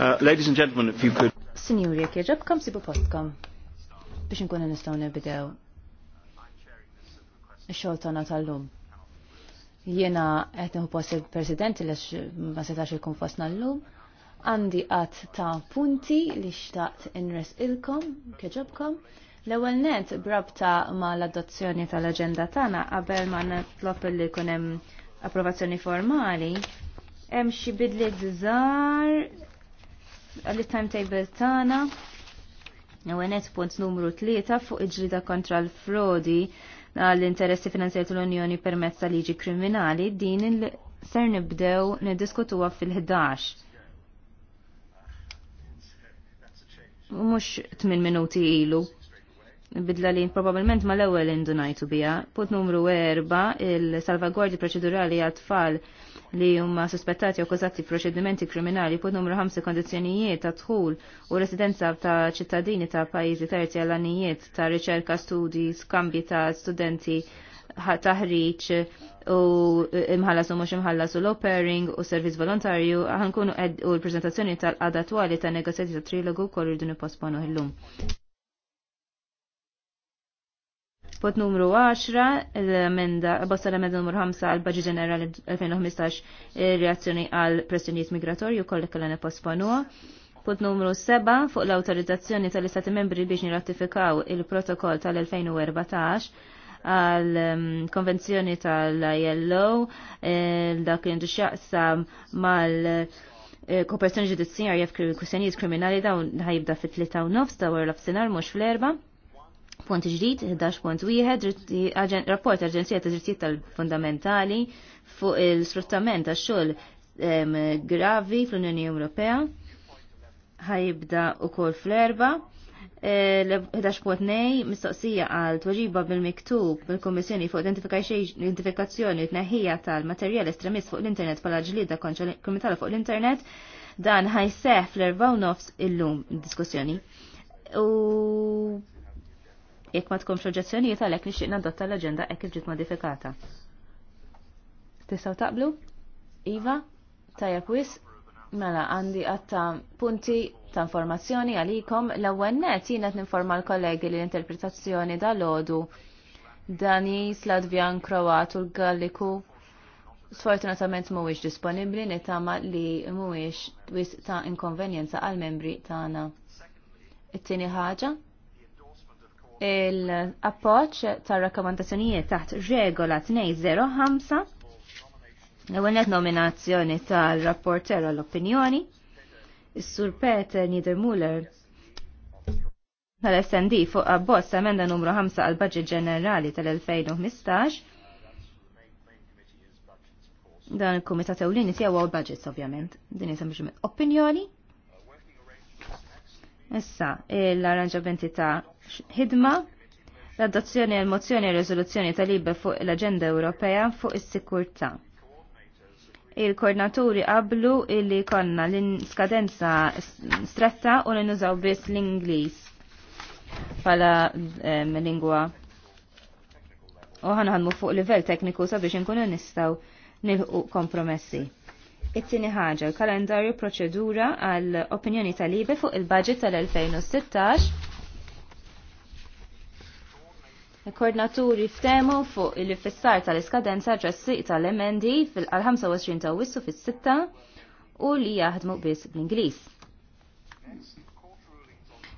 Uh, ladies and gentlemen, if you could... Signori, jek jġabkom sibu postkom biex nkunu nistaw nibidew xogħol t'ona tal-lum. Jiena qed nieħu post il-President li ma setax ikun fostna llum. Għandi qatt ta' punti li xtaqt inres ilkom kieġobkom. L-ewwel net brabta ma l-adozzjoni tal-aġenda tagħna qabel ma nitlob li jkun hemm approvazzjoni formali hemm xi bidliet żgħar għalli timetable tana Għenet punt numru 3 fuq iġrida kontra l-frodi għall-interessi finanzjari tal-Unjoni permezz tal-liġi kriminali din il ser nibdew niddiskutuha fil-11. U Mux 8 minuti ilu bidla li probabilment ma l-ewel indunajtu bija. Put numru 4, il-salvagwardi proċedurali għat-tfal li huma suspettati u kozati proċedimenti kriminali. Put numru 5, kondizjonijiet ta' tħul u residenza ta' ċittadini ta' pajizi terzi għal-anijiet ta' riċerka, studi, skambi ta' studenti taħriċ u imħallas u mux imħallas u l-opering u servizz volontarju ħankunu u l-prezentazzjoni tal-adatwali ta' negozjati ta' trilogu kollu rridu posponu l-lum. Spot numru 10, l-emenda, bosta l-emenda numru 5 għal Baġi Ġenerali 2015, reazzjoni għal pressjonijiet migratorju, kollek l-għana posponua. Punt numru 7 fuq l-autorizzazzjoni tal-Istati membri biex nirratifikaw il-protokoll tal-2014 għal mm, konvenzjoni tal-ILO eh, dak li xaqsam mal eh, kooperazzjoni ġudizzjarja f'kwistjonijiet kriminali dawn ħajibda fit-3 u nofs u l-afsinar mhux fl-erba' Punt ġdid, wieħed, rapport Aġenzija ta' Drittijiet tal-Fundamentali fuq il-sfruttament ta' xogħol gravi fl-Unjoni Ewropea. Ħajibda ukoll fl-erba. 11.2 e, mistoqsija għal tweġiba bil-miktub bil-Kommissjoni fuq identifikazzjoni tneħħija tal-materjal estremist fuq l-internet pala ġlida komitala fuq l-internet dan ħajseħ fl-erba u nofs illum diskussjoni. U Jekk ma tkun oġġezzjonijiet għalhekk nixtieq nadotta l-aġenda hekk kif ġiet modifikata. Tistgħu taqblu? Iva, tajja wis, mela għandi għatta punti ta' informazzjoni għalikom l-ewwel net jiena qed ninforma l-kollegi li l-interpretazzjoni dal-għodu Dani, Sladvjan, Kroat u l-Galliku sfortunatament mhuwiex disponibbli nitama li mhuwiex wis ta' inkonvenjenza għal membri tagħna. It-tieni ħaġa il-appoċ tar rakkomandazzjonijiet taħt regola 205 l-għonet nominazzjoni tal-rapporter għall-opinjoni Is-Sur Peter Niedermuller tal-SND fuq abbozz emenda numru 5 għal budget ġenerali tal-2015 dan il komitat Ewlieni tiegħu għal budgets ovvjament. Din isem opinjoni Issa, l-arranġamenti ta' ħidma, l-adozzjoni l mozzjoni e rezoluzzjoni tal libe fuq l-Aġenda Ewropea fuq is-sikurtà. Il-koordinaturi qablu illi konna l-skadenza stretta u l-nużaw biss l-Ingliż pala lingwa u ħanħanmu fuq livell tekniku sabiex nkunu nistaw nilħu kompromessi. It-tieni ħaġa, kalendarju proċedura għal opinjoni tal-libe fuq il-budget tal-2016. Il-koordinaturi ftemu fuq il-fissar tal-iskadenza ġessi tal-emendi fil-25 ta' wissu fis-6 u li jaħdmu biss bl-Ingliż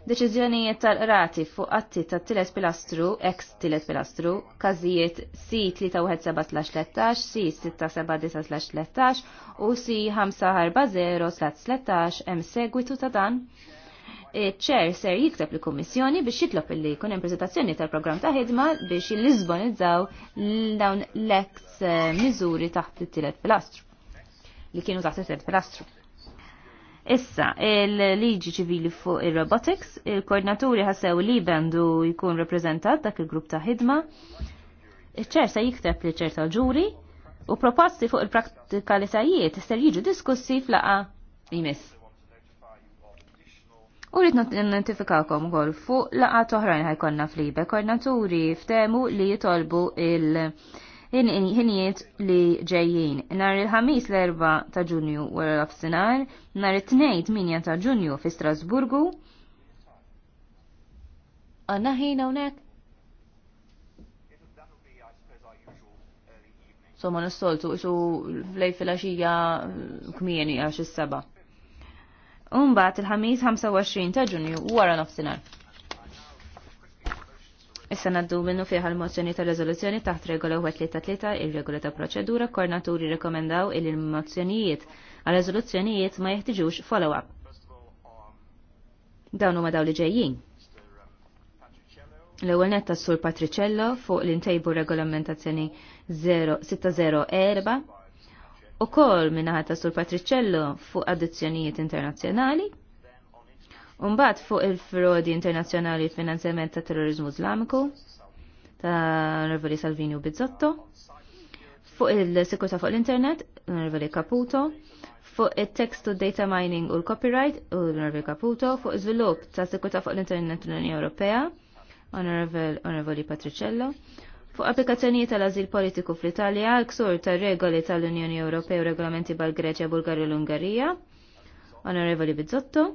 deċiżjonijiet tal-rati fuq qatti ta' tilet pilastru, ex tilet pilastru, kazijiet C317-13, C679-13 u C540-13 hemm segwitu ta' dan. Ċer ser jikteb li kummissjoni biex jitlob li kunem hemm preżentazzjoni tal-programm ta' ħidma biex jilliżbonizzaw dawn l-ex eh, miżuri taħt it-tielet pilastru li kienu taħt it tilet pilastru. Issa, il-liġi ċivili fuq il-robotics, il-koordinaturi ħassew li bendu jkun reprezentat dak il-grupp ta' ħidma, iċ-ċer se jikteb li ċerta ġuri, u proposti fuq il-praktikalitajiet ser jiġu diskussi flaqa jmiss. U rrit notifikakom għol fuq laqa toħrajn ħajkonna flibe koordinaturi ftemu li jitolbu il- ħinijiet li ġejjin. Nar il-ħamis l-4 ta' ġunju wara l-afsinar, nar it-tnejn ta' ġunju fi Strasburgu. Għanna ħin hawnhekk? So ma nistoltu isu lej fil-axija kmieni għax is-seba. Umbat il-ħamis 25 ta' ġunju wara nofsinhar. Issa naddu minnu fiħa l-mozzjoni ta' rezoluzzjoni taħt regola 133 il-regola ta' proċedura kornaturi rekomendaw il mozzjonijiet għal rezoluzzjonijiet ma jeħtiġux follow-up. Dawn huma daw li ġejjin. L-ewwel netta sur Patricello fuq l-intejbu regolamentazzjoni 604 u kol minnaħat ta' sur Patricello fuq addizzjonijiet internazzjonali Umbat fuq il-frodi internazjonali finanzjament ta' terrorizmu islamiku ta' Nervoli Salvini u Bizzotto, fuq il-sekurta fuq l-internet, Nervoli Caputo, fuq il-text u data mining u l-copyright, u Nervoli Caputo, fuq il-svilup ta' sekurta fuq l-internet l-Unjoni Ewropea, Onorevoli Patricello, fuq applikazzjonijiet tal-azil politiku fl-Italja, ksur ta' regoli tal-Unjoni Ewropea u regolamenti bal-Greċja, Bulgarija u l-Ungarija, Onorevoli Bizzotto,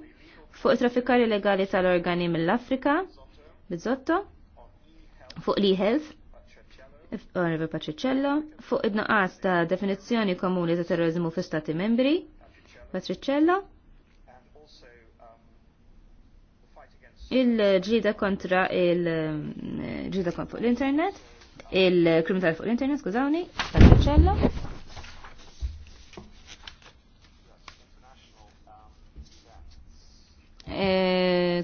fuq traffikari legali illegali tal-organi mill-Afrika, bizzotto, fuq li health, Oliver Patricello, fuq id nuqqas ta' definizzjoni komuni ta' terrorizmu fi stati membri, Patricello, il ġida kontra il ġida fuq l-internet, il kriminal fuq l-internet, skużawni, Patricello,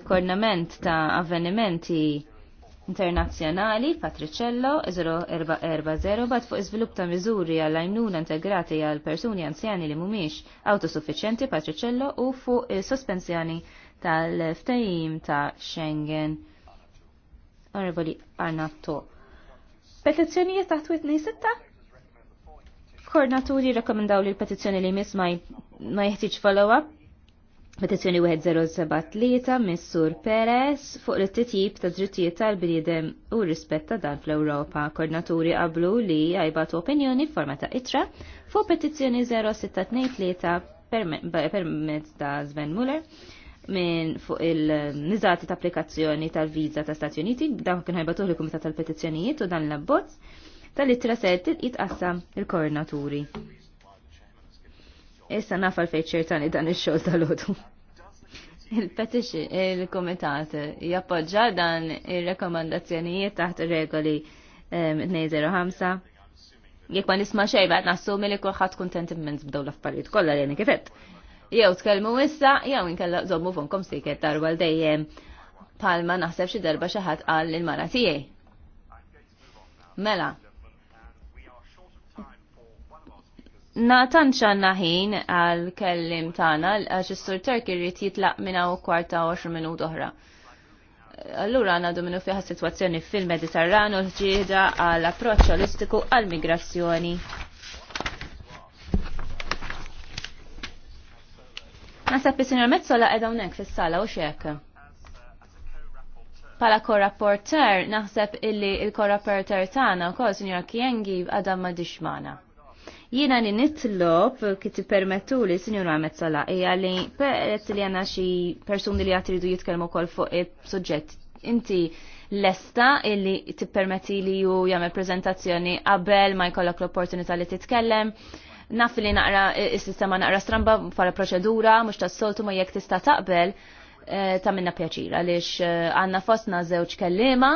kornament ta' avvenimenti internazzjonali Patricello 040 bat fuq iżvilupp ta' miżuri għall għajnuna integrati għal persuni anzjani li mhumiex autosuffiċjenti Patricello u fuq sospensjoni tal-ftajim ta' Schengen. Onorevoli Arnato. Petizzjonijiet ta' twitni sitta? Kornaturi rekomendaw li l-petizzjoni li jmiss ma jħtieġ follow-up Petizjoni 1073 Missur Perez fuq l-titjib ta' drittijiet tal-bniedem u rispetta dan fl-Ewropa. Koordinaturi qablu li għajbatu opinjoni f'forma ta' itra fuq petizzjoni 0623 permezz ta' Sven Muller minn fuq il-nizati ta' applikazzjoni tal-viza ta' Stati Uniti, dawn kien ħajbatuh li kumitat tal-petizzjonijiet u dan l-abbozz tal-ittra se jitqassam il-koordinaturi. Issa naf għalfejn ċertani dan ix-xogħol tal-ħodu. Il-petix il-komitat jappoġġa dan ir-rekomandazzjonijiet taħt regoli 205. Ehm, Jekk ma nisma' xej baqgħet nassumi li kulħadd kontent immens b'dawn f'parit kolla kollha li kifet. Jew tkellmu issa, jew inkella zommu fonkom siket darba l dejjem palma naħseb xi darba xi ħadd qal lil mara tiegħi. Mela, Natan ċanna ħin għal kellim tana għax is-sur Turk jitlaq minna u kwarta 20 minut oħra. Allura għana minnu fiħa situazzjoni fil-Mediterranu ġieda għal approċċ holistiku għal migrazzjoni. Nasab is-sinjor Mezzola qiegħda hawnhekk fis-sala u x'hekk pala korrapporter naħseb illi il-korrapporter tagħna wkoll Sinjor Kiengi għadha ma dixmana. Jiena li nitlob kif permettu li sinjur għamet Sala ija li peress li għandna xi persuni li qed iridu jitkellmu wkoll fuq il-suġġett. Inti lesta illi tippermetti li ju jagħmel prezentazzjoni qabel ma jkollok l-opportunità li titkellem naf li naqra il-sistema naqra stramba fara proċedura, mux ta' soltu ma jek tista taqbel eh, ta' minna pjaċira, lix eh, għanna fosna zewċ kellima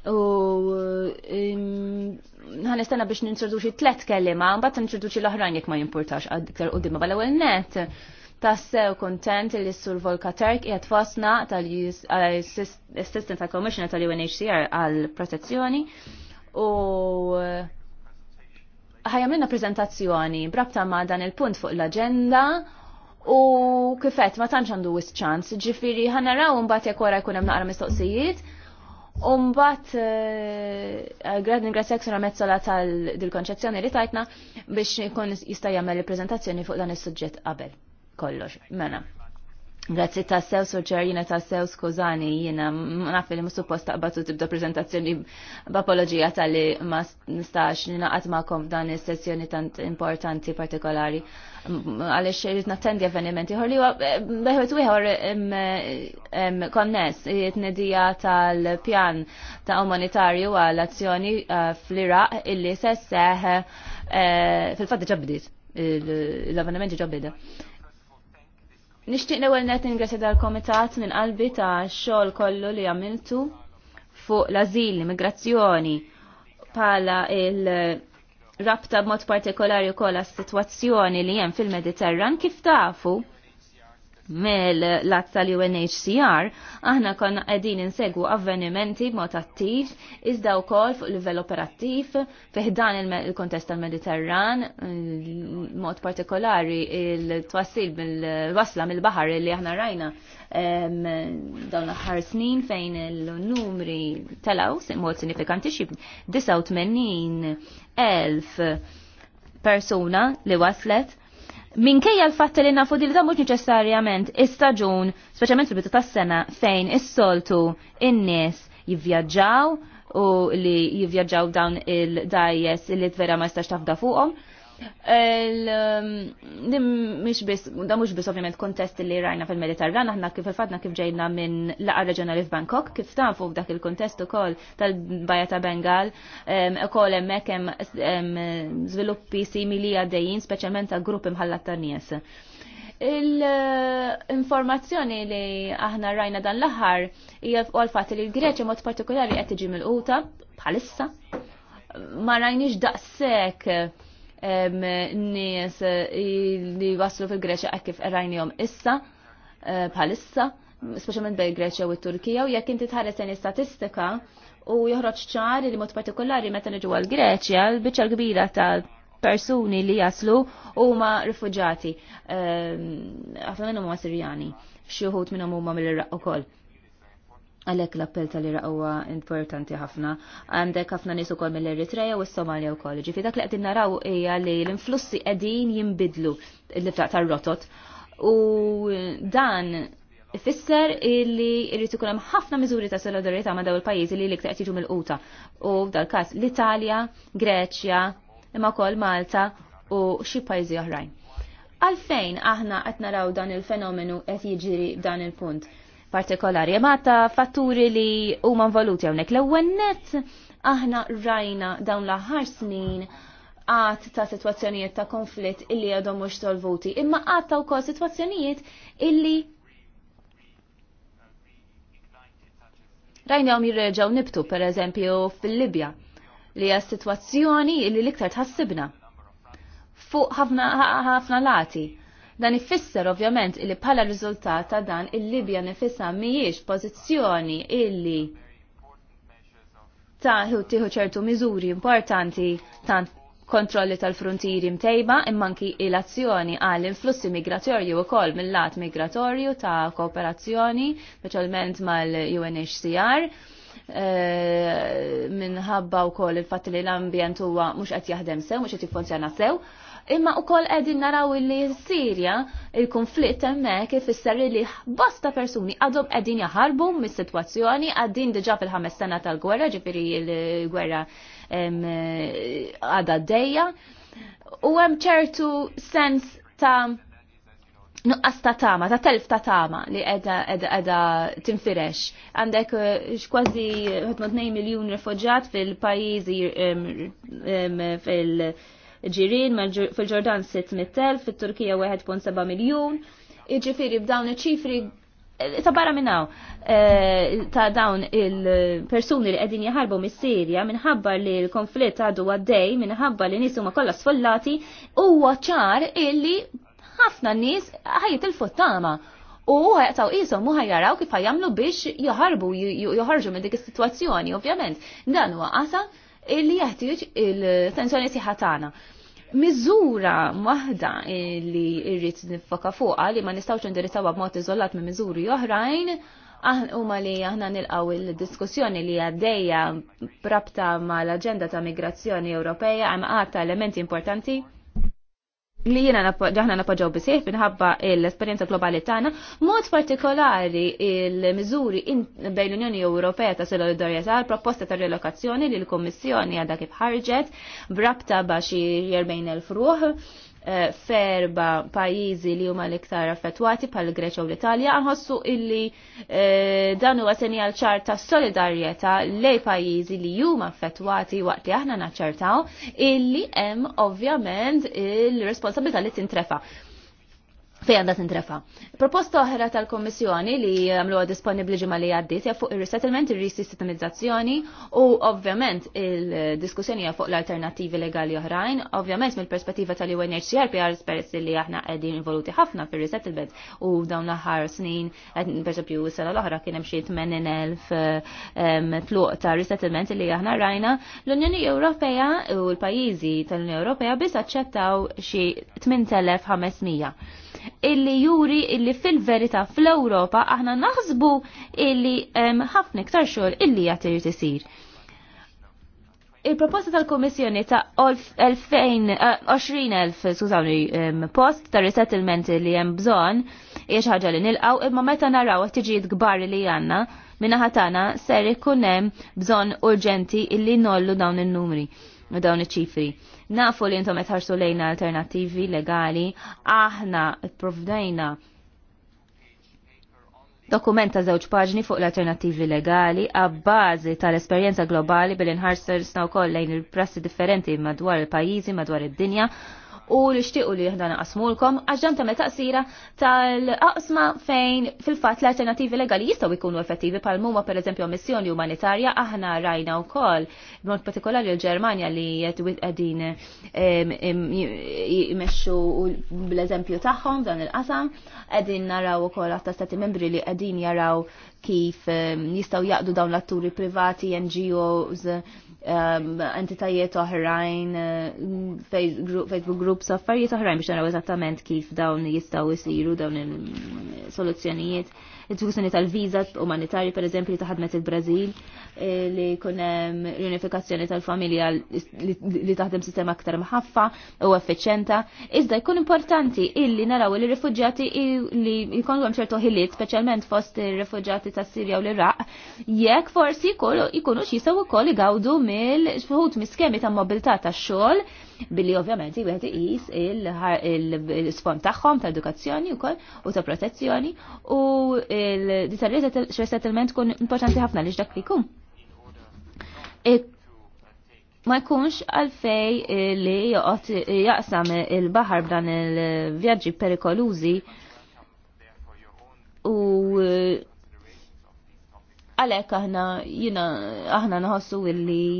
U ħanistana biex nintroduċi tlet kellima, mbagħad nintroduċi l-oħrajn jekk ma jimpurtax u dimma bħal-ewwel mela, net. Tassew kontent li s-sur Volkaterk jgħat fosna tal-Assistant Commissioner tal-UNHCR għal-protezzjoni u ħajamlina prezentazzjoni brabta ma dan il-punt fuq l-agenda u kifet ma tantx għandu wis ċans ġifiri ħanaraw mbagħad jekk wara jkun hemm naqra mistoqsijiet Umbat, għad eh, ningrazzjak eh, sena mezzola tal-dil-konċezzjoni li tajtna biex jkun jista' jagħmel il-preżentazzjoni fuq dan is-suġġett qabel kollox. Mena. Grazzi ta' sew soċer jina ta' sew skużani jina naf li suppost taqbatu tibda prezentazzjoni b'apologija tal-li ma nistax ninaqat ma'kom dan is-sessjoni tant importanti partikolari għalix irrit nattendi avvenimenti ħorli beħwet wieħor konness jitnedija tal-pjan ta' umanitarju għal azzjoni eh, fl-Iraq illi sesseħ eh, fil-fatt ġabdit l-avvenimenti ġabdita Nishtiqna għal net ingressi dal-komitat minn qalbi ta' xogħol kollu li għamiltu fuq l-azil, l-immigrazzjoni, pala il-rabta b'mod partikolari u kolla situazzjoni li jem fil-Mediterran, kif tafu? mill lat tal-UNHCR, aħna konna qegħdin insegu avvenimenti mod attiv, iżda wkoll fuq livell operattiv fiħdan il-kontest tal-Mediterran, mm, mod partikolari il-twassil bil-wasla mill-baħar li aħna rajna dawn l-aħħar snin fejn il-numri telaw mod sinifikanti xib 89.000 elf persuna li waslet minkejja l-fatt li nafu li da mhux neċessarjament istaġun, speċjalment fil-bidu tas-sena fejn is-soltu in-nies jivvjaġġaw u li jivvjaġġaw dawn il-dajjes li vera ma jistax tafda fuqhom mhux um, biss da mhux biss ovvjament kontest li rajna fil-Mediterran aħna kif fatna kif ġejna minn laqa reġjonali f'Bangkok kif fuq dak il-kontest ukoll tal-Baja ta' Bengal ukoll hemmhekk hemm żviluppi simili għaddejjin speċjalment ta' gruppi mħallat ta' nies. Il-informazzjoni li aħna rajna dan l-aħħar hija għal-fatt li l greċi mod partikolari qed tiġi mill-quta bħalissa ma rajniex daqshekk nies eh, li waslu fil-Greċja għak kif rajnihom issa eh, bħalissa, speċjalment bejn Greċja u t-Turkija, u jekk inti tħares statistika u joħroġ ċar li mod partikolari meta niġu għal-Greċja, l-biċċa kbira ta' persuni li jaslu huma rifuġati, ħafna minnhom huma Sirjani, xieħut minnum minnhom huma mill-Iraq ukoll Għalek l-appell tal ira huwa importanti ħafna. Għandek ħafna nies ukoll mill-Eritrea u s-Somalia wkoll. Ġifi dak li qegħdin naraw hija li l-influssi qegħdin jinbidlu l-iftaq tar-rotot. U dan Ifisser illi irrid ikun hemm ħafna miżuri ta' solidarità ma' daw il-pajjiżi li l-iktar tiġu mill-quta. U f'dal-każ l-Italja, Greċja, imma wkoll Malta u xi pajjiżi oħrajn. Għalfejn aħna qed naraw dan il-fenomenu qed jiġri dan il-punt partikolari. Ma ta' fatturi li huma valuti hawnhekk l-ewwel net aħna rajna dawn l-aħħar snin għat ta' situazzjonijiet ta' konflitt illi għadhom mhux tolvuti. imma għat ta' wkoll situazzjonijiet illi rajna għom jirreġaw nibtu, per eżempju, fil-Libja, li għas situazzjoni illi liktar tħassibna fuq ħafna lati Dan ifisser ovvjament illi bħala riżultat ta' dan il-Libja nifisha mhijiex pożizzjoni illi taħu tieħu ċertu miżuri importanti tant kontrolli tal frontiri mtejba immanki il-azzjoni għall influssi migratorju u kol mill-lat migratorju ta' kooperazzjoni, specialment mal-UNHCR, eh, minħabba u kol il-fat li l-ambjent huwa mux qed jaħdem sew, mux qed jiffunzjana sew, imma u koll edin naraw li Sirja il-konflitt emmek ifisser li bosta persuni għadhom edin jaharbu mis situazzjoni għaddin diġa fil-ħames sena tal-gwerra ġifiri il-gwerra għada d-dejja u hemm ċertu sens ta' nuqqas ta' tama, ta' telf ta' tama li edha edha tinfirex. Għandek eh, xkwazi 2 miljon rifugġat fil-pajizi fil-pajizi ġirin, fil-ġordan 600.000, fil-Turkija 1.7 miljon, iġifiri b'dawn iċifri eh, ta' barra minnaw eh, ta' dawn il-persuni li għedin jaharbu mis sirja minħabba li l-konflitt għadu għaddej minħabba li nisum ma kolla sfollati huwa ċar illi ħafna nis ħajt il-fottama u ħajqtaw isom u ħajjaraw kif ħajamlu biex jaharbu jħarġu minn dik is-sitwazzjoni ovvjament dan huwa għasa illi jeħtieġ il-tensjoni tagħna. Miżura waħda li irrid nifoka fuqha li ma nistgħux indirizzawha b'mod iżolat minn miżuri oħrajn huma li aħna nilqgħu il-diskussjoni li għaddejja prabta mal-aġenda ta' migrazzjoni Ewropea hemm għadta elementi importanti li jina ġaħna napoġaw bisieħ minħabba l-esperienza globali tagħna, mod partikolari il-miżuri bejn l-Unjoni Ewropea ta' solidarjetà proposta ta' relokazzjoni li l-Kommissjoni għadha kif ħarġet brabta baxi 40,000 ruħ Eh, ferba pajjiżi li huma l-iktar affettwati pal Greċja u l-Italja nħossu illi eh, dan huwa senjal ċar ta' solidarjetà lej pajjiżi li huma affettwati waqt li aħna naċċertaw illi hemm ovvjament il-responsabilità li tintrefa' fej għandha tintrefa. Proposta oħra tal-Kommissjoni li għamluha disponibbli ġimgħa li għaddiet hija fuq ir-resettlement, ir-resistemizzazzjoni u ovvjament il-diskussjoni hija fuq l-alternattivi legali oħrajn. Ovvjament mill-perspettiva tal-UNHCR PR peress li aħna qegħdin involuti ħafna fir-resettlement u dawn l-aħħar snin pereżempju s-sena l-oħra kien hemm xi 80,000 tluq ta' resettlement li aħna rajna. L-Unjoni Ewropea u l-pajjiżi tal-Unjoni Ewropea biss aċċettaw xi 8,500 illi juri illi fil-verità fl-Ewropa aħna naħsbu illi ħafna iktar xogħol illi jagħtir isir. Il-proposta tal-Komissjoni ta' 20,000 eh, skużawni post ta' resettlement li hemm bżonn hija ħaġa li nilqaw imma meta naraw tiġijiet kbar li għandna minna ħatana ser ikun hemm bżonn urġenti illi nollu dawn in-numri u dawn iċ-ċifri Nafu li intom etħarsu lejna alternativi legali, aħna provdejna dokumenta żewġ paġni fuq l-alternativi legali għabbażi tal-esperjenza globali bil inħarsar snaw koll lejn il-prassi differenti madwar il-pajjiżi, madwar id-dinja, il u li ixtiqu li jihdana qasmulkom għaxġan ta' metaqsira tal-qasma fejn fil-fat l-alternativi legali jistaw ikunu effettivi pal muma per eżempju missjoni umanitarja aħna rajna u kol b'mod partikolari l-Ġermanja li jedwit għadin jimexxu bl-eżempju tagħhom dan il-qasam għedin naraw u kol għatta stati membri li għedin jaraw kif jistaw jaqdu dawn l-atturi privati, NGOs, Um, entitajiet oħrajn, uh, Facebook groups, affarijiet oħrajn biex naraw eżattament kif dawn jistgħu jsiru dawn il-soluzzjonijiet il-diskussjoni tal-viza umanitarji per eżempju li taħadmet il-Brazil eh, li kunem l-unifikazzjoni tal-familja li taħdem sistema aktar maħaffa u effiċenta. Iżda jkun importanti illi naraw li rifugġati li jkun għom ċertu ħiliet, speċjalment fost ir-rifugġati tas Sirja u l-Iraq, jekk forsi jkunu x'jistgħu wkoll igawdu mill mis miskemi ta' mobilità tax-xogħol billi ovvjament wieħed iqis il spon tagħhom ta' edukazzjoni wkoll u ta' protezzjoni u l-ditarrieta tal-settlement kun importanti ħafna li dak li jkun e ma jkunx għalfej li jaqsam il-bahar b'dan il-vjaġġi perikolużi u għalek aħna jina aħna nħossu illi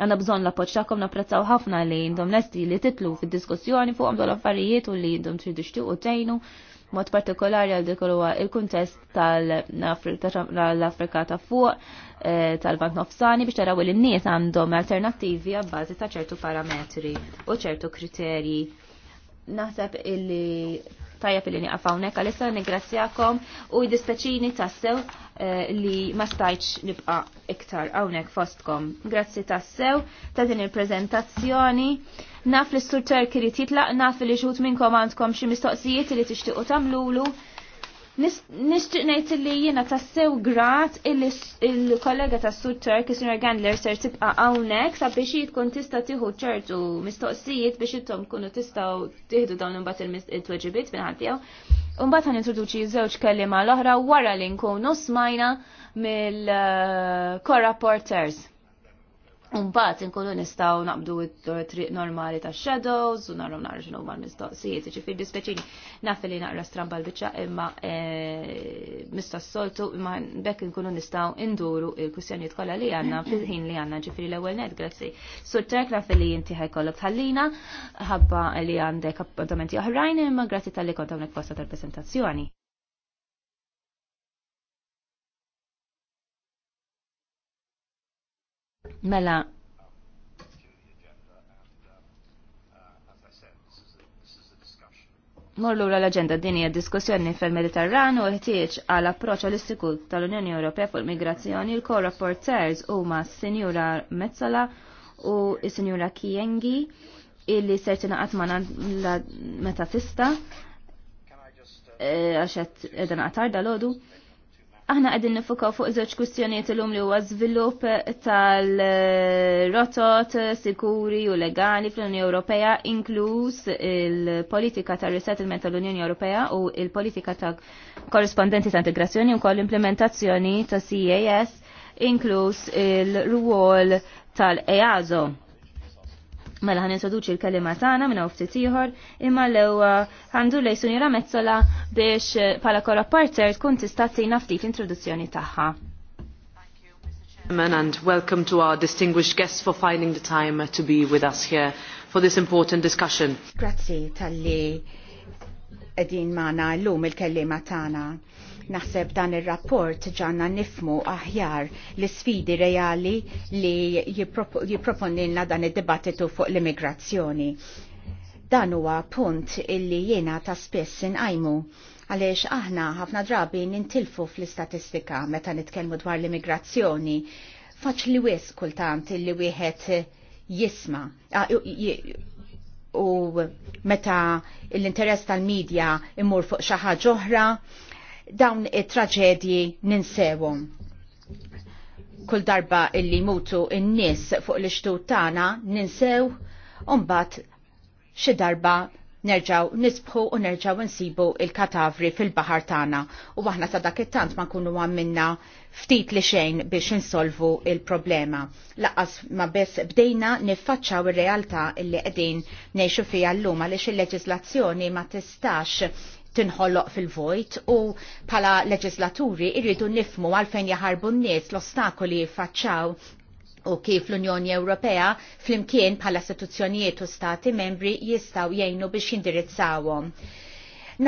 għanna bżon l-appoċ tagħkom napprezzaw ħafna li jindom lesti li titlu fid-diskussjoni fuqhom dawn l-affarijiet u li jindom tridu u tgħinu mod partikolari għal dik il-kuntest tal-Afrika ta' fuq eh, tal-Bank Nofsani biex taraw li n-nies għandhom alternattivi għabbażi ta' ċertu parametri u ċertu kriterji naħseb illi tajja illi lini għafawnek, għalissa nigrazzjakom u id-dispeċini tassew eh, li ma stajċ nibqa iktar għawnek fostkom. Grazzi tassew ta' din il-prezentazzjoni. Naf li s-sur Turki li titlaq, naf li ġut minnkom għandkom xi mistoqsijiet li tixtiqu tamlulu. Nishtiq ngħid li jiena tassew grat il-kollega tas Sud Turk, is Gandler, ser tibqa' hawnhekk sabiex hi tkun tista' tieħu ċertu mistoqsijiet biex kunu tista' u tieħdu dawn imbagħad il-tweġibiet minn Un bat Imbagħad introduċi żewġ kelliema l-oħra wara li nkunu smajna mill eh, co porters. Unbat inkunu nistaw naqbdu triq normali ta' shadows u narru narru xinu ma' mistoqsijiet, fil jiġifieri dispeċini naf li naqra stramba l-bicċa imma eh, mistoqs soltu imma bekk inkunu nistaw induru il-kussjoniet kolla li għanna fil-ħin li għanna ċifir l-ewel net, grazzi. Sur naf li jinti ħajkollok tħallina, ħabba li għandek appuntamenti oħrajn imma grazzi tal-li konta unek posta tal-presentazzjoni. Mela, Morlu l-agenda din hija diskussjoni fil-Mediterran u ħtieċ għal approċċ holistiku tal-Unjoni Ewropea fuq il-migrazzjoni l rapporters huma s Senjura Metzala u s-Sinjura Kiengi illi ser tingħaqad ma' meta tista' eh, għax qed qiegħda naqtar Aħna għedin nifuka fuq żewġ kwistjonijiet l-lum li huwa żvilupp tal-rotot sikuri u legali fl-Unjoni Ewropea, inkluż il-politika ta' resettlement tal-Unjoni Ewropea u il-politika ta' korrespondenti ta' integrazzjoni u koll implementazzjoni ta' CAS, inkluż il-ruwol tal-EASO Mela ħan introduċi l-kelima tagħna minn ftit ieħor, imma l-ewwa ħandu lej Sunira Mezzola biex pala eh, kora parter tkun tista' tina ftit introduzzjoni tagħha. And welcome to our distinguished guests for finding the time uh, to be with us here for this important discussion. Grazzi tal-li edin maħna l-lum il-kellima tagħna Naħseb dan ir-rapport ġanna nifmu aħjar l sfidi reali li jiproponilna dan id-dibattitu fuq l-immigrazzjoni. Dan huwa punt illi jiena ta' spess inqajmu għaliex aħna ħafna drabi nintilfu fl-istatistika meta nitkellmu dwar l-immigrazzjoni faċli wis kultant illi wieħed jisma' u meta l-interess tal-medja immur fuq xi ħaġa oħra, dawn it-traġedji ninsewom. Kull darba illi mutu in-nies fuq l-ixtut tagħna ninsew mbagħad xi darba nerġaw nisbħu u nerġaw nsibu il-katavri fil-bahar tagħna u aħna ta' dak it-tant ma nkunu għamminna ftit li xejn biex insolvu il-problema. Laqqas ma bess bdejna niffaċċaw ir-realtà li qegħdin ngħixu fiha llum għaliex il leġislazzjoni ma tistax tinħolloq fil-vojt u pala leġislaturi irridu nifmu għalfejn jaħarbu n-nies l-ostakoli jiffaċċaw u kif l-Unjoni Ewropea flimkien bħala istituzzjonijiet u stati membri jistaw jgħinu biex jindirizzawhom.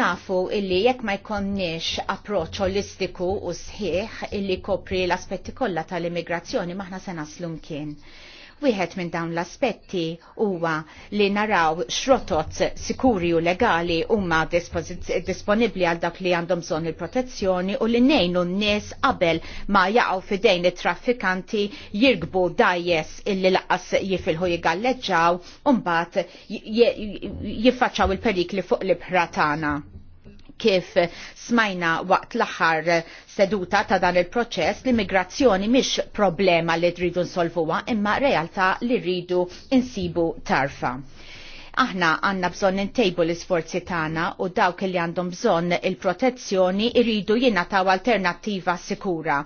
Nafu illi jekk ma jkonniex approċċ holistiku u sħiħ illi kopri l-aspetti kollha tal-immigrazzjoni maħna se naslu mkien. Wieħed minn dawn l-aspetti huwa li naraw xrotot sikuri u legali huma disponibbli għal dak li għandhom bżonn il-protezzjoni u li nejnu n-nies qabel ma jaqgħu fidejn it-traffikanti jirgbu dajjes illi laqqas jifilħu jigalleġġaw u mbagħad jiffaċċaw il-perikli fuq l-ibħra tagħna kif smajna waqt l-aħħar seduta ta' dan il-proċess l-immigrazzjoni mhix problema li dridu nsolvuha imma realtà li rridu insibu tarfa aħna għanna bżon intejbu l-isforzi tagħna u dawk li għandhom bżon il-protezzjoni iridu jingħataw alternattiva sikura.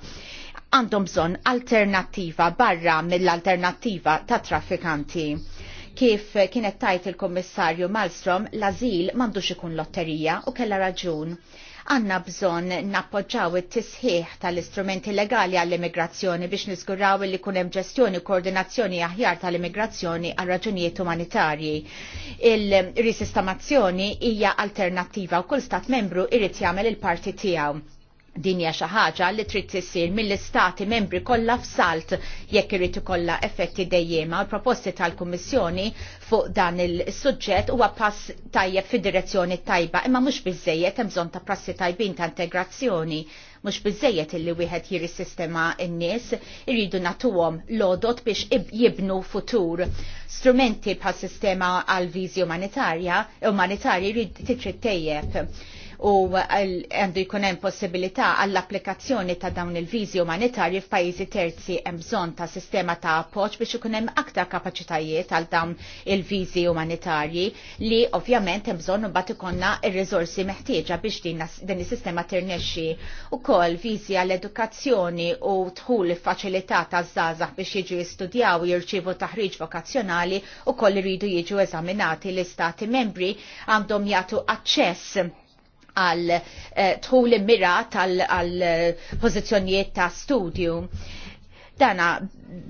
Għandhom bżon alternattiva barra mill-alternattiva ta' traffikanti Kif kienet tajt il-Kommissarju Malmstrom, l-azil mandux ikun lotterija u kella raġun għanna bżon nappoġġaw it-tisħiħ tal-istrumenti legali għall-immigrazzjoni biex niżguraw li kunem ġestjoni u koordinazzjoni aħjar tal-immigrazzjoni għal raġunijiet umanitarji. Il-risistamazzjoni hija alternattiva u kull stat membru irrid jagħmel il-parti tiegħu din hija xi ħaġa li trid tisir mill-istati membri kollha f'salt jekk irid ikollha effetti dejjema. l Proposti tal-Kummissjoni fuq dan il-suġġett huwa pass tajjeb fid-direzzjoni tajba, imma mhux biżejjed hemm bżonn ta' prassi tajbin ta' integrazzjoni mhux biżejjed illi wieħed jiri sistema n-nies, irridu natuhom lodot biex jibnu futur. Strumenti bħal sistema għal viżi umanitarja, umanitarji jrid titrid tejjeb u għandu jkun hemm possibilità għall-applikazzjoni ta' dawn il-viżi umanitarji f'pajjiżi terzi hemm bżonn ta' sistema ta' appoġġ biex ikun hemm aktar kapaċitajiet għal dawn il-viżi umanitarji li ovvjament hemm bżonn imbagħad ikollna r-riżorsi meħtieġa biex din is-sistema tirnexxi ukoll viżi għall-edukazzjoni u dħul faċilità taż-żgħażagħ biex jiġu jistudjaw jirċievu taħriġ vokazzjonali u koll iridu jiġu eżaminati l-istati membri għandhom jagħtu aċċess għal eh, tħul mira tal-pozizjonijiet eh, ta' studju. Dana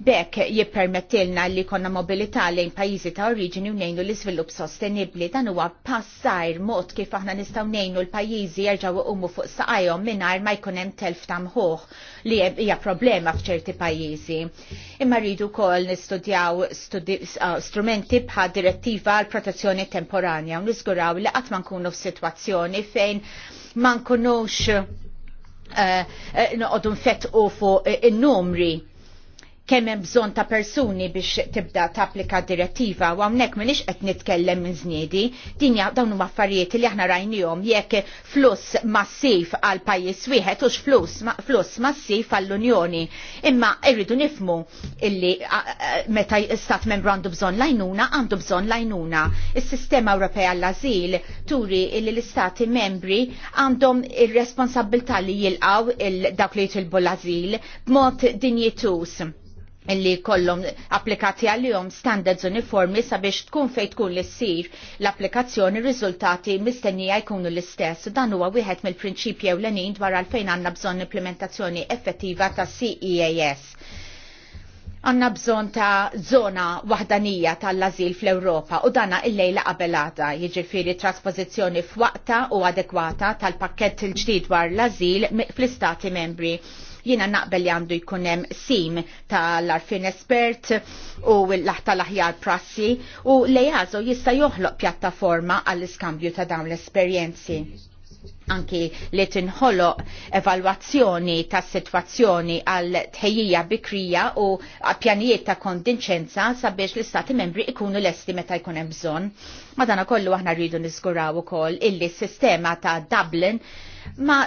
bekk jippermettilna li konna mobilità lejn pajjiżi ta' oriġini u nejnu l-iżvilupp sostenibbli dan huwa passajr mod kif aħna nistgħu nejnu l-pajjiżi jerġgħu iqumu fuq saqajhom mingħajr ma jkun hemm telf ta' mħuħ li hija problema f'ċerti pajjiżi. Imma rridu wkoll nistudjaw strumenti bħal direttiva għal protezzjoni temporanja u niżguraw li qatt ma nkunu f'sitwazzjoni fejn ma nkunux eh, eh, noqogħdu nfettqu fuq in-numri kemm hemm bżonn ta' persuni biex tibda tapplika direttiva u hawnhekk m'iniex qed nitkellem minn żniedi, din dawn huma affarijiet li aħna rajnihom jekk fluss massiv għal pajjiż wieħed u fluss massiv għall-Unjoni. Imma rridu nifmu illi meta stat membru għandu bżonn lajnuna, għandu bżonn lajnuna. Is-sistema Ewropea għall-Ażil turi illi l-istati membri għandhom ir-responsabilità li jilqaw il-dak li jitilbu l-azil b'mod dinjitus illi kollom applikati għal-jom standards uniformi sabiex tkun fej tkun li sir l-applikazzjoni riżultati mistennija jkunu l-istess. Dan huwa wieħed mill-prinċipji ewlenin dwar għalfejn għandna bżonn implementazzjoni effettiva ta' CEAS. Għanna bżon ta' zona wahdanija tal-azil fl-Europa u dana il-lejla qabelata jiġifieri traspożizzjoni f'waqta u adekwata tal-pakket il-ġdid dwar l-azil fl-istati membri Jiena naqbel li għandu jkunem sim tal-arfin espert u l laħta l-aħjar prassi u li jista joħloq pjattaforma għall-iskambju ta' dawn l-esperjenzi anki li tinħolo evalwazzjoni ta' situazzjoni għal tħejjija bikrija u pjanijiet ta' kondinċenza sabiex l-istati membri ikunu lesti meta jkun hemm bżonn. Madana kollu aħna rridu niżguraw ukoll illi s-sistema ta' Dublin ma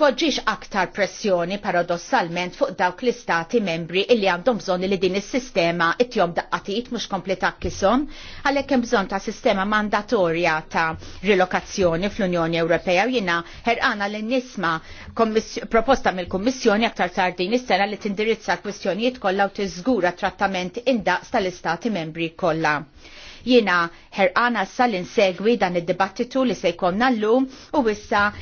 tpoġġix aktar pressjoni paradossalment fuq dawk l-istati membri illi għandhom bżonn li din is-sistema ittjom daqqatit mhux kompleta kisom, għalhekk hemm bżonn ta' sistema mandatorja ta' rilokazzjoni fl-Unjoni Ewropea u jiena ħerqana li nisma proposta mill-Kummissjoni aktar tard din is-sena li tindirizza kwistjonijiet kollha u tiżgura trattament indaqs tal-istati membri kollha jina herqana l insegwi dan id-dibattitu li se jkollna llum u wissa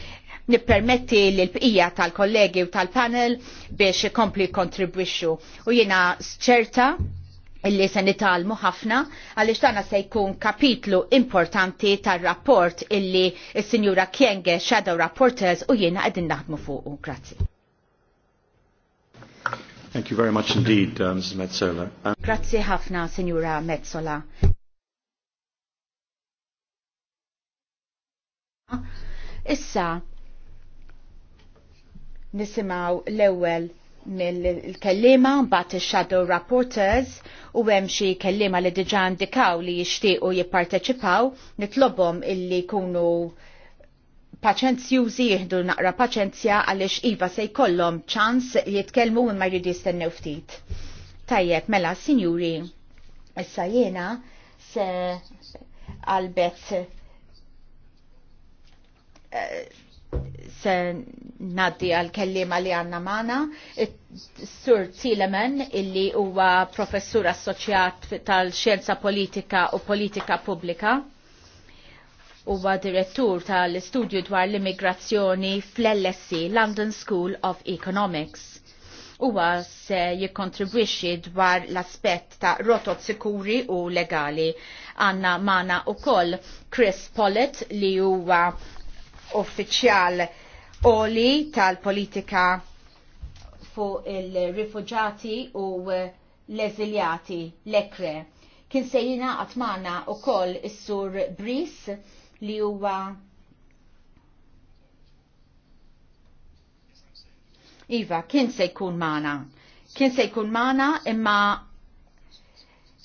nippermetti l-bqija tal-kollegi u tal-panel biex ikompli kontribwixxu. U jiena ċerta illi se nitalmu ħafna għaliex tagħna se jkun kapitlu importanti tar-rapport illi s-Sinjura Kienge Shadow Rapporters u jiena qegħdin naħdmu fuqu. Grazzi. Thank you very much indeed, uh, Mrs. Metzola. Grazie um, Grazzi ħafna, Sinjura Metzola. Issa, nisimaw l-ewel mill-kellima mbagħad ix-shadow reporters u hemm xi kellima li diġà indikaw li jixtiequ jipparteċipaw nitlobhom illi jkunu paċenzjużi jieħdu naqra paċenzja għaliex iva se jkollhom ċans jitkellmu imma jridu jistennew ftit. Tajjeb, mela, sinjuri, issa jiena se għalbet eh, se naddi għal kellima li għanna mana, Sur Zileman, illi huwa professur assoċjat tal-xjenza politika u politika pubblika, huwa direttur tal-istudju dwar l-immigrazzjoni fl-LSE, London School of Economics. Huwa se jikkontribwixxi dwar l-aspett ta' rotot sikuri u legali. Għanna mana u koll Chris Pollitt li huwa uffiċjal oli tal-politika fuq il rifugġati u l-eżiljati, l-ekre. Kien sejjina għatmana u koll is-sur Bris li huwa Iva, kien se jkun mana. Kien se jkun mana imma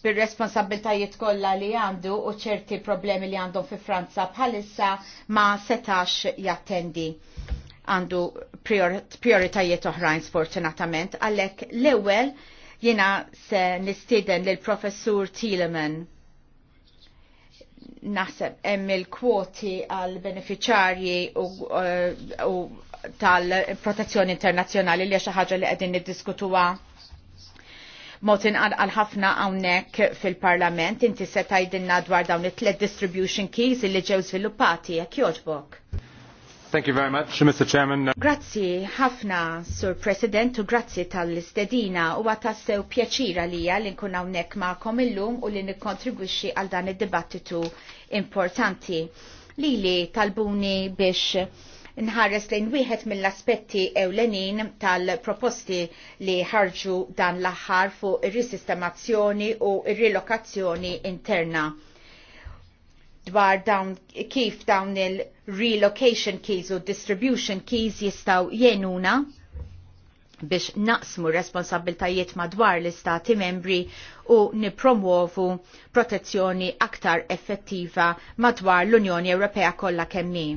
bil-responsabiltajiet kollha li għandu u ċerti problemi li għandhom fi Franza bħalissa ma setax jattendi għandu prioritajiet oħrajn sfortunatament għalhekk l-ewwel jiena se nistieden l professur Thieleman naħseb hemm il-kwoti għal beneficjarji u, eh, u tal-protezzjoni internazzjonali li xi ħaġa li qegħdin niddiskutuha motin għal ħafna hawnhekk fil-Parlament. Inti se tgħidilna dwar dawn it-tlet distribution keys li ġew żviluppati jekk jogħġbok. Thank you very much, Mr. Chairman. Grazzi ħafna, Sur President, u grazzi tal-istedina u għatassew pjaċira li li nkun hawnhekk magħkom illum u li nikkontribwixxi għal dan id-dibattitu importanti. Lili talbuni biex nħares lejn wieħed mill-aspetti ewlenin tal-proposti li ħarġu dan l-aħħar fuq ir-risistemazzjoni u ir-rilokazzjoni interna dwar dawn kif dawn il-relocation keys u distribution keys jistaw jenuna biex naqsmu responsabiltajiet madwar l-istati membri u nipromuovu protezzjoni aktar effettiva madwar l-Unjoni Ewropea kollha kemmi.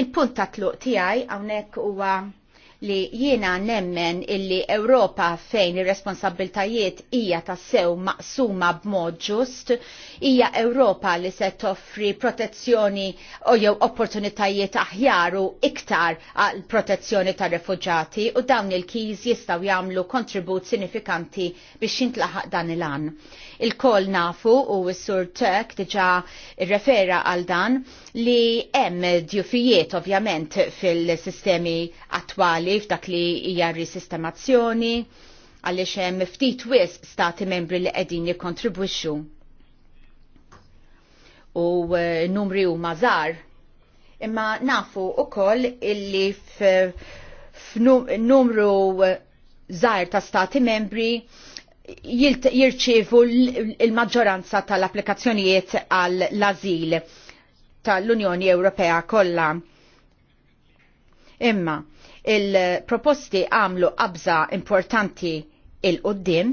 Il-punt ta' tluq tiegħi hawnhekk huwa li jiena nemmen illi Ewropa fejn ir-responsabiltajiet hija tassew maqsuma b'mod ġust, hija Ewropa li se toffri protezzjoni u jew opportunitajiet aħjaru iktar għal protezzjoni tar refuġati u dawn il-kiż jistgħu jagħmlu kontribut sinifikanti biex jintlaħaq dan il-an il-kol nafu u s-sur Turk diġa refera għal dan li hemm djufijiet ovvjament fil-sistemi attwali f'dak li hija risistemazzjoni għaliex hemm ftit wis stati membri li qegħdin jikkontribwixxu. U eh, numri huma żgħar imma nafu ukoll illi f'numru eh, żgħar ta' stati membri jirċievu il-maġġoranza tal-applikazzjonijiet għall-azil tal-Unjoni Ewropea kollha. Imma il-proposti għamlu qabża importanti il-qoddim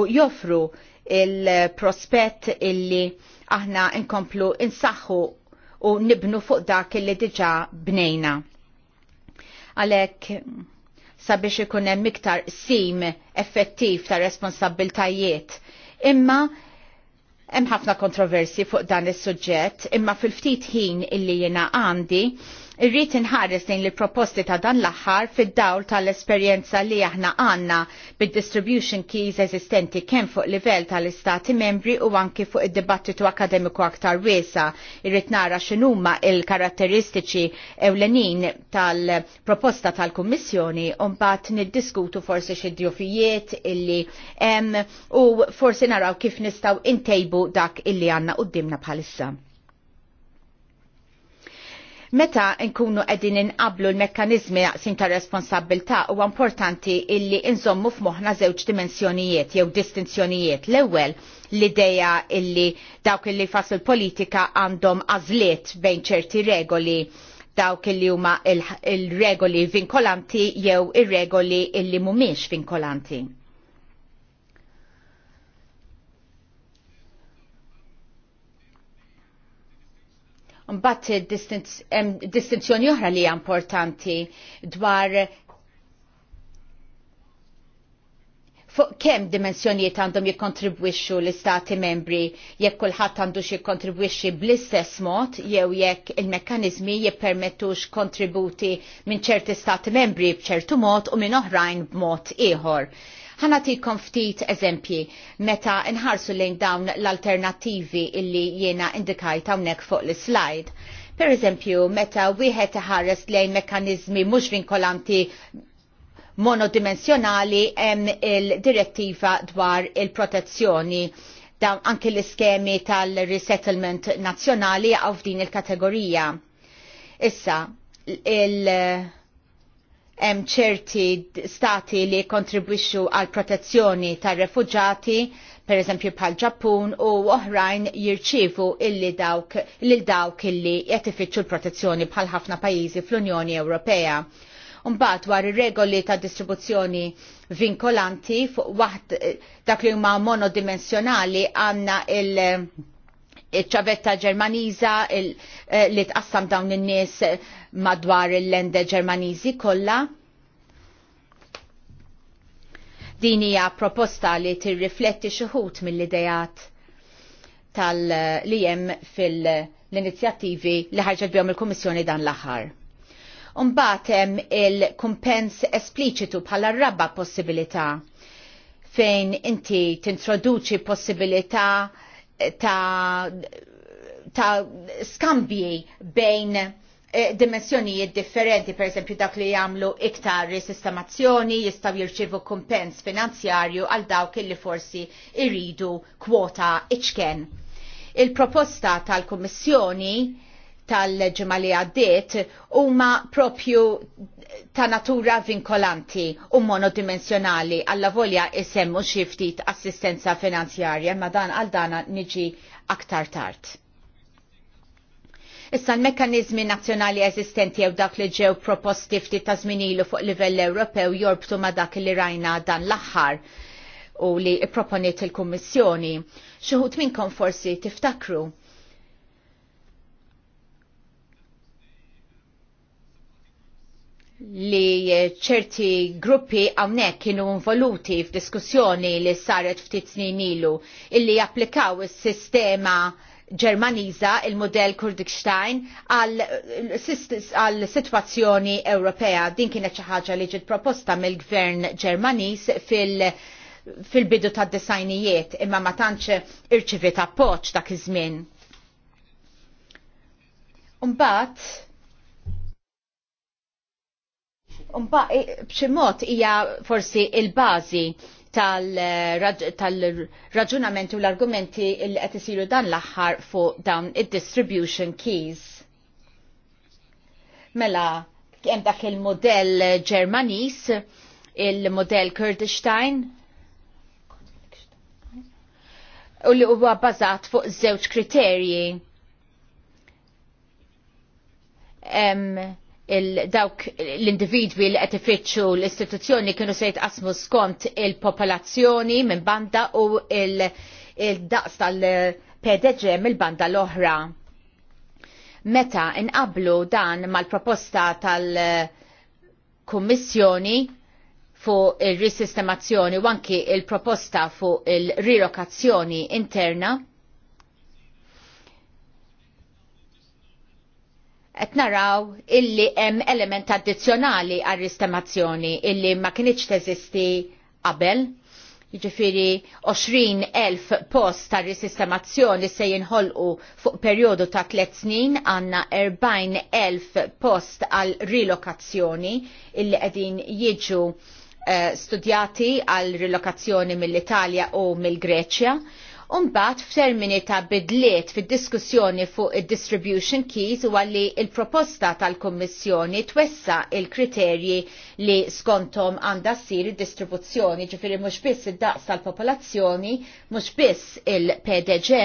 u joffru il-prospett illi aħna inkomplu insaħħu u nibnu fuq dak illi diġa bnejna. Għalhekk sabiex ikun hemm iktar sim effettiv ta' responsabiltajiet. Imma hemm ħafna kontroversi fuq dan is-suġġett, imma fil-ftit ħin illi jiena għandi Irrid inħares din li proposti ta' dan l-aħħar fid-dawl tal-esperjenza li aħna għandna bid-distribution keys eżistenti kemm fuq livell tal-istati membri u anki fuq id-dibattitu akademiku aktar wiesa. Irrid nara x'inhuma il-karatteristiċi ewlenin tal-proposta tal-Kummissjoni u mbagħad niddiskutu forsi xi djufijiet illi hemm u forsi naraw kif nistgħu intejbu dak illi għandna qudiemna bħalissa. Meta nkunu qegħdin inqablu l-mekkaniżmi jaqsin ta' responsabilità huwa importanti illi inżommu f'moħħna żewġ dimensjonijiet jew distinzjonijiet. L-ewwel l-idea illi dawk illi fasu l-politika għandhom għażliet bejn ċerti regoli dawk illi huma il-regoli vinkolanti jew ir-regoli illi mhumiex vinkolanti Mbatt distinzjoni oħra li hija importanti dwar fuq kemm dimensjonijiet għandhom jikkontribwixxu l-istati membri jekk kulħadd għandu xi jikkontribwixxi bl-istess mod jew jekk il-mekkaniżmi jippermettux kontributi minn ċerti stati membri b'ċertu mod u minn oħrajn b'mod ieħor. Ħanatikom ftit eżempji meta nħarsu lejn dawn l-alternattivi illi jiena indikajt hawnhekk fuq l-slide. Per eżempju, meta wieħed iħares lejn mekkaniżmi mhux vinkolanti monodimensjonali hemm il-direttiva dwar il-protezzjoni dawn anke l-iskemi tal-resettlement nazzjonali għaw f'din il-kategorija. Issa, il- hemm ċerti stati li kontribwixxu għal protezzjoni tar-refuġati, per eżempju bħal Ġappun u oħrajn jirċievu illi dawk lil dawk illi qed ifittxu l-protezzjoni bħal ħafna pajjiżi fl-Unjoni Ewropea. Mbagħad dwar ir-regoli ta' distribuzzjoni vinkolanti fuq waħd eh, dak li huma monodimensjonali għandna il- ċavetta ġermaniza eh, li tqassam dawn in-nies madwar il-lende ġermaniżi kollha. Din hija proposta li tirrifletti xi ħut mill-idejat tal-li hemm fil-inizjattivi li ħarġet bihom il-Kummissjoni dan l-aħħar. Umbat hemm il-kumpens espliċitu bħala rabba possibilità fejn inti tintroduċi possibilità ta', ta skambji bejn eh, dimensjonijiet differenti, per esempio dak li jamlu iktar sistemazzjoni jistaw jirċivu kumpens finanzjarju għal dawk li forsi irridu kwota iċken. Il-proposta tal-Kommissjoni tal-ġimma li għaddiet huma propju ta' natura vinkolanti u monodimensjonali għalla volja isemmu xi ftit assistenza finanzjarja ma dan għal dana niġi aktar tard. Issa l-mekkanizmi nazzjonali eżistenti jew dak li ġew proposti ftit ta' żminilu fuq livell Ewropew jorbtu ma' dak li rajna dan l-aħħar u li proponiet il-Kummissjoni. Xuħut minnkom forsi tiftakru li ċerti gruppi għawnek kienu involuti f'diskussjoni li saret ftit snin ilu illi japplikaw is-sistema Ġermaniża il-modell Kurdikstein għal situazzjoni Ewropea. Din kienet xi ħaġa li ġiet proposta mill-Gvern Ġermaniż fil- fil-bidu tad desajnijiet imma ma tantx irċivit appoġġ dak iż-żmien. Mbagħad Eh, b'xi mod hija forsi il-bażi tal-raġunamenti u l-argumenti li qed isiru dan l-aħħar fuq dawn id-distribution keys. Mela, hemm dak il-modell Ġermanis, il-modell Kurdistein, u li huwa bażat fuq żewġ kriterji dawk l-individwi li qed ifittxu l-istituzzjoni kienu se jitqasmu skont il-popolazzjoni minn banda u il-daqs tal-PDGM il-banda l-oħra. Meta inqablu dan mal-proposta tal-Kummissjoni fuq il-risistemazzjoni u anki il-proposta fuq il rirokazzjoni interna, qed naraw illi hemm element addizzjonali għar-ristemazzjoni illi ma kinitx teżisti qabel. Jiġifieri 20,000 post ta' risistemazzjoni se jinħolqu fuq perjodu ta' tliet snin għandna 40,000 post għal rilokazzjoni illi qegħdin jiġu eh, studjati għal rilokazzjoni mill-Italja u mill-Greċja Umbat f'termini ta' bidliet fid-diskussjoni fuq il-distribution keys u għalli il-proposta tal-Kommissjoni twessa il-kriterji li skontom għanda sir il-distribuzzjoni ġifiri mux biss id-daqs tal-popolazzjoni, mux biss il-PDG,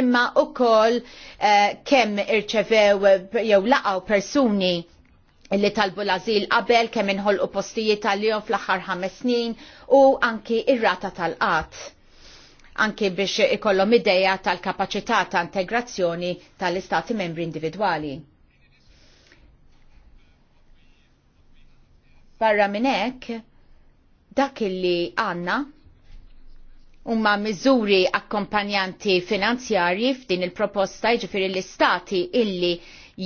imma u kol uh, eh, kem irċevew jew laqaw persuni li talbu l-azil qabel kemm inħolqu postijiet tal-jom fl-aħħar ħames snin u anki ir-rata tal-qatt anki biex ikollhom ideja tal-kapaċità ta' integrazzjoni tal-istati membri individwali. Barra minn hekk, dak illi għandna huma miżuri akkompanjanti finanzjarji f'din il-proposta jiġifieri l-istati illi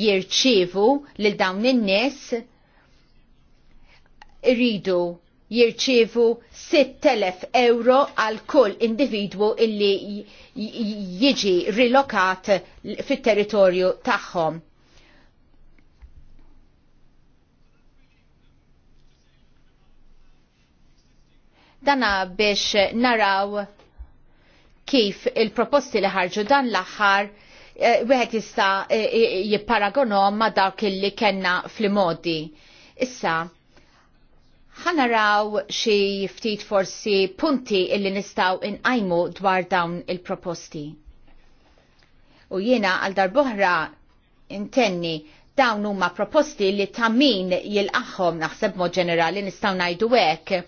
jirċievu lil dawn in-nies iridu jirċievu 6.000 euro għal kull individwu illi jiġi rilokat fit-territorju tagħhom. Dana biex naraw kif il-proposti li ħarġu dan l-aħħar eh, wieħed jista' eh, eh, jipparagonom ma' dawk illi kellna fl-modi. Issa, ħanaraw xi ftit forsi punti illi nistaw inqajmu dwar dawn il-proposti. U jiena għal darbohra intenni dawn huma proposti li tammin jilqaħħom naħseb mod ġenerali nistgħu ngħidu hekk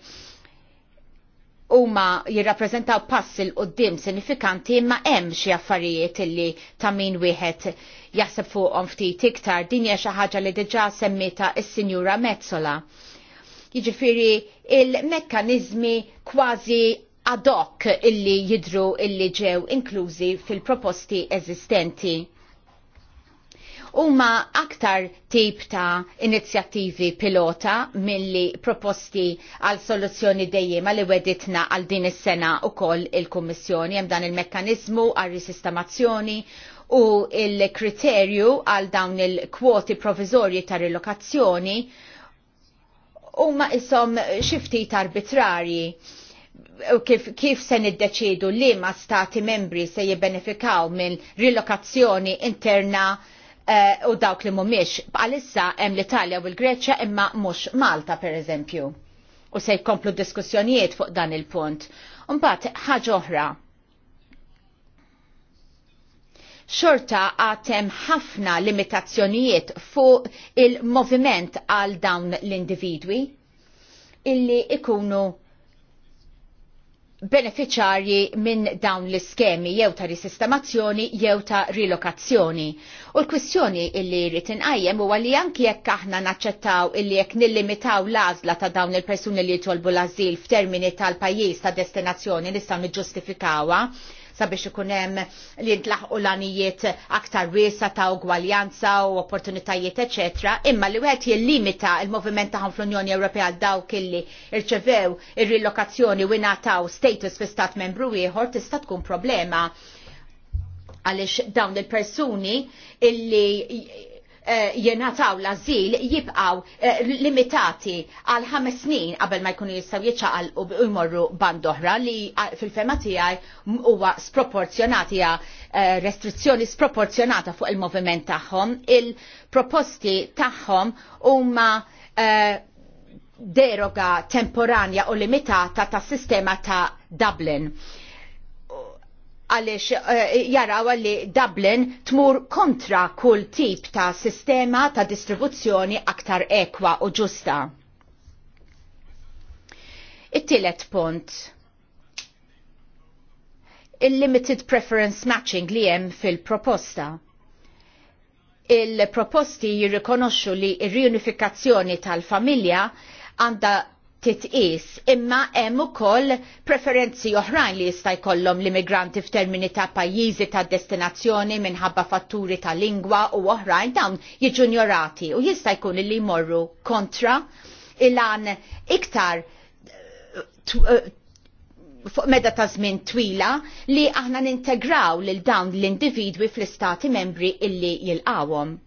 huma jirrappreżentaw pass il qoddim sinifikanti imma hemm xi affarijiet illi ta' min wieħed jaħseb fuqhom ftit iktar din hija xi ħaġa li diġà semmita s-Sinjura Mezzola jiġifieri il-mekkanizmi kważi ad hoc illi jidru illi ġew inklużi fil-proposti eżistenti huma aktar tip ta' inizjattivi pilota milli proposti għal soluzzjoni dejjema li weditna għal din is-sena ukoll il-Kummissjoni hemm dan il-mekkanizmu għal risistamazzjoni u il-kriterju għal dawn il-kwoti provizorji ta' rilokazzjoni huma isom xiftit arbitrarji kif, kif se niddeċidu li ma stati membri se jibbenefikaw minn rilokazzjoni interna uh, u dawk li mumiex. Bħalissa hemm l-Italja u l-Greċja imma mhux Malta per eżempju. U se jkomplu diskussjonijiet fuq dan il-punt. Mbagħad ħaġa oħra xorta għatem ħafna limitazzjonijiet fuq il-moviment għal dawn l-individwi illi ikunu beneficjarji minn dawn l-iskemi jew ta' risistemazzjoni jew ta' rilokazzjoni. U l-kwistjoni illi rrit inqajjem huwa li anki jekk aħna naċċettaw illi jekk nillimitaw l-għażla ta' dawn il-persuni li jitolbu l-azil f'termini tal-pajjiż ta' destinazzjoni nistaw niġġustifikawha, sabiex ikun hemm li ntlaħqu lanijiet aktar wiesa ta' ugwaljanza u opportunitajiet eċetera, imma li wieħed jillimita il-moviment tagħhom fl-Unjoni Ewropea għal dawk illi irċevew ir-rilokazzjoni u ingħataw status fi stat membru ieħor tista' tkun problema għaliex dawn il-persuni illi Eh, jenataw l-azil jibqaw eh, limitati għal ħames snin qabel ma jkunu jistaw jitxaqal u jmorru band oħra li fil-fema tiegħi huwa sproporzjonati eh, restrizzjoni sproporzjonata fuq il-moviment tagħhom, il-proposti tagħhom huma deroga temporanja u limitata ta' sistema ta' Dublin għaliex eh, jaraw li Dublin tmur kontra kull tip ta' sistema ta' distribuzzjoni aktar ekwa u ġusta. It-tielet punt. Il-limited preference matching li hemm fil-proposta il-proposti jirrikonoxxu li r riunifikazzjoni tal-familja għandha titqis imma hemm ukoll preferenzi oħrajn li jista' jkollhom l-immigranti f'termini ta' pajjiżi ta' destinazzjoni minħabba fatturi ta' lingwa u oħrajn dawn jiġu ignorati u jista' jkun li jmorru kontra il-għan iktar eh, eh, fuq meda ta' żmien twila li aħna nintegraw lil dawn l-individwi fl-istati membri illi jilqawhom.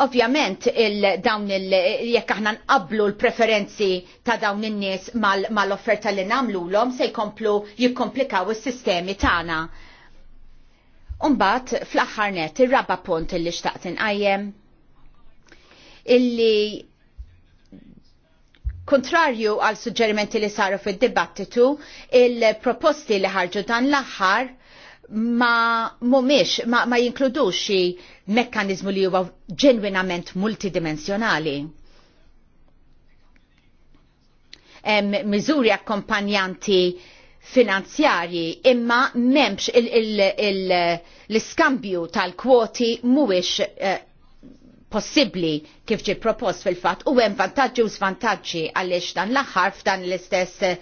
Ovvjament il-dawn il jekk aħna nqablu l-preferenzi ta' dawn in-nies mal-offerta namlu li nagħmluhom se jkomplu jikkomplikaw is-sistemi tagħna. Umbat fl-aħħar net ir-raba punt illi xtaqt inqajjem illi kontrarju għal suġġerimenti li saru fid-dibattitu, il-proposti li ħarġu dan l-aħħar ma mumiex, ma, ma jinkludux xi mekkanizmu li huwa ġenwinament multidimensjonali. Hemm miżuri akkompanjanti finanzjarji imma memx l-iskambju tal-kwoti mhuwiex eh, possibbli kif ġi propost fil-fatt u hemm vantaġġi u svantaġġi għaliex dan l-aħħar f'dan l-istess eh,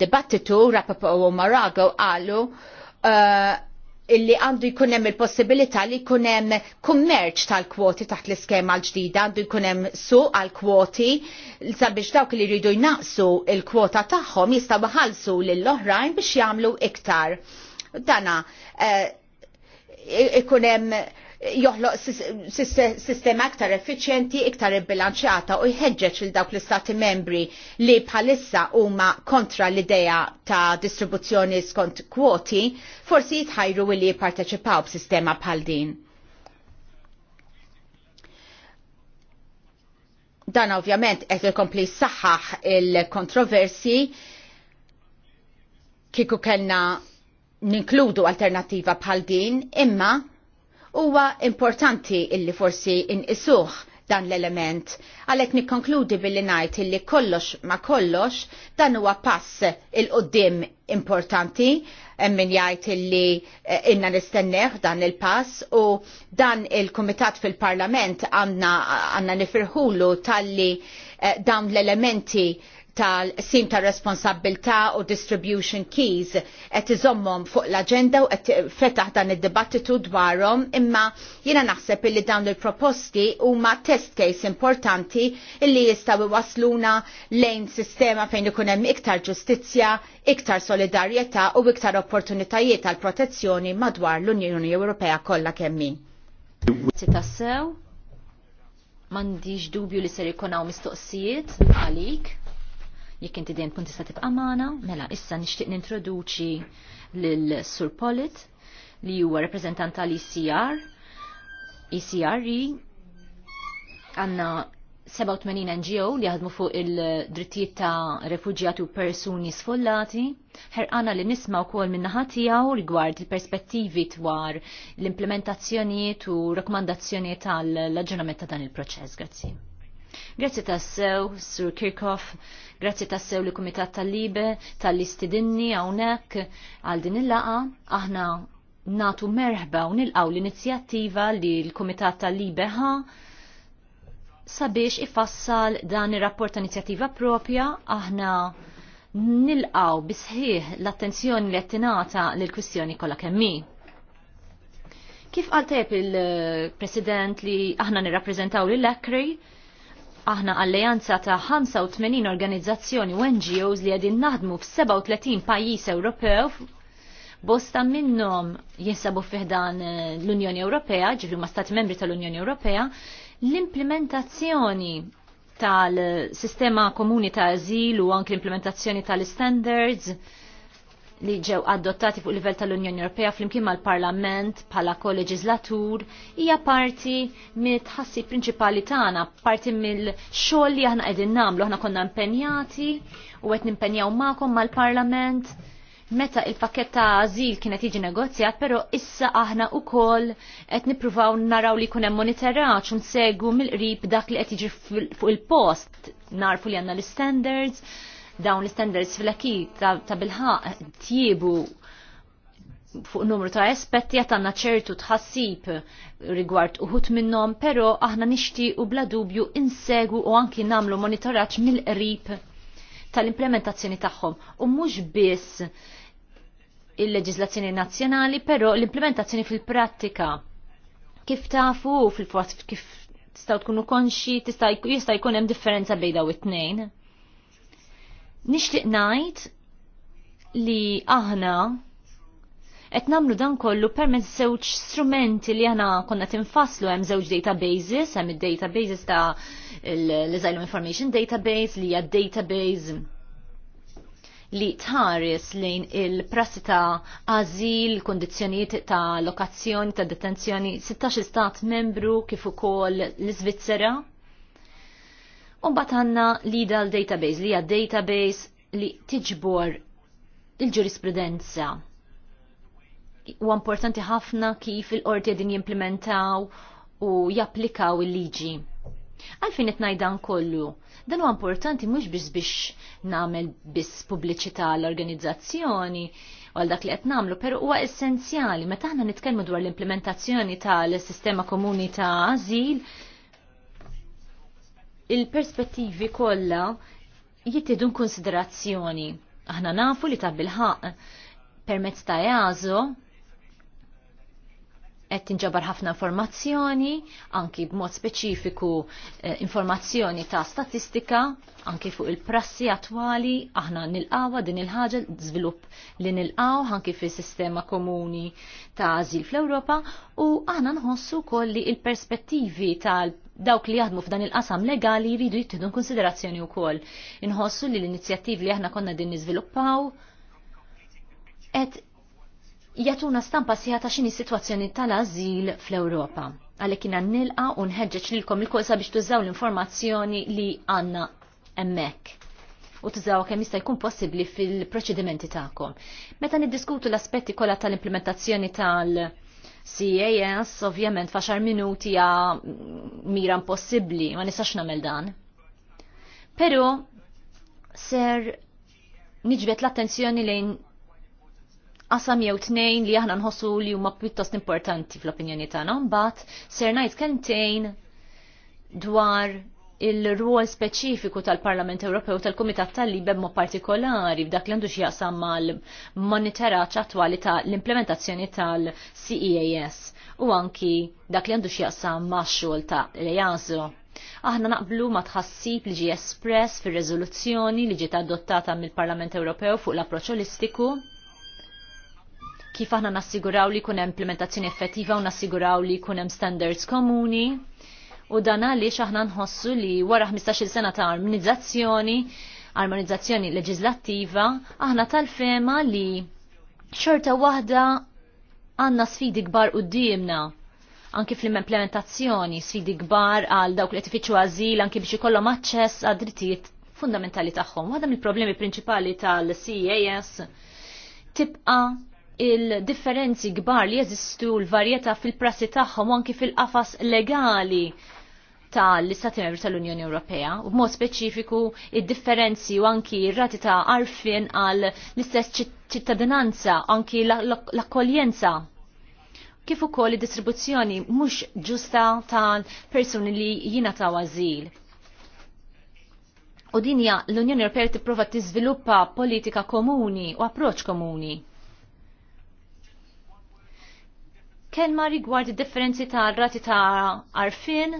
dibattitu Rapapo u Marago qalu uh, illi għandu jkunem il-possibilità li jkunem kummerċ tal-kwoti taħt l-iskema l-ġdida, għandu jkunem su għal-kwoti sabiex dawk li rridu jnaqsu il-kwota tagħhom jista' bħalsu lill-oħrajn biex jagħmlu iktar. Dana, uh, ikunem joħloq sistema iktar effiċjenti, iktar bilanċjata u jħeġġeġ il dawk l-istati membri li bħalissa huma kontra l-idea ta' distribuzzjoni skont kwoti, forsi jitħajru li jipparteċipaw b'sistema bħal din. Dan ovvjament qed ikompli saħħaħ il-kontroversi kieku kellna ninkludu alternativa bħal din, imma huwa importanti illi forsi inqisuh dan l-element. Għalek nikkonkludi billi najt illi kollox ma kollox dan huwa pass il-qoddim importanti min jgħid illi eh, inna nistenneħ dan il-pass u dan il-Komitat fil-Parlament għanna nifirħulu tal-li eh, dawn l-elementi tal-sim ta' responsabilta u distribution keys qed iżommom fuq l-agenda u qed fetaħ dan id-dibattitu dwarhom imma jiena naħseb illi dawn il-proposti huma test case importanti illi jistgħu iwasluna lejn sistema fejn ikun hemm iktar ġustizzja, iktar solidarjetà u iktar opportunitajiet tal protezzjoni madwar l-Unjoni Ewropea kollha kemm hi. Mandiġ dubju li ser ikun hawn mistoqsijiet għalik jekk inti dejjem kun tista' tibqa' magħna, mela issa nixtieq nintroduċi lil Sur Polit li huwa rappreżentant tal-ICR. ICR e e. għandna 87 NGO li jaħdmu fuq il-drittijiet ta' refugjati u persuni sfollati. Ħerqana li nisma' wkoll min-naħa tiegħu rigward il-perspettivi dwar l-implementazzjonijiet u rakkomandazzjonijiet tal-aġġornament ta' dan il-proċess. Grazzi. Grazzi tassew, Sur Kirchhoff, grazzi tassew li Kumitat tal-Libe, tal-Istidinni għawnek għal din il-laqa, aħna natu merħba u nilqaw l-inizjattiva li l-Kumitat tal-Libe ħa sabiex ifassal dan ir-rapport inizjattiva propja aħna nilqaw bisħieħ l-attenzjoni li għattinata l-kwistjoni kolla kemmi. Kif għaltep il-President li aħna nirrappreżentaw l-Lekri, Aħna alleanza ta' 85 organizzazzjoni u NGOs li għedin naħdmu f-37 pajis Ewropew bosta minnom jinsabu fiħdan eh, l-Unjoni Ewropea, ġifri ma stati membri tal-Unjoni Ewropea, l-implementazzjoni tal-sistema komuni ta' azil u anke l-implementazzjoni tal-standards, li ġew adottati fuq livell tal-Unjoni Ewropea flimkien mal-Parlament bħala koleġislatur hija parti mit-ħassi prinċipali tagħna, parti mill-xogħol li aħna qegħdin nagħmlu, aħna konna impenjati u qed nimpenjaw magħkom mal-Parlament. Meta il-pakket ta' azil kienet jiġi negozjat, però issa aħna wkoll qed nippruvaw naraw li jkun hemm monitoraġġ u nsegu mill-qrib dak li qed jiġi fuq il-post, narfu li għandna l-standards, dawn l-standards fil-aki ta' bilħaq tjibu fuq numru ta' aspetti għat għanna ċertu tħassib rigward uħut minnom, pero aħna nishti u bla dubju insegu u anki namlu monitoraċ mill-qrib tal-implementazzjoni tagħhom. U mhux biss il-leġizlazzjoni nazzjonali, pero l-implementazzjoni fil-prattika. Kif tafu fil-forz kif tistaw tkunu konxi, tista' jista' jkun hemm differenza bejda u it-tnejn nishtiq ngħid li aħna qed nagħmlu dan kollu permezz żewġ strumenti li aħna konna tinfasslu hemm żewġ databases, hemm id-databases ta' l-Asylum Information Database li hija database li tħares lejn il-prassi ta' azil, kondizjoniet ta' lokazzjoni, ta' detenzjoni, 16 stat membru kif ukoll l-Iżvizzera Umbat għanna legal database li hija database li tiġbor il-ġurisprudenza. U importanti ħafna kif il-qorti din jimplementaw u japplikaw il-liġi. Għalfin qed ngħidan kollu, dan huwa importanti mhux biss biex nagħmel biss pubbliċità l-organizzazzjoni għal dak li qed nagħmlu, però huwa essenzjali meta aħna nitkellmu dwar l-implementazzjoni tal-sistema komuni ta' azil, il-perspettivi kollha jittidun konsiderazzjoni. Aħna nafu li ta' bilħaq permezz ta' jazo qed tinġabar ħafna informazzjoni, anki b'mod speċifiku eh, informazzjoni ta' statistika, anki fuq il-prassi attwali, aħna nilqawa din il-ħaġa żvilupp li nilqaw anki fis-sistema komuni ta' ażil fl-Ewropa u aħna nħossu kolli il-perspettivi tal dawk li jaħdmu f'dan il-qasam legali jridu jittieħdu konsiderazzjoni wkoll. Inħossu li l-inizjattivi li aħna konna din niżviluppaw et jagħtuna stampa siħa ta' x'inhi s-sitwazzjoni tal-ażil fl-Ewropa. Għalhekk kien nilqa' u nħeġġeġ lilkom il-kol sabiex tużaw l-informazzjoni li għandna hemmhekk u tużaw kemm jista' jkun possibbli fil-proċedimenti tagħkom. Meta niddiskutu l-aspetti kollha tal-implementazzjoni tal-, -implementazzjoni tal CAS ovvjament faċar minuti ja mira impossibbli, ma nistax nagħmel dan. Però ser niġbet l-attenzjoni lejn qasam jew tnejn li aħna nħossu li huma pjuttost importanti fl-opinjoni tagħna, mbagħad ser ngħid kentejn dwar il-ruol speċifiku tal-Parlament Ewropew tal-Kumitat tal-Libe mod partikolari b'dak l-għandu x'jaqsam mal-monitoraġġ attwali tal l-implementazzjoni tal-CEAS u anki dak li għandu x'jaqsam max-xogħol ta' l Aħna naqblu ma tħassib li ġi espress fir rezoluzzjoni li ġiet adottata mill-Parlament Ewropew fuq l-approċċ olistiku kif aħna nassiguraw li kunem hemm implementazzjoni effettiva u nassiguraw li kunem hemm standards komuni u dan għaliex aħna nħossu li wara 15-il sena ta' armonizzazzjoni, armonizzazzjoni leġislattiva, aħna tal-fema li xorta waħda għanna sfidi kbar dimna anki fl-implementazzjoni sfidi kbar għal dawk li qed għażil anki biex ikollhom aċċess għad drittijiet fundamentali tagħhom. Waħda mill-problemi prinċipali tal-CAS tibqa il-differenzi kbar li jeżistu l-varjetà fil-prassi tagħhom anki fil-qafas legali tal-Istati Membri tal-Unjoni Ewropea u b'mod speċifiku id-differenzi u anki r-rati ta' arfin għal l-istess ċittadinanza, anki l-akkoljenza. Kif ukoll id-distribuzzjoni mhux ġusta ta' persuni li jingħataw għażil. U dinja l-Unjoni Ewropea tipprova tiżviluppa politika komuni u approċċ komuni. kelma rigward differenzi ta' rati ta' arfin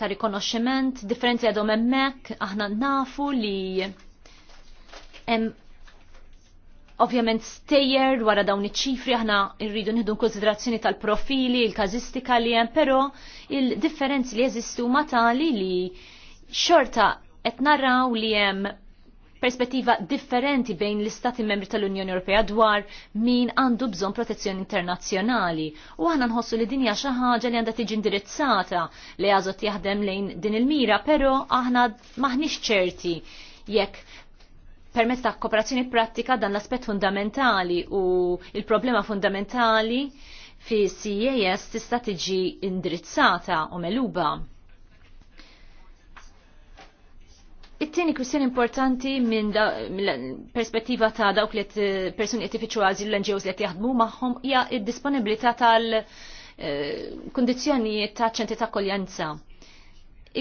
ta' rikonoxximent, differenzi għadhom hemmhekk, aħna nafu li hemm ovvjament stejjer wara dawn iċ-ċifri aħna rridu nħidu konsiderazzjoni tal-profili, il-każistika li hemm, però il-differenzi li jeżistu ma tali li xorta qed naraw li hemm perspettiva differenti bejn l-Istati membri tal-Unjoni Ewropea dwar min għandu bżon protezzjoni internazzjonali. U għana nħossu li dinja xi ħaġa li għandha tiġi indirizzata li għazot jaħdem lejn din il-mira, però aħna maħniex ċerti jekk permezz ta' kooperazzjoni pratika dan l-aspett fundamentali u il-problema fundamentali fi CAS tista' tiġi indirizzata u meluba. It-tieni kwistjoni importanti minn perspettiva ta' dawk li eh, persuni qed ifittxu għażil l-NGOs li qed jaħdmu magħhom hija d-disponibilità tal-kundizzjonijiet eh, ta' ċenti ta' koljanza.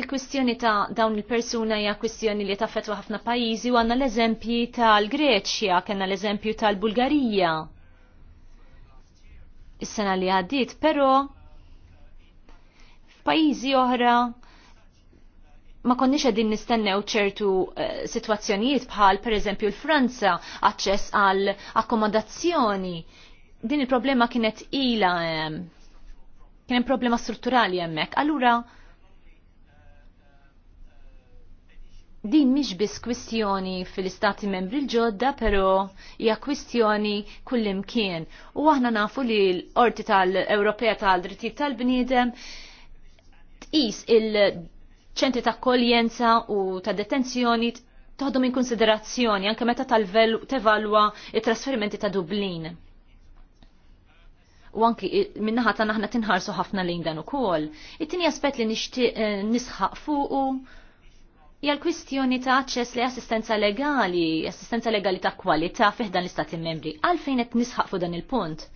Il-kwistjoni ta' dawn il-persuna hija kwistjoni li taffetwa ħafna pajjiżi u għandna l-eżempji tal-Greċja, kellna l-eżempju tal-Bulgarija. Is-sena li għaddiet, però f'pajjiżi oħra ma konniex għedin nistennew ċertu uh, eh, situazzjonijiet bħal per eżempju l-Franza aċċess għal akkomodazzjoni. Din il-problema kienet ila um, kien problema strutturali hemmhekk. Allura din mhix biss kwistjoni fil-istati membri l-ġodda, però hija kwistjoni kullimkien. U aħna nafu li l-Qorti tal-Ewropea tal-Drittijiet tal-Bniedem tqis il- ċenti ta' koljenza u ta' detenzjoni taħdu minn konsiderazzjoni anke meta tevalwa il trasferimenti ta' Dublin. U anki minnaħat ta' naħna tinħarsu ħafna lejn dan ukoll. It-tieni aspett li nixtieq eh, nisħaq fuqu hija l-kwistjoni ta' aċċess li assistenza legali, assistenza legali ta' kwalità fih dan l-Istati membri. Għalfejn qed nisħaq fuq dan il-punt?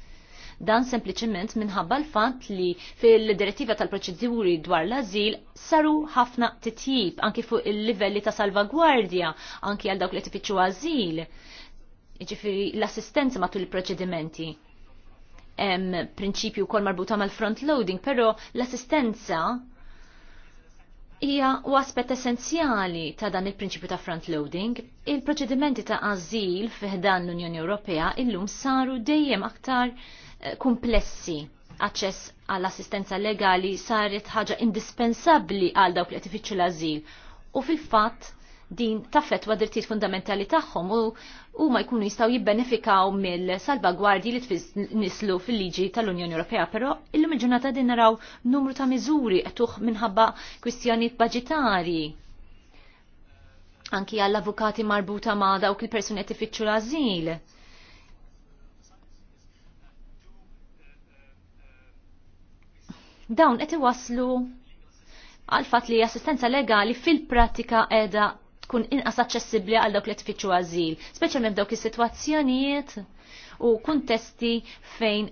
Dan sempliċement minħabba l-fatt li fil-direttiva tal-proċeduri dwar l-azil saru ħafna titjib anki fuq il-livelli ta' salvagwardja anki għal dawk li tifittxu għazil Ġifiri l-assistenza matul il-proċedimenti hemm prinċipju wkoll marbuta mal-front loading, però l-assistenza hija u aspett essenzjali ta' dan il-prinċipju ta' front loading. Il-proċedimenti ta' azil fiħdan l-Unjoni Ewropea illum saru dejjem aktar Eh, komplessi aċċess għall-assistenza legali saret ħaġa indispensabbli għal dawk li qed l-azil. U fil-fatt din taffetwa drittijiet fundamentali tagħhom u huma jkunu jistgħu jibbenefikaw mill-salvagwardji li nislu fil-liġi tal-Unjoni Ewropea, però illum il-ġurnata din naraw numru ta' miżuri qed minħabba kwistjonijiet baġitarji anki għall-avukati marbuta ma' dawk il-persuni qed ifittxu l-azil dawn qed iwaslu għal fatt li assistenza legali fil-pratika qiegħda tkun inqas aċċessibbli għal dawk li tfittxu għażil, speċjalment f'dawk is-sitwazzjonijiet u kuntesti fejn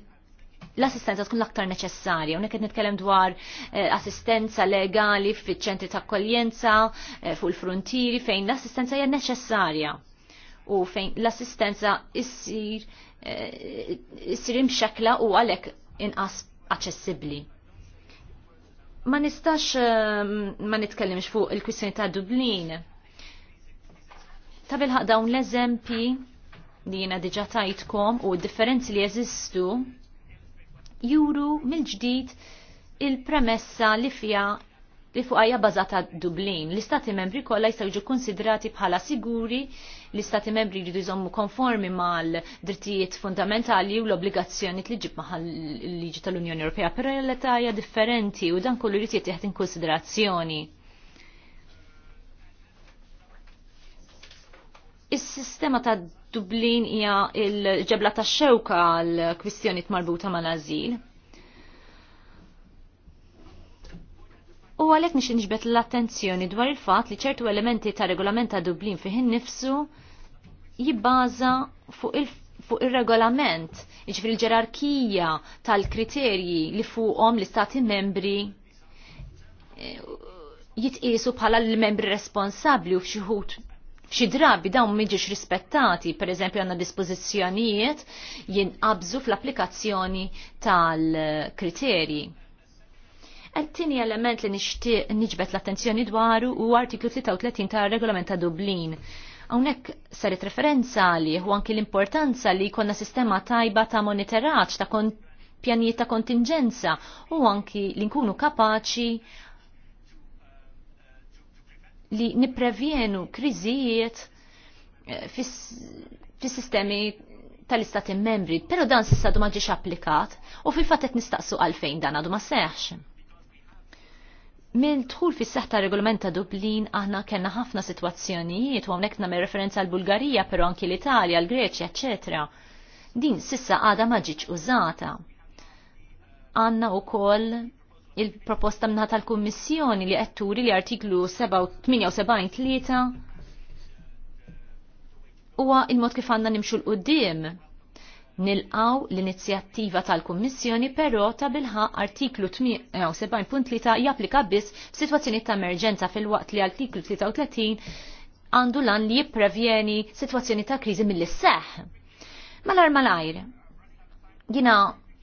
l-assistenza tkun l-aktar neċessarja. Unek qed nitkellem dwar eh, assistenza legali fiċ-ċentri ta' akkoljenza, eh, fuq il-frontieri fejn l-assistenza hija neċessarja u fejn l-assistenza issir eh, issir imxekla u għalhekk inqas aċċessibbli ma nistax ehm, ma nitkellimx fuq il-kwissjoni ta' Dublin. Ta' bilħaq dawn l-eżempi li jena diġa tajtkom u differenzi li jeżistu juru mill-ġdid il-premessa li fija li fuq għajja bazata Dublin. L-istati membri kollha jistgħu jiġu konsidrati bħala siguri, l-istati membri jridu jżommu konformi mal-drittijiet fundamentali u l-obbligazzjonijiet li ġib maħal liġi tal-Unjoni Ewropea, però l-età hija differenti u dan kollu jrid jittieħed in konsiderazzjoni. Is-sistema ta' Dublin hija il-ġebla tax xewka għal kwistjonijiet marbuta mal-azil u għalhekk nix nġbet l-attenzjoni dwar il-fatt li ċertu elementi ta' regolament ta' Dublin fih innifsu jibbaża fuq il fuq il-regolament, iġifri l-ġerarkija tal-kriterji li fuqhom l-istati membri eh, jitqisu bħala l-membri responsabli u fxieħut f'xi drabi dawn miġiex rispettati, per eżempju għandna dispożizzjonijiet jinqabżu fl-applikazzjoni tal-kriterji et tieni element li nixtieq niġbet l-attenzjoni dwaru u artiklu 33 ta' regolament ta' Dublin. Hawnhekk saret referenza li u anki l-importanza li jkollna sistema tajba ta' moniteraġġ ta' pjanijiet ta' kontingenza u anki li nkunu kapaċi li niprevjenu kriżijiet eh, fis-sistemi tal-istati membri, pero dan s-sadu maġiġ applikat u fil fatet nistaqsu għalfejn dan għadu ma seħx. Mill tħul fis seħta regolament ta' Dublin aħna kellna ħafna sitwazzjonijiet u hawnhekk nagħmel referenza għal Bulgarija però anki l-Italja, l-Greċja, eċetera. Din sissa għada ma ġietx użata. Għandna wkoll il-proposta mnaħa tal-Kummissjoni li qed turi li artiklu 78.3 huwa il-mod kif għandna nimxu l-qudiem Nilqaw l-inizjattiva tal-Kummissjoni però ta' bilħa artiklu 78.3 eh, japplika biss f'sitwazzjoni ta' emerġenza fil-waqt li artiklu 33 għandu lan li jipprevjeni sitwazzjoni ta' kriżi mill Mal-arma l-ajr. jina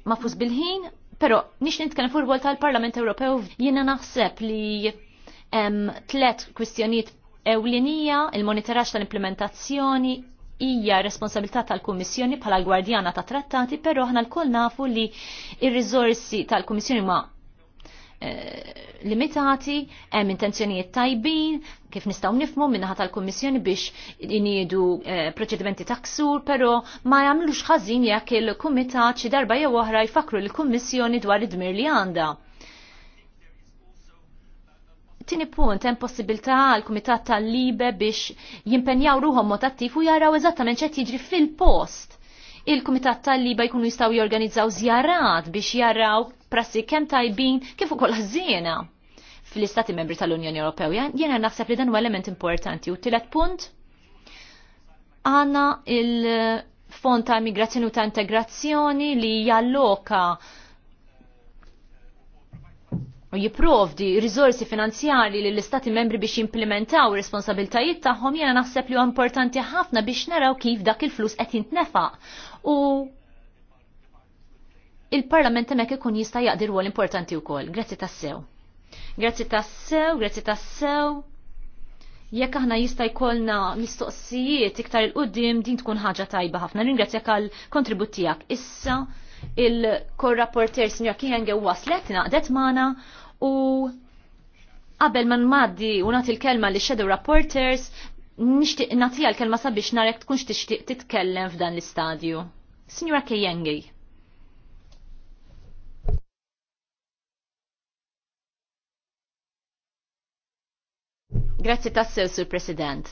ma fus bil-ħin, però nix nitkellem fuq rwol tal-Parlament Ewropew jiena naħseb li hemm tlet kwistjonijiet ewlenija, il-monitoraġġ tal-implementazzjoni, hija responsabilità tal-Kummissjoni bħala gwardjana ta' trattati, però aħna lkoll nafu li ir-riżorsi tal-Kummissjoni ma' eh, limitati, hemm intenzjonijiet tajbin, kif nistgħu nifmu minnaħa tal-Kummissjoni biex iniedu eh, proċedimenti ta' ksur, però ma jagħmlux ħażin jekk il-Kumitat xi darba jew oħra jfakru l-Kummissjoni dwar id-dmir li għandha. Tini punt, hemm possibilità għal kumitat tal-libe biex jimpenjaw ruhom mod attiv u jaraw eżattament ċet jiġri fil-post. Il-kumitat tal-liba jkunu jistaw jorganizzaw zjarat biex jaraw prassi kemm tajbin kif ukoll ħżiena fl-istati membri tal-Unjoni Ewropea. Jena naħseb li dan huwa element importanti. U tilet punt, għandna il-fond ta' migrazzjoni u ta' integrazzjoni li jalloka u jiprovdi rizorsi finanzjari li l-istati membri biex jimplementaw responsabiltajiet tagħhom jiena naħseb li huwa importanti ħafna biex naraw kif dak il-flus qed jintnefa'. U il-Parlament hemmhekk ikun jista' jaqdi rwol importanti wkoll. Grazzi tassew. Grazzi tassew, grazzi tassew. Jekk aħna jista' jkollna mistoqsijiet iktar il-qudiem din tkun ħaġa tajba ħafna. Ringrazzjak għall kontribut tiegħek. Issa il-korrapporter sinja Kienge waslet naqdet mana u qabel ma nmaddi u nagħti l-kelma li shadow rapporters nixtieq natija l-kelma sabiex narek tkunx tixtieq titkellem f'dan l-istadju. Sinjura Kienge. Grazzi tassew, Sur President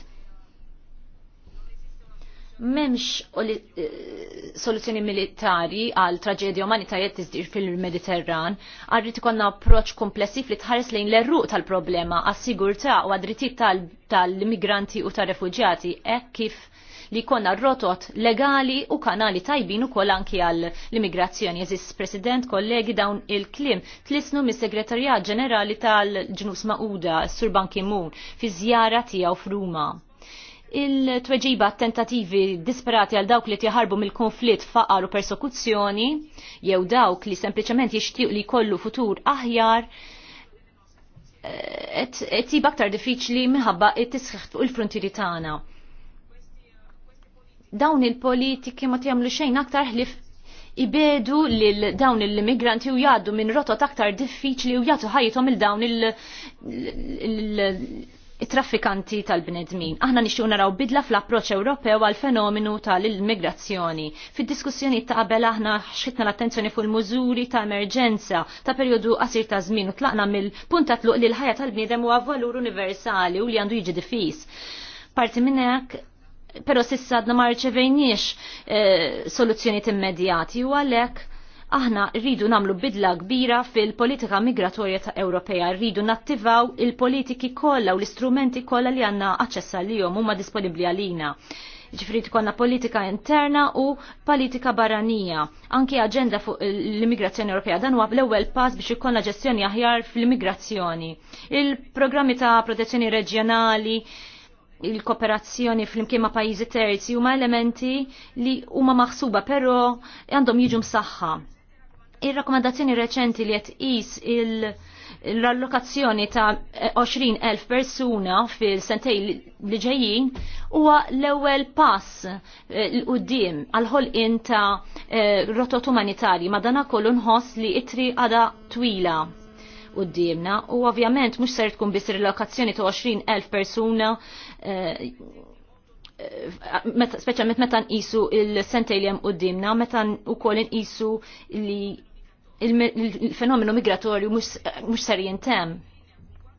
memx eh, soluzzjoni militari għal traġedja umanitarja tiżdir fil-Mediterran, għarrit ikonna approċ komplessiv li tħares lejn l-erruq tal-problema għas-sigurtà u għadritit tal-immigranti u tal-refugjati, hekk kif li konna rotot legali u kanali tajbin u kol anki għall l-immigrazzjoni. Eżis President, kollegi dawn il-klim tlisnu mis segretarjat ġenerali tal-ġnus Mauda, Sur Ban Ki-moon, fi zjara tijaw f'Ruma il-tweġiba tentativi disperati għal dawk li tiħarbu mill-konflitt faqar u persekuzzjoni, jew dawk li sempliċement jixtieq li kollu futur aħjar, eh, et tib aktar diffiċli minħabba it-tisħiħ fuq il frontiri tagħna. Dawn il-politiki ma tjamlu xejn aktar ħlif ibedu lil dawn il immigranti u jaddu minn rotot aktar diffiċli u jagħtu ħajjithom il dawn il it traffikanti tal-bnedmin. Aħna nixtiequ naraw bidla fl-approċċ Ewropew għal fenomenu tal-immigrazzjoni. Fid-diskussjoni ta' qabel aħna ħxitna l-attenzjoni fuq il-mużuri ta' emerġenza ta' perjodu qasir ta' żmien u tlaqna mill-punta tluq li l-ħajja tal-bniedem huwa valur universali u li għandu jiġi diffis. Parti minn hekk però sissa għadna ma rċevejniex eh, soluzzjonijiet immedjati u għalhekk. Aħna rridu namlu bidla kbira fil-politika migratorja ta' Ewropea, rridu nattivaw il-politiki kollha u l-istrumenti kollha li għandna aċċess għalihom huma disponibbli għalina ġifri tkollna politika interna u politika barranija. Anki aġenda fuq l-immigrazzjoni Ewropea dan huwa l-ewwel pass biex ikollna ġestjoni aħjar fl-immigrazzjoni. Il-programmi ta' protezzjoni reġjonali, il-kooperazzjoni fl-imkien ma' pajjiżi terzi huma elementi li huma maħsuba però għandhom jiġu msaħħa Ir-rakkomandazzjoni reċenti li qed is il allokazzjoni ta' 20.000 persuna fil-sentej li ġejjin huwa l-ewwel pass eh, l qudiem għal ħolqien ta' eh, rotot umanitarji madana kollu nħoss li itri għada twila qudiemna u ovvjament mhux ser tkun biss rilokazzjoni ta' 20.000 persuna eh, speċjalment meta nqisu il-sentej li hemm qudiemna, meta wkoll nqisu li il-fenomenu migratorju mux ser jintem.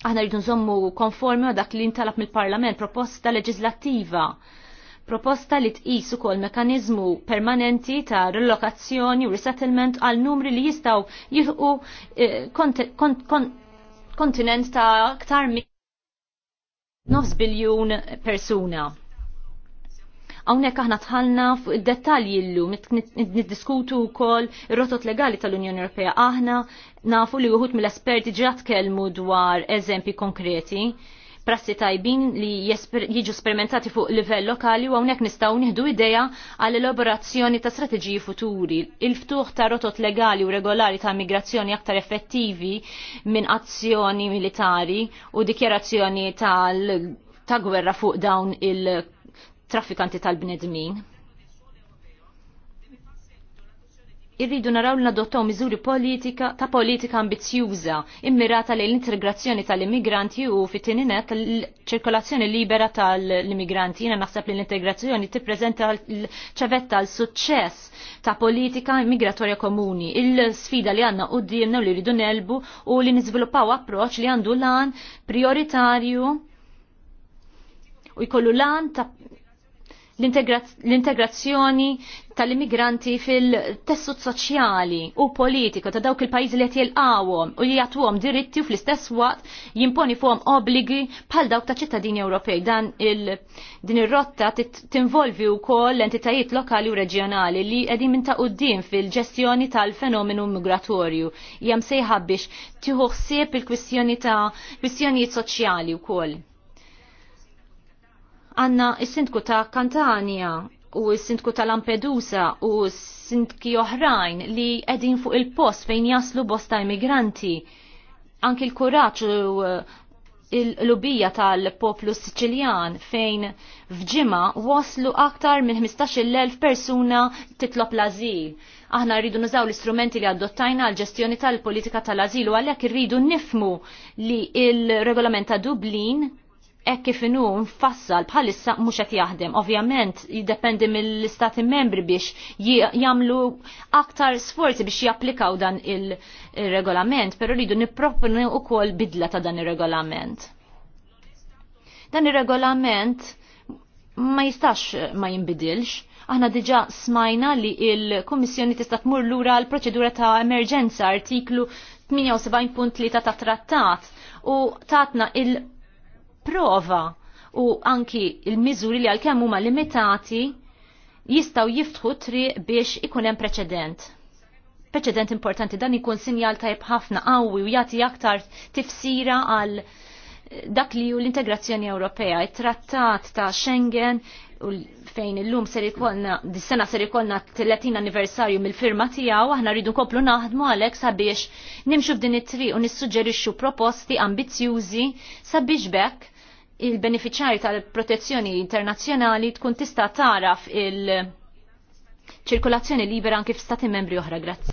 Aħna rridu nżommu konformi ma dak li intalab mill-Parlament proposta leġislattiva, proposta li tqis ukoll mekanizmu permanenti ta' relokazzjoni u resettlement għal numri li jistaw jilħu eh, kontinent ta' aktar minn 9 biljun persuna. Hawnhekk aħna tħallna fuq id-dettalji llum niddiskutu wkoll il rotot legali tal-Unjoni Ewropea aħna nafu li wieħud mill-esperti ġrat kelmu dwar eżempi konkreti prassi tajbin li jiġu sperimentati fuq livell lokali u hawnhekk nistgħu nieħdu idea għall elaborazzjoni ta' strateġiji futuri. Il-ftuħ ta' rotot legali u regolari ta' migrazzjoni aktar effettivi minn azzjoni militari u dikjerazzjoni tal ta' gwerra fuq dawn il- traffikanti tal-bnedmin. Irridu naraw li nadottaw miżuri politika ta' politika ambizjuża immirata lejn l-integrazzjoni tal-immigranti u fit-tininet l-ċirkolazzjoni libera tal-immigranti. Jiena naħseb li l-integrazzjoni tippreżenta l-ċavetta l suċċess ta' politika immigratorja komuni. Il-sfida li għandna qudiemna u li rridu nelbu u li niżviluppaw approċċ li għandu lan prioritarju u jkollu lan ta' l-integrazzjoni tal-immigranti fil-tessut soċjali u politiku ta' dawk il-pajjiżi li qed jilqawhom u li jagħtuhom diritti u fl-istess waqt jimponi fuqhom obbligi bħal dawk ta' ċittadini Ewropej. Dan din ir-rotta tinvolvi wkoll l-entitajiet lokali u reġjonali li qegħdin minn ta' quddiem fil-ġestjoni tal-fenomenu migratorju. Hija msejħa biex tieħu ħsieb il-kwistjoni ta' kwistjonijiet soċjali wkoll għanna s sindku ta' Kantania u s-sindku ta' Lampedusa u s-sindki oħrajn li edin fuq il-post fejn jaslu bosta immigranti. Anki l-kuraċ u l-lubija tal-poplu Siċiljan fejn fġima waslu aktar minn 15.000 persuna titlob l-azil. Aħna rridu nużaw l-istrumenti li adottajna għal ġestjoni tal-politika tal-azil u għalhekk irridu nifmu li il-regolament ta' Dublin hekk kif inhu mfassal bħalissa mhux qed jaħdem. Ovvjament jiddependi mill-istati membri biex jagħmlu aktar sforzi biex japplikaw dan il-regolament, però rridu nipproponu wkoll bidla ta' dan ir-regolament. Dan ir-regolament ma jistax ma jinbidilx. Aħna diġa smajna li il-Kummissjoni tista' tmur lura l-proċedura ta' emerġenza artiklu 78.3 ta' trattat u tatna il- prova u anki il-miżuri li għal-kemm huma limitati jistaw jiftħu triq biex ikun hemm preċedent. Preċedent importanti dan ikun sinjal tajb ħafna qawwi u jagħti aktar tifsira għal eh, dak li hu l-integrazzjoni Ewropea, it-trattat ta' Schengen u fejn illum ser ikolna, dis-sena ser ikolna 30 anniversarju mill-firma tiegħu, aħna rridu nkomplu naħdmu għalek sabiex nimxu f'din it-triq u nissuġġerixxu proposti ambizzjużi sabiex bekk il beneficiari tal-protezzjoni internazzjonali tkun tista taraf il-ċirkolazzjoni libera anke f'stati membri oħra. Grazzi.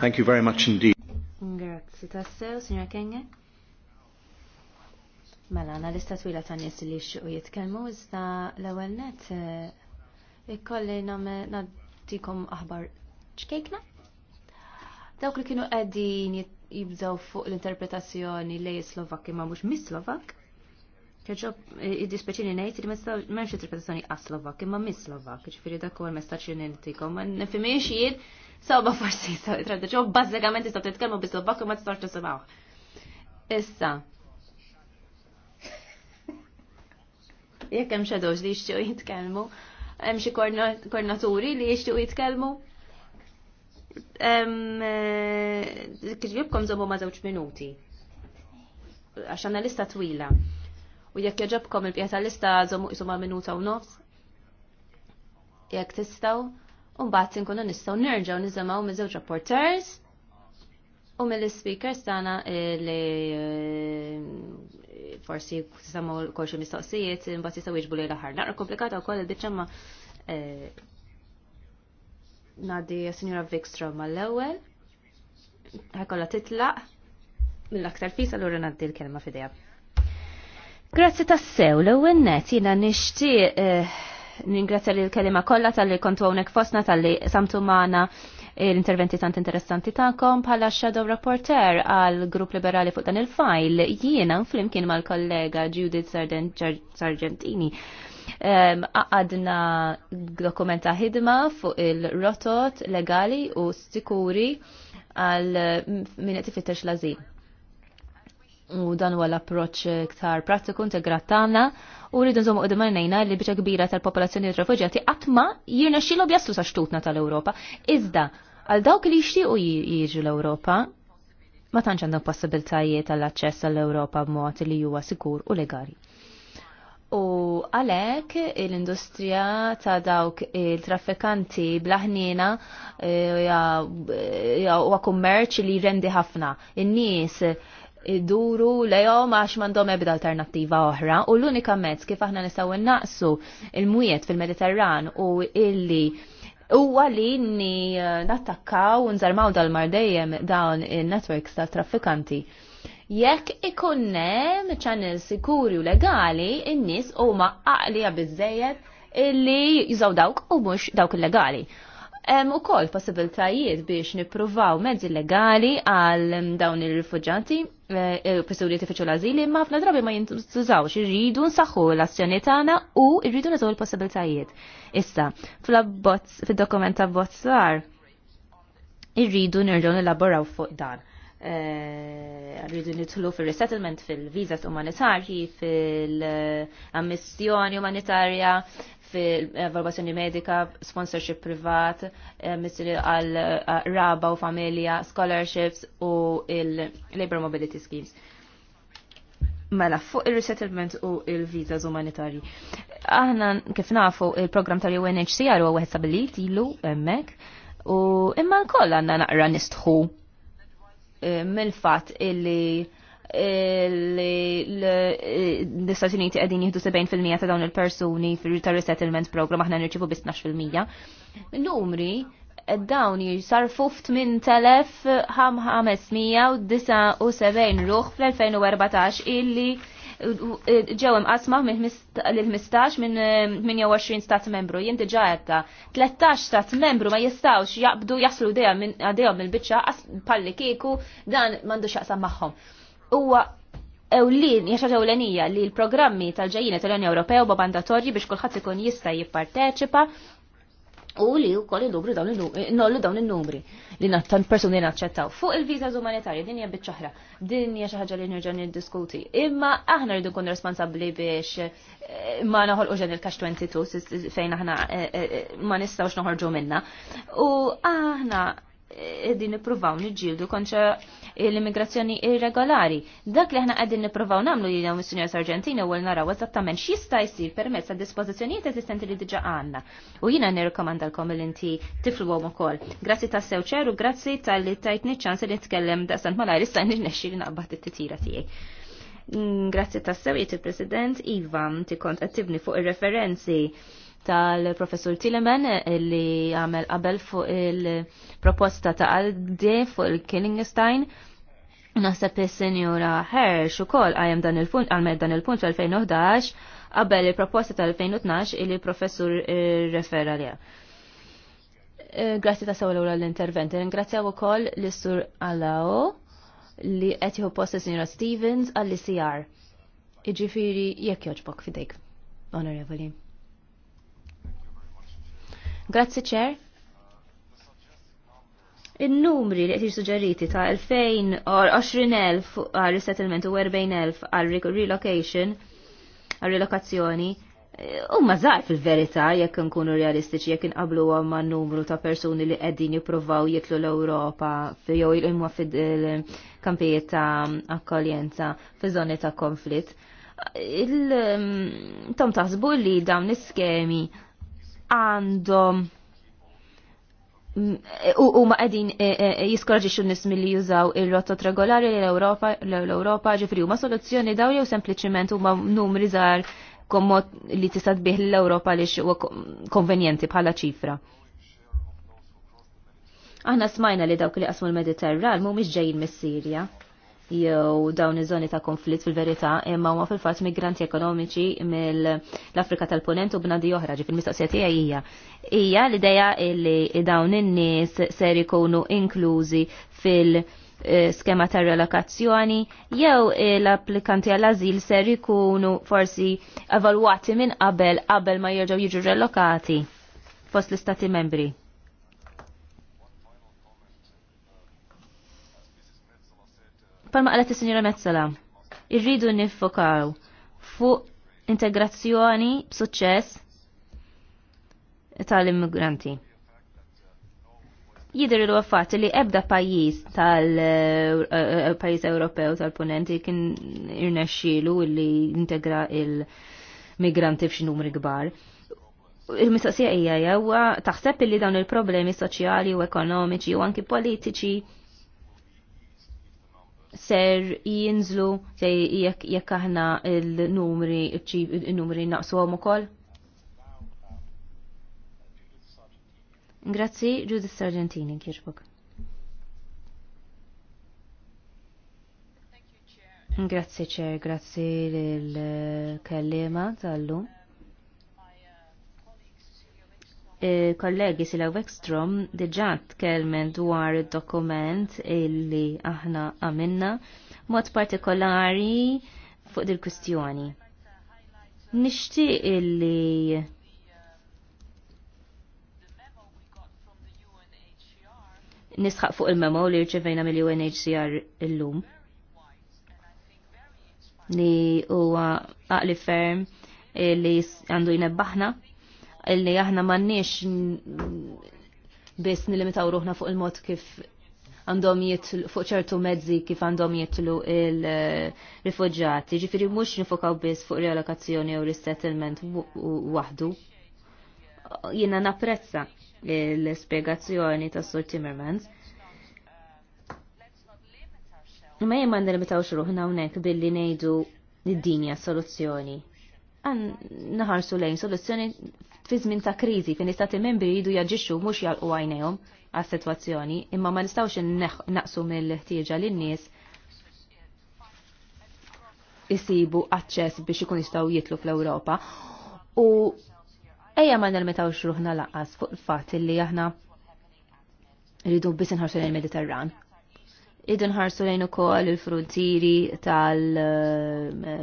Thank you very much indeed. Grazzi tassew, signora Kenge. Mela, għana l-istatwila ta' nies li xu jitkelmu, iżda l-ewel net, eh, ikkolli nagħtikom aħbar ċkejkna. Dawk li kienu qegħdin jibżaw fuq l-interpretazzjoni lej Slovak imma mhux mis-Slovak. Kħeġob, id-dispeċini nejt li memx interpretazzjoni għas-Slovak imma mis-Slovak, ġifiri dak u għal-mestaċ ma nifimiex jien, sawba forsi, tradiċo, bazzegament istaw titkelmu bis-Slovak imma t-istor tisimaw. Issa, jekk hemm xadows li jixtiequ jitkellmu, hemm xi koordinaturi li jixtiequ jitkellmu. Eh, Kġibkom zobu ma' zewċ minuti. Għax lista twila. U jekk jaġabkom il-pjata lista zomu isuma minuta u nofs. Jekk tistaw, un-bat nkunu nistaw nerġaw nizzamaw minn reporters u mill-speakers tana eh, li eh, forsi samaw kolxie mistoqsijiet, un-bat jistaw iġbu laħar. Naqra komplikata u koll il-bicċa ma' nadi Signora Vikstrom mal-ewel. Ħekolla titlaq mill-aktar fis allura nadi l-kelma fidejha. Grazzi tassew, l-ewwel net jiena nixtieq eh, ningrazzja li l-kelima kollha tal-li kontu għonek fosna tal-li samtu maħna l-interventi tant interessanti tagħkom bħala shadow rapporter għal grupp liberali fuq dan il-fajl jiena flimkien mal-kollega Judith Sargentini għadna dokumenta ħidma fuq il-rotot legali u sikuri għal min qed ifittex lażin. U dan huwa l-approċċ ktar pratiku integrat tagħna u rridu nżommu qudiem għajnejna li biċa kbira tal-popolazzjoni tal-refuġjati qatt ma xilu jaslu sa xtutna tal-Ewropa. Iżda għal dawk li jixtiequ jiġu l-Ewropa ma tantx għandhom possibiltajiet għall aċċess għall-Ewropa b'mod li huwa sikur u legali. U għalek l-industrija ta' dawk il-traffikanti blaħnina eh, u għakummerċ li rendi ħafna. In-nies iduru lejhom għax m'għandhom ebda alternattiva oħra u l-unika mezz kif aħna nistgħu naqsu il-mwiet fil-Mediterran u illi huwa li eh, nattakkaw u nżarmaw dal-mar dejjem dawn il-networks tal-traffikanti jekk ikunnem channels sikuri u legali, n nies huma aqlija biżejjed illi jużaw dawk u mhux dawk illegali. Hemm ukoll possibiltajiet biex nipruvaw mezzi legali għal mm, dawn ir-rifuġati eh, eh, persuni tifiċu l-azili ma fna drabi ma jintużawx irridu nsaħħu l-azzjoni tagħna u rridu nagħtu l-possibiltajiet. Issa, fil dokumenta ta' bozzar irridu nerġgħu nilaboraw fuq dan. Eh, rridu nitlu fil-resettlement, fil-vizas umanitarji, fil-ammissjoni umanitarja, fil-evalvazzjoni medika, sponsorship privat, eh, misli għal eh, raba u familja, scholarships u il-labor mobility schemes. Mela, fuq il-resettlement u il-vizas umanitarji. Aħna kif nafu il-program tal-UNHCR u għu għu ilu emmek, u imma nkoll għanna naqra nistħu Eh, mill-fat illi l-Istati Uniti għedin jihdu 70% ta' dawn il-persuni fil-Retar Resettlement Program, aħna nirċivu bis 12%. Numri, dawn jisarfu f-8579 ruħ fl-2014 illi ġew imqasma l-15 minn 28 eh, stat membru, jinti ġajetta, 13 stat membru ma jistawx jaqbdu jaslu għadijom il-biċċa palli kieku dan m'għandux jaqsam magħhom. Huwa ewlin, jaxħaġa ewlenija li l-programmi tal-ġajjina tal-Unja Ewropew ba' mandatorji biex kulħadd ikun jista' jipparteċipa u li u koll indubru dawn il-numri, eh, dawn il-numri li nattan personi naċċettaw. Fuq il-vizas umanitarji, dinja bieċaħra, dinja xaħġa li nirġan niddiskuti. Imma aħna rridu kun responsabli biex eh, ma naħol uġen il-kax 22 fejn aħna eh, ma nistawx noħorġu minna. U aħna qegħdin nippruvaw niġġieldu kontra l-immigrazzjoni irregolari. Dak li aħna qegħdin nippruvaw nagħmlu li dawn is-Sinjor Sargentini u naraw eżattament x'jista' jsir permezz ta' dispożizzjonijiet eżistenti li diġà għandna. U jiena nirrikomandalkom il inti tifluhom ukoll. Grazzi tas-sew grazzi tal-li tajtni ċans li nitkellem daqsant malajr issa nirnexxi li naqbad it-titira tiegħi. Grazzi tas-sew, President Iva, ti kont qed tibni fuq ir-referenzi tal-professur Tilleman eh, li għamel qabel fuq il-proposta ta' għaldi fuq il-Killingstein. Naħseb il-senjura Hersh u kol għajem dan il-punt, għalmed dan il-punt fl-2011 qabel il-proposta tal-2012 il professur eh, refera li eh, Grazzi ta' sawla l-intervent. Ringrazzjaw u kol l-istur għallaw li għetiħu posta signora Stevens għall-ICR. Iġifiri jekk joġbok fidejk, onorevoli. Grazzi ċer. Il-numri li qed suġġeriti ta' 2000 or 20,000 għal resettlement u 40,000 għal relocation għal relokazzjoni eh, huma żgħar fil-verità jekk nkunu realistiċi jekk inqablu ma' numru ta' persuni li qegħdin jippruvaw jitlu l-Ewropa jew ilqimwa fil-kampijiet ta' akkoljenza fi zoni ta' konflitt. Mm, tom taħsbu li dawn l-iskemi għandhom u ma għedin e, e, e, jiskorġi xunnis mill-li jużaw il-rotot regolari l-Europa ġifri u ma soluzzjoni daw jew sempliciment u ma numri zar kommot li tisad bih l-Europa li xo konvenjenti bħala ċifra. Aħna smajna li dawk li qasmu l-Mediterran mu ġejjin mis-Sirja jew dawn iż-żoni ta' konflitt fil-verità imma huma fil-fatt migranti ekonomiċi mill-Afrika tal-Ponent u bnadi oħra ġi fil-mistoqsija tiegħi hija. Hija l-idea li dawn in-nies ser ikunu inklużi fil- eh, skema ta' relokazzjoni jew l-applikanti għall-azil ser ikunu forsi evalwati minn qabel qabel ma jerġgħu jiġu relokati fost l-istati membri. palma għalet il-Sinjora Metzala, irridu nifokaw fuq integrazzjoni b'suċċess tal-immigranti. Jidir il għaffat li ebda pajis tal-pajis eh, eh, Ewropew tal-ponenti kien irnexxielu li integra il-migranti f'xi numri kbar il-mistoqsija hija jew taħseb illi dawn il-problemi soċjali u ekonomiċi u anki politiċi ser jinżlu jekk aħna il-numri il-numri naqsu għom ukoll? Grazzi, Judith Sargentini, kirkbok. Grazzi ċer, grazzi l-kellima tal-lum kollegi Sila Wekstrom diġat tkellmen dwar dokument illi aħna għamilna mod partikolari fuq dil kustjoni Nixtieq illi nisħaq fuq il-memo li rċevejna mill-UNHCR illum li huwa aqli ferm li għandu jnebbaħna illi aħna m'għandniex biss nilimitaw ruħna fuq il-mod kif għandhom jitlu fuq ċertu mezzi kif għandhom jitlu il-rifugġati. Ġifiri mhux nifokaw biss fuq relokazzjoni u resettlement waħdu. Jiena napprezza l-spiegazzjoni ta' Sur Timmermans. Ma jien ma nirmitawx ruħna hawnhekk billi ngħidu id-dinja soluzzjoni għan naħarsu lejn soluzzjoni fi żmien ta' kriżi fejn istati membri jridu jaġixxu mhux jalqu għajnejhom għas-sitwazzjoni imma ma nistgħux naqsu mill-ħtieġa lin-nies isibu aċċess biex ikun jistgħu jitlu fl-Ewropa. U ejja ma nermetawx ruħna laqqas fuq il-fatt li aħna rridu biss inħarsu lejn mediterran idin ħarsu lejn ukoll il-frontieri eh,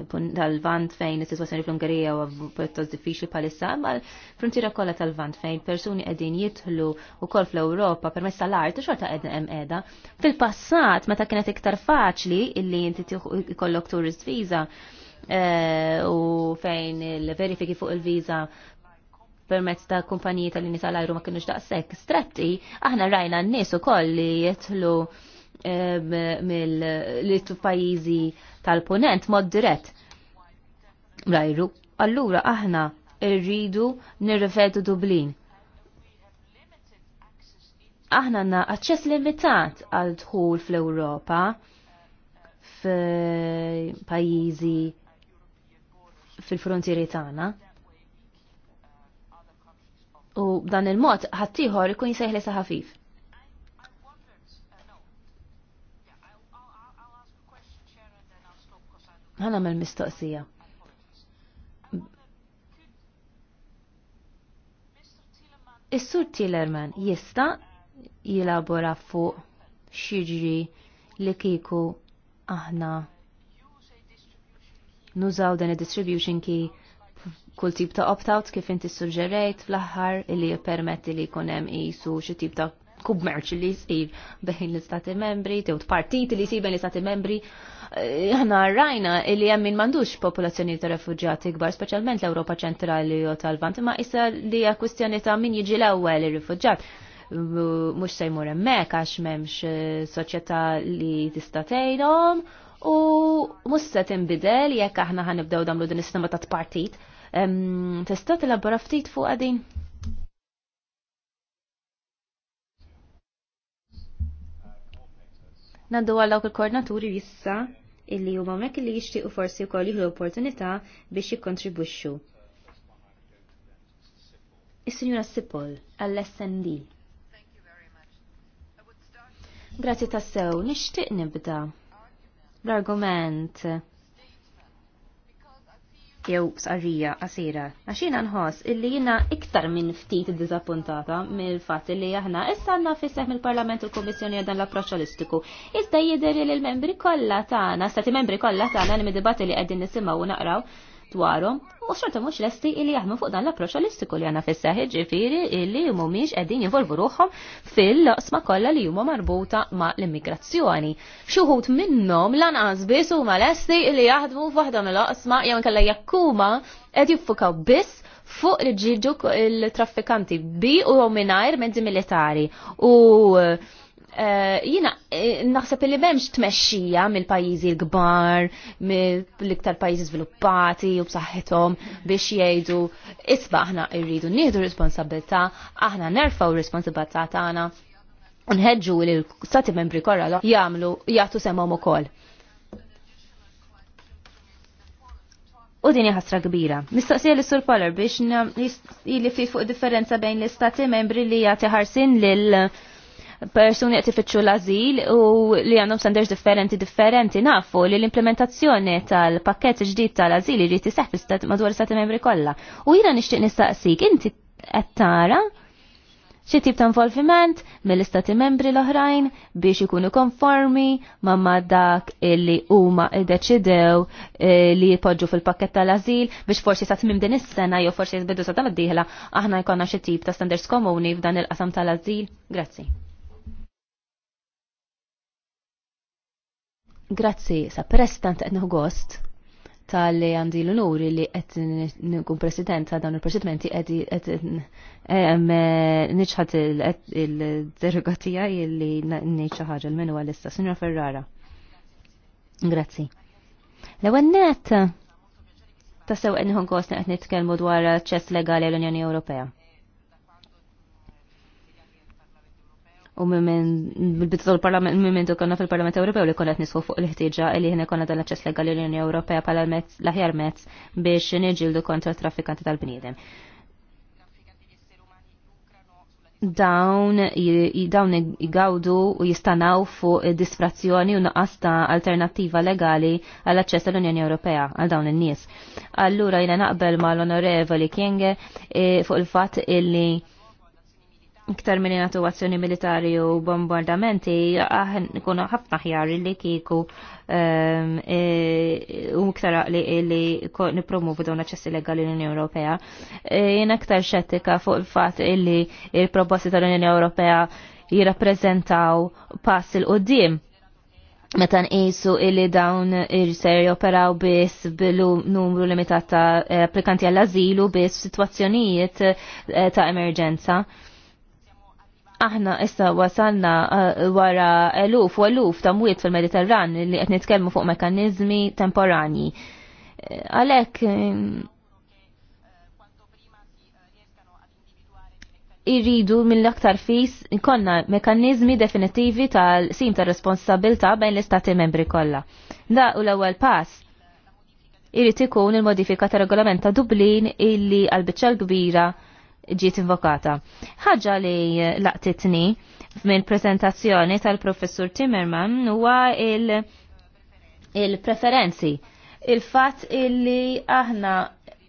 tal-vant fejn is-sitwazzjoni fl-Ungerija u pjuttost diffiċli bħalissa, ma l-frontiera kollha tal-vant fejn persuni qegħdin jidħlu wkoll fl-Ewropa permezz tal-art u xorta qegħdin hemm qiegħda. Fil-passat meta kienet iktar faċli illi inti ikollok tourist visa eh, u fejn il-verifiki fuq il-viza permezz ta' kumpaniji tal-inisa l-ajru ma kienux daqshekk stretti, aħna rajna n-nies ukoll li jidħlu mill-pajizi tal-ponent mod dirett. Rajru, allura aħna irridu nirrifetu Dublin. Aħna għanna aċċess limitat għal dħul fl-Ewropa f'pajjiżi fil-frontieri tagħna. U dan il-mod ħaddieħor ikun jsejħli saħafif. ħafif. mel mistoqsija. Is-sur Tillerman jista jilabora fuq xiġri li kiku aħna nużaw dan il-distribution key kull tip ta' opt-out kif inti suġġerejt fl-aħħar li jippermetti li jkun hemm qisu xi tip ta' kummerċ li jisir bejn l-istati membri, tewt partiti li jisir bejn l-istati membri. Eh, Ħna rajna li hemm min m'għandux popolazzjoni ta' refuġjati kbar, speċjalment l-Ewropa ċentrali u tal-Vant, ma issa li hija kwistjoni ta' min jiġi l-ewwel ir-rifuġġat mux se jmur emmek għax memx eh, soċjetà li tista' tgħinhom u mhux se tinbidel jekk aħna ħanibdew damlu din is-sistema ta' partit. Tista' tilabora ftit fuq din? Naddu għal il-koordinaturi jissa illi huma mek li jixtiequ forsi wkoll l opportunità biex jikkontribwixxu. Is-Sinjura Sipol għall-SND. Grazzi tassew, nixtieq nibda l-argument jew sarrija qasira. Għax jiena nħoss illi jiena iktar minn ftit iddiżappuntata mill fat illi aħna issa għandna fisseħ mill-Parlament u l-Kummissjoni għal dan l-approċċ issa Iżda li l-membri kollha tagħna, stati membri kollha tagħna li mid-dibati li qegħdin nisimgħu u naqraw dwarhom u xorta mhux lesti illi jaħmu fuq dan l-approċċ holistiku li għandna fis-seħ ġifieri illi mhumiex qegħdin jinvolvu ruħhom fil-loqsma kollha li huma marbuta ma' l-immigrazzjoni. Xi wħud minnhom lanqas biss huma lesti illi jaħdmu f'waħda mill-loqsma jew inkella jekk huma qed jiffukaw biss fuq li ġiġu il-traffikanti bi u mingħajr mezzi militari u Eh, jina eh, naħseb li memx tmexxija mill-pajjiżi l-kbar, mill-iktar pajjiżi żviluppati u b'saħħithom biex jgħidu isba' aħna rridu nieħdu responsabilità, aħna nerfaw responsabilità tagħna u nħeġġu li l-stati membri kollha jagħmlu jagħtu semhom ukoll. U din ħasra kbira. Mistaqsija li sur Poller biex jilli fi fuq differenza bejn l-istati membri li jagħti ħarsin lil persuni qed ifitxu l-azil u li għandhom standards differenti differenti nafu li l-implementazzjoni tal-pakket ġdid tal-azil li iseħħ fl-istat madwar l-istati membri kollha. U jiena nixtieq nistaqsik, inti qed tara xi tip ta' involviment mill-istati membri l-oħrajn biex ikunu konformi ma' dak illi huma iddeċidew eh, li jpoġġu fil-pakket tal-azil biex forsi sa tmim din is-sena jew forsi jbidu sa tal-diħla aħna jkollna xi tip ta' standards komuni f'dan il-qasam tal-azil. Grazzi. Grazzi, sa prestant etnu gost tal-li għandi l-onuri li qed nkun president ta' dawn il-proċedimenti qed niċħat il-derogatija li niċħa ħaġa l-menu għal-issa. Signor Ferrara. Grazzi. L-ewwel ta' sew qed nieħu gost qed nitkellmu dwar ċess legali l-Unjoni Ewropea. u bil-bidu tal-parlament minn konna fil-Parlament Ewropew li konna nisħu fuq l-ħtieġa li ħna konna dan l-aċċess legali l-Unjoni Ewropea bħala mezz l-aħjar mezz biex niġildu kontra traffikanti tal-bniedem. Dawn dawn igawdu u jistanaw fuq disfrazzjoni u naqasta alternativa alternattiva legali għall aċċess tal-Unjoni Ewropea għal dawn in-nies. Allura jiena naqbel mal-Onorevoli Kienge eh, fuq il-fatt illi iktar minn natu militari u bombardamenti, kuna ħafna ħjar li kiku ehm, e, u iktar li nipromuvu dawn aċċessi legali l-Unjoni Ewropea. E, jena iktar xettika fuq il-fat illi il-proposti tal-Unjoni Ewropea jirrappreżentaw pass il-qoddim meta nqisu illi dawn ir-ser joperaw biss bil-numru limitat ta' applikanti għall-azilu biss situazzjonijiet e, ta' emerġenza aħna issa wasalna eh, wara eluf u eluf ta' mwiet fil-Mediterran li qed nitkellmu fuq mekanizmi temporani. Eh, għalhekk eh, irridu mill-aktar fis konna mekanizmi definitivi tal-sim ta' responsabilta bejn l-istati membri kollha. Da u l-ewwel pass irrid ikun il-modifika ta' regolament ta' Dublin illi għal biċċa kbira ġiet invokata. Ħaġa li laqtitni minn prezentazzjoni tal-professur Timmerman huwa il- preferenzi Il-fat illi aħna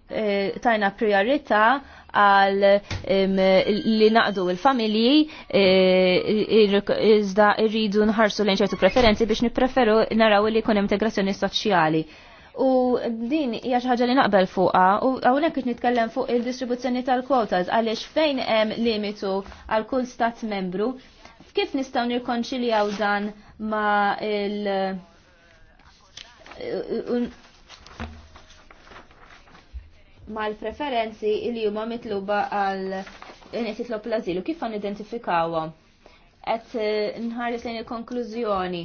eh, tajna priorità għal li naqdu il-familji eh, iżda irridu nħarsu l inċertu preferenzi biex nipreferu naraw li kun integrazzjoni soċjali. U din hija xi ħaġa li naqbel fuqha u hawnhekk qed nitkellem fuq il-distribuzzjoni tal-quotas għaliex fejn hemm limitu għal kull stat membru, kif nistgħu nirkonċiljaw dan ma' il- mal-preferenzi li huma mitluba għal nititlob l-azilu, kif għan identifikawhom? Qed nħares lejn il-konklużjoni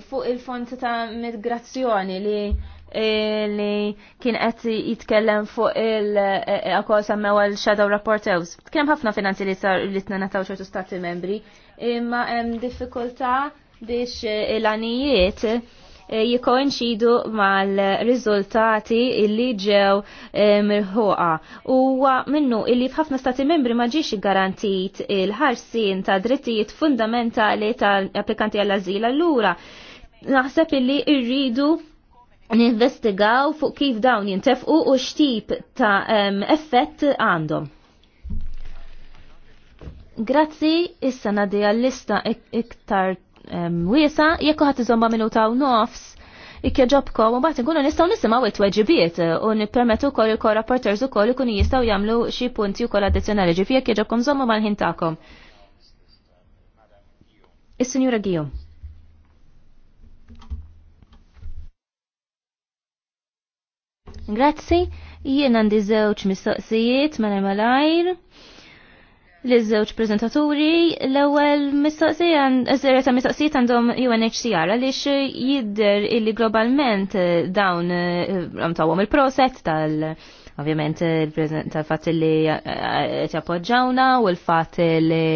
fuq il-fond ta' migrazzjoni li eh, li kien qed jitkellem fuq il-akol eh, eh, semmew il-Shadow Rapportews. Kien ħafna finanzi li sar li tnenataw ċertu stati membri, imma hemm diffikultà biex l għanijiet Eh, jikoinċidu mal-riżultati illi ġew eh, mirħuqa. U minnu illi f'ħafna stati membri ma ġiex garantit il-ħarsin ta' drittijiet fundamentali tal-applikanti għall-azil allura. Naħseb illi irridu ninvestigaw fuq kif dawn jintefqu u xtip ta' effett għandhom. Grazzi, issa nadija l lista iktar wiesa, jekk ħadd iżomma minuta u nofs, ikke ġobko, u bat nkunu nistaw nisimaw it weġibiet u nippermetu kol il rapporters u kol ikun jistaw jamlu xie punti u kol addizjonali ġifi jekke ġobkom zommu mal-ħin Is-Sinjura Gijom. Grazzi, jien għandi zewċ mistoqsijiet mal-malajr. Mela l żewġ prezentaturi l-ewwel mistoqsija eh, ta' mistoqsijiet għandhom UNHCR għaliex eh, jidder illi globalment eh, dawn għom il-proset tal- Ovvjament tal-fatt li qed jappoġġawna u l-fatt li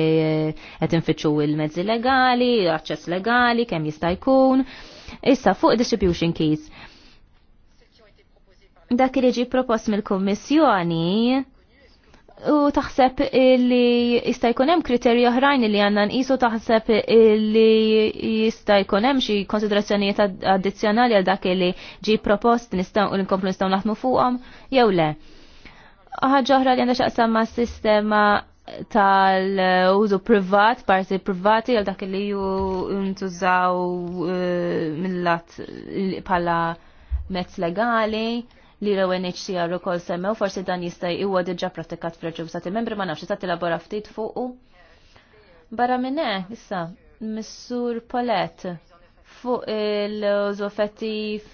qed infittxu il-mezzi legali, aċċess legali, kemm jista' jkun. Issa fuq distribution keys. Dak li ġi propost mill-Kummissjoni U taħseb li jista' jkun hemm kriterji oħrajn li għandna nqisu taħseb li jista' jkun hemm xi konsiderazzjonijiet addizzjonali għal dak li ġi propost nistgħu u nkomplu nistgħu naħdmu fuqhom jew le. Ħaġa oħra li għandha x'aqsam ma' sistema tal-użu privat, parti privati għal dak li ju ntużaw eh, mill-lat bħala mezz legali li l-UNHCR ukoll semmew forsi dan jista' huwa diġà pratikat fraġu sa' membri ma nafx tagħti labora ftit fuq u barra minn hekk issa Missur Polet fuq il-użofettif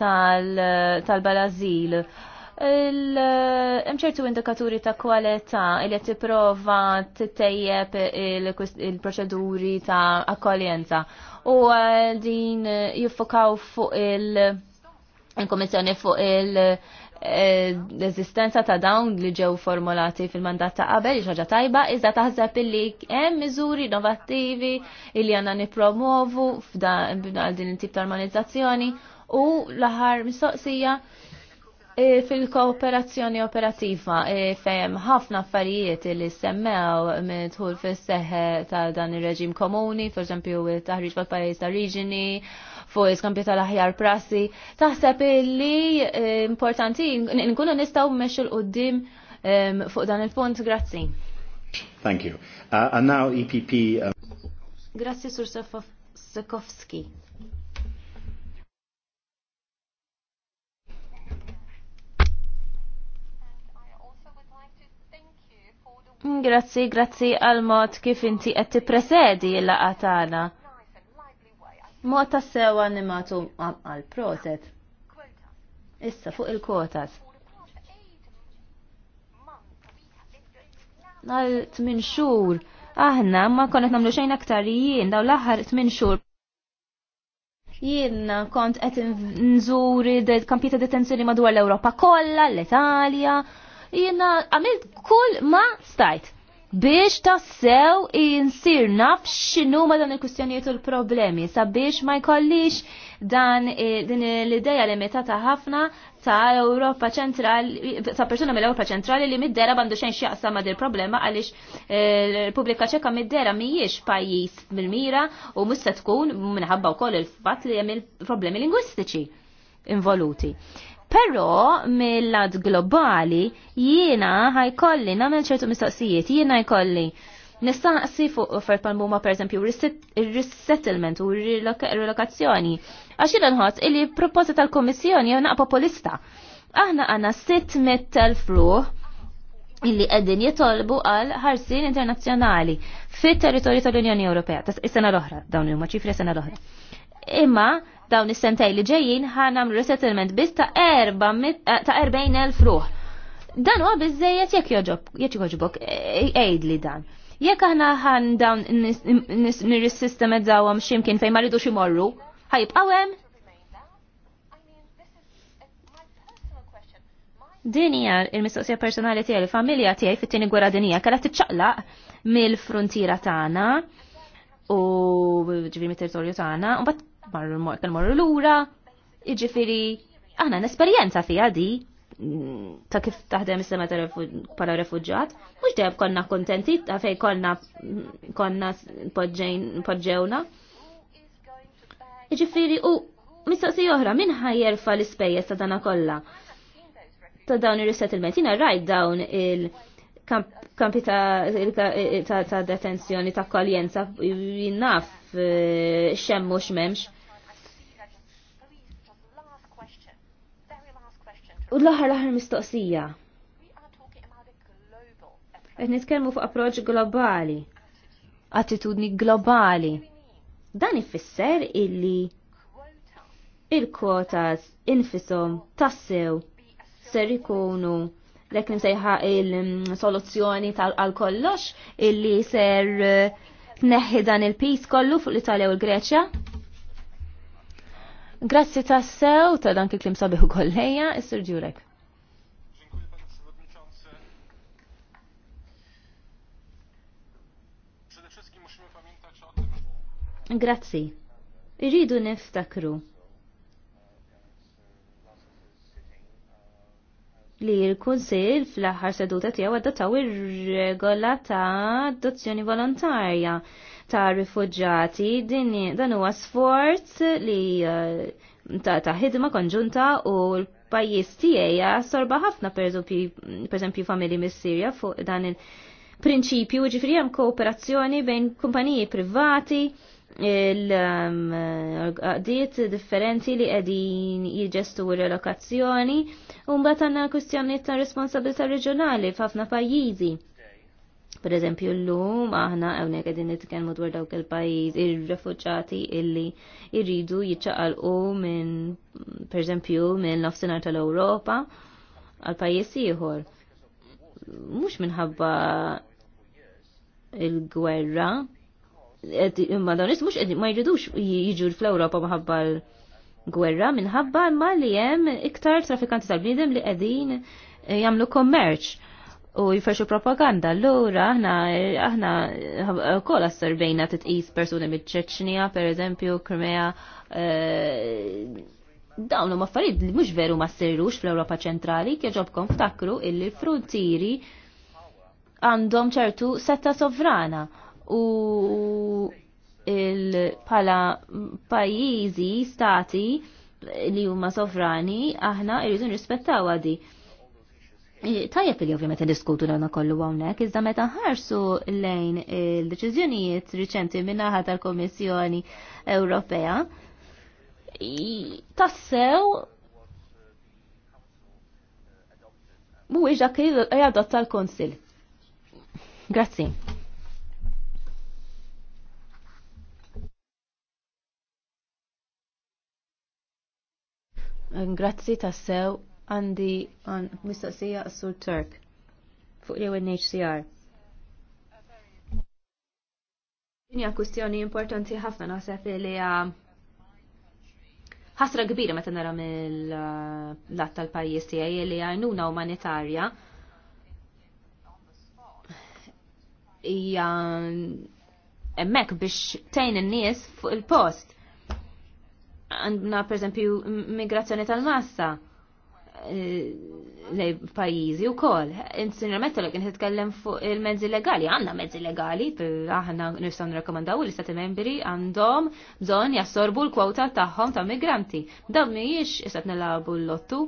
tal-balazil. Hemm ċertu indikaturi ta' kwalità li qed tipprova tittejjeb il-proċeduri ta' akkoljenza u eh, din jiffokaw fuq il- il-Komissjoni fuq il-eżistenza eh, ta' dawn li ġew formulati fil-mandat ta' qabel ħaġa tajba, iżda taħseb illi hemm miżuri innovattivi illi għandna nippromovu f'dan din it-tip ta' armonizzazzjoni u l-aħħar mistoqsija eh, fil-kooperazzjoni operativa eh, fejem ħafna affarijiet li semmew midħul fis seħħ ta' dan ir reġim komuni, per esempio, taħriġ tal pajjiż ta' riġini, fuq iskampju tal-aħjar prassi. Taħseb li eh, importanti nkunu nistgħu mmexxu l qoddim ehm, fuq dan il-punt, grazzi. Thank you. Uh, and now EPP. Um... Uh, grazzi Sur Sekovski. Mm, grazzi, grazie al mod kif inti qed tippresedi l-laqatana mod ta' sewa nimatu għal protet. Issa fuq il-kotas. Għal 8 xhur aħna ma konet namlu xejn aktar jien daw l-aħħar 8 xhur. Jien kont qed nżuri kampjita detenzjoni madwar l-Ewropa kollha, l-Italja. Jien għamilt kull ma stajt biex tassew insir naf xinu ma dan il-kustjonijiet u l-problemi sabiex ma jkollix dan din l-ideja ta' ħafna ta' Ewropa ċentrali ta' persuna mill-Ewropa ċentrali li middera bandu xejn x'jaqsam ma' il problema għaliex eh, l-Repubblika Ċeka middera mhijiex pajjiż mill-mira u mhux se tkun minħabba wkoll il-fatt li hemm il-problemi lingwistiċi involuti. Però mill-lad globali jiena ħajkolli nagħmel ċertu mistoqsijiet, jiena jkolli nistaqsi fuq fer palmuma per eżempju resettlement u relokazzjoni. Għax jiena nħoss illi proposta tal-Kommissjoni jew naqpa populista. Aħna għandna 600,000 ruħ illi qegħdin jitolbu għal ħarsin internazzjonali fit-territorju tal-Unjoni Ewropea. Is-sena l-oħra, dawn huma ċifri sena l-oħra. Imma dawn is-sentej li ġejjin ħanam resettlement biss ta' 40,000 ruħ. Dan huwa biżejjed jekk joġob, jekk joġbok, ejd li dan. Jekk aħna ħan dawn nirrissistemizzawhom x'imkien fejn ma rridux imorru, ħajbqgħu hemm dinja il-mistoqsija personali tiegħi il-familja tiegħi fit-tieni gwerra dinija kellha tiċċaqlaq mill-fruntiera tagħna u ġifieri mit-territorju tagħna u mbagħad kan marru l-ura, iġifiri, aħna n-esperienza fija di, ta' kif taħdem is-sema ta' pala refugġat, mux deb konna kontenti, ta' fej konna konna podġewna. Iġifiri, u mistoqsi oħra, minn ħajjer l-ispejjeż ta' dana kollha? Ta' dawn ir-resettlement, jina rajt dawn il- kampi ta' detenzjoni ta' koljenza jinnaf eh, xemmu xmemx U l-aħħar l-aħħar mistoqsija. Qed nitkellmu fuq approċċ globali, attitudni globali. Dan ifisser illi il-kwotas infisom tassew ser ikunu dak sejħa il-soluzzjoni tal-kollox illi ser tneħħi dan il-pis kollu fuq l-Italja u l-Greċja. Grazzi tassew ta' dan kiklim sabiħu kollejja, Sir Ġurek. Grazzi. Irridu niftakru li l-Kunsil fl-aħħar seduta tiegħu adottaw ir-regola ta' adozzjoni volontarja ta' rifuġġati din dan huwa sforz li eh, ta' ħidma konġunta u l-pajjiż tiegħi sorba ħafna pereżempju familji mis-Sirja fuq dan il-prinċipju ġifri hemm kooperazzjoni bejn kumpaniji privati il-għadiet differenti li għedin jġestu u relokazzjoni un għanna kustjoni ta' responsabilta reġjonali f'ħafna pajjiżi. Per eżempju, l-lum aħna għawne għedin nitkenmu dwar dawk il-pajiz, il-refugġati illi irridu u minn, per eżempju, minn nofsinar tal-Europa għal-pajiz ieħor. Mux minħabba il-gwerra, ma dawn mux ma jridux jiġu fl-Ewropa maħabba l-gwerra minħabba ma li jem iktar trafikanti tal-bnidem li qegħdin eh, jagħmlu kommerċ u jiferxu propaganda. Allura aħna aħna eh, kolla t titqis persuni mit-ċeċnija, per eżempju, Krimea, eh, dawn huma affarijiet li mhux veru ma serrux fl-Ewropa ċentrali kif ġobkom ftakru illi l-fruntieri għandhom ċertu setta sovrana u il-pala pajizi, stati li huma sovrani, aħna irridu nrispettaw għadi. Tajjeb li ovvijament diskutu l-għana kollu għawnek, iżda meta ħarsu lejn il-deċizjonijiet riċenti min-naħa tal-Komissjoni Ewropea, tassew mu dak kif l-Konsil. Grazie. Grazzi tassew għandi għan mistoqsija s-sur Turk fuq li UNHCR. Dinja kustjoni importanti ħafna naħseb li ħasra kbira meta nara mill-lat tal-pajjiż tiegħi li għajnuna umanitarja hija hemmhekk biex tgħin in-nies fuq il-post għandna esempio migrazzjoni tal-massa eh, lej pajizi u kol. Insinjament l kien titkellem fuq il-mezzi legali, għanna mezzi legali, aħna nistaw nrekomandaw li stati membri għandhom bżon jassorbu l-kwota tagħhom ta' migranti. Dawn mhijiex isat nilabu l-lottu.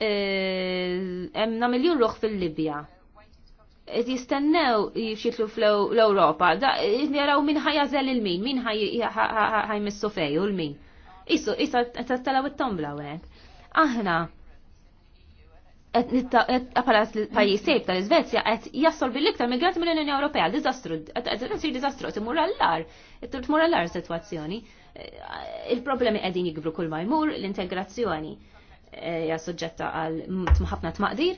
Eh, hemm miljun ruħ fil-Libja qed jistennew jixitlu fl-Ewropa, da jaraw min ħajażel il-min, min ħajmissu feju l-min. Issu, issa tattalaw it-tombla hekk. Aħna għapala pajis sejb tal-Izvezja għet jassol bil-iktar migranti mill-Unjoni Ewropea, dizastru, għet sir dizastru, t-mur għallar, t-mur għallar situazzjoni. Eh, il-problemi għedin jikbru kull ma jmur, l-integrazzjoni eh, ja soġġetta għal ħafna tmaqdir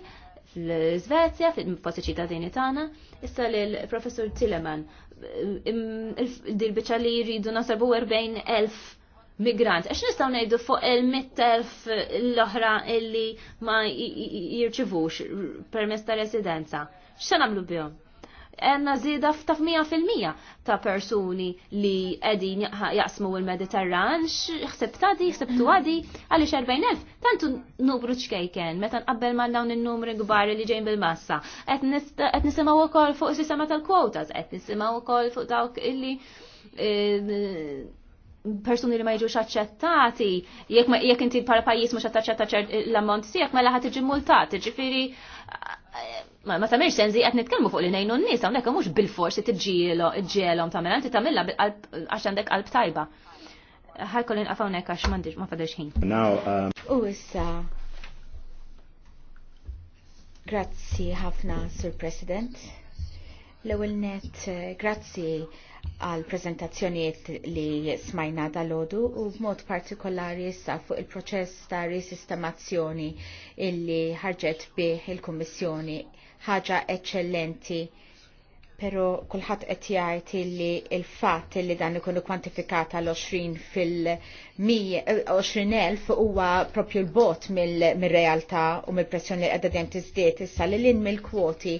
fl-Svezja, fil-postiċi ta' dini tagħna, issa l-professur Tilleman, dil bicċa li jridu nasabu 40.000 migrant. Għax nistaw nejdu fuq il-100.000 l-oħra illi ma jirċivux permess ta' residenza. X'għan għamlu bjom? għanna zida f'taf 100% ta' persuni li għedin jaqsmu il-Mediterran, xseb tadi, xseb għadi, għalli 40.000, tantu nubru ċkejken, meta nqabbel ma' dawn il-numri gbar li ġejn bil-massa, għet nisimaw u kol fuq sistema tal-kwotas, għet nisimaw u kol fuq dawk illi e, persuni li ma jġux aċċettati, jekk inti bħala pajjiż mhux attaċċetta l-ammont tiegħek ma mela laħat iġi multat, ġifieri ma ma tamirx senzi qed nitkellmu fuq li ngħinu n-nies hawnhekk mhux bil-forsi tiġġielhom tagħmel inti tagħmilha għax għandek qalb tajba. Ħajkoll inqaf hawnhekk għax m'għandix ma fadex ħin. Uh, u issa Grazzi ħafna, Sur President. L-ewwel net, eh, grazzi għal prezentazzjoniet li smajna dal-ħodu u b'mod partikolari issa fuq il-proċess ta' risistemazzjoni illi ħarġet bih il-Kummissjoni ħaġa eccellenti pero kullħat qed jgħid li l-fatt li dan ikunu kwantifikat l 20 fil-20,000 huwa propju l-bot mill-realtà u mill-pressjoni li qiegħda dejjem tiżdied issa li lin mill-kwoti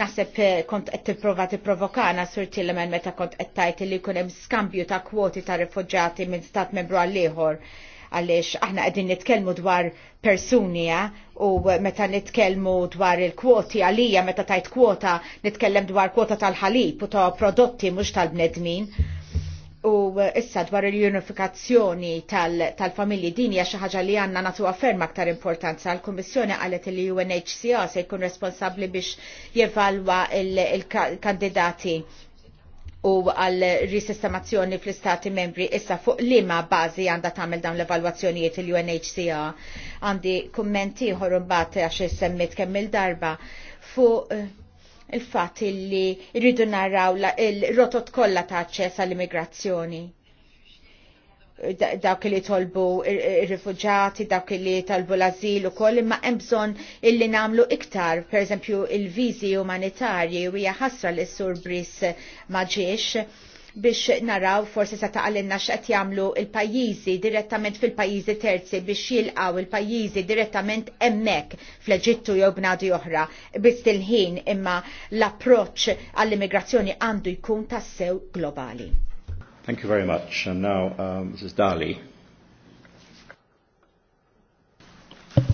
naħseb eh, kont qed tipprova tipprovokana sur tilmen meta kont qed tajt li jkun hemm skambju ta' kwoti ta' rifuġġati minn stat membru għal ieħor għaliex aħna qegħdin nitkellmu dwar personija u meta nitkellmu dwar il-kwoti għalija meta tajt kwota nitkellem dwar kwota tal-ħalib u ta' prodotti mhux tal-bnedmin. U issa dwar il-unifikazzjoni tal-familji tal din hija xi ħaġa li għandna natu ferm aktar importanza. għal kummissjoni qalet li UNHCR se jkun responsabbli biex jevalwa il-kandidati il kandidati u għal risistemazzjoni fl-istati membri issa fuq liema bażi għandha tagħmel dawn l-evalwazzjonijiet il-UNHCR. Għandi kommenti ieħor bat għax semmit kemm il-darba fuq eh, il-fatt li rridu naraw il-rotot kollha ta' aċċess għall-immigrazzjoni dawk li tolbu ir rifugġati dawk li tolbu l-azil u koll, imma hemm bżonn illi namlu iktar, per eżempju il-viżi umanitarji u hija ħasra li sur Bris Maġiex biex naraw forsi sa taqallinna x'qed jagħmlu il-pajjiżi direttament fil-pajjiżi terzi biex jilqaw il-pajjiżi direttament hemmhekk fl-Eġittu jew bnadi oħra biss il-ħin imma l-approċċ għall-immigrazzjoni għandu jkun tassew globali. Thank you very much. And now um, Mrs. Dali.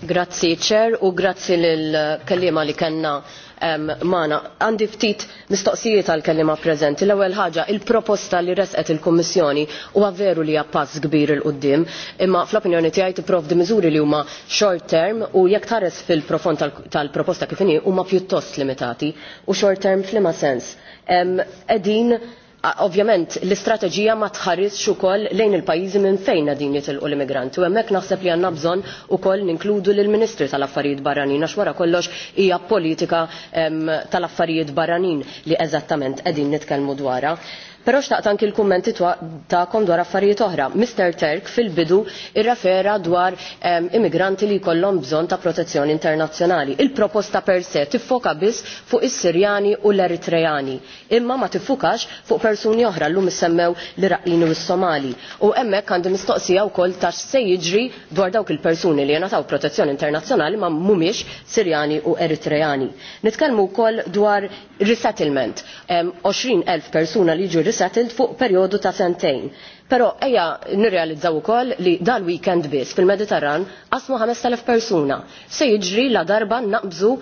Grazzi ċer u grazzi l-kellima uh, li kanna um, mana. Għandi ftit mistoqsijiet għal kellima prezenti. L-ewel ħaġa, il-proposta li resqet il-Kommissjoni u għavveru li għappass kbir il-qoddim, imma fl-opinjoni tijaj prof di miżuri li huma short term u jekk tares fil-profond tal-proposta kifini huma pjuttost limitati u short term flima sens. Um, edin Ovvjament, l-istrateġija ma tħarisx ukoll lejn il-pajjiżi minn fejn din jitilqu l-immigranti u hemmhekk naħseb li għandna bżonn ukoll ninkludu lill-Ministri tal-Affarijiet Barranin għax wara kollox hija politika tal-affarijiet barranin li eżattament qegħdin nitkellmu dwarha. Però xtaqt anki l-kummenti ta'kom dwar affarijiet oħra. Mr. Terk fil-bidu irrafera dwar um, immigranti li jkollhom bżonn ta' protezzjoni internazzjonali. Il-proposta per se tiffoka biss fuq is-Sirjani u l-Eritrejani, imma ma tiffukax fuq persuni oħra l-lum semmew l-Iraqini u s-Somali. U hemmhekk għandi mistoqsija wkoll ta' se jiġri dwar dawk il-persuni li jenataw protezzjoni internazzjonali ma mhumiex Sirjani u Eritrejani. Nitkellmu wkoll dwar resettlement. 20,000 persuna li jiġu resettled fuq periodu ta' sentejn. Però eja nirrealizzaw ukoll li dal-weekend biss fil-Mediterran asmu 5,000 persuna. Se jiġri la darba naqbżu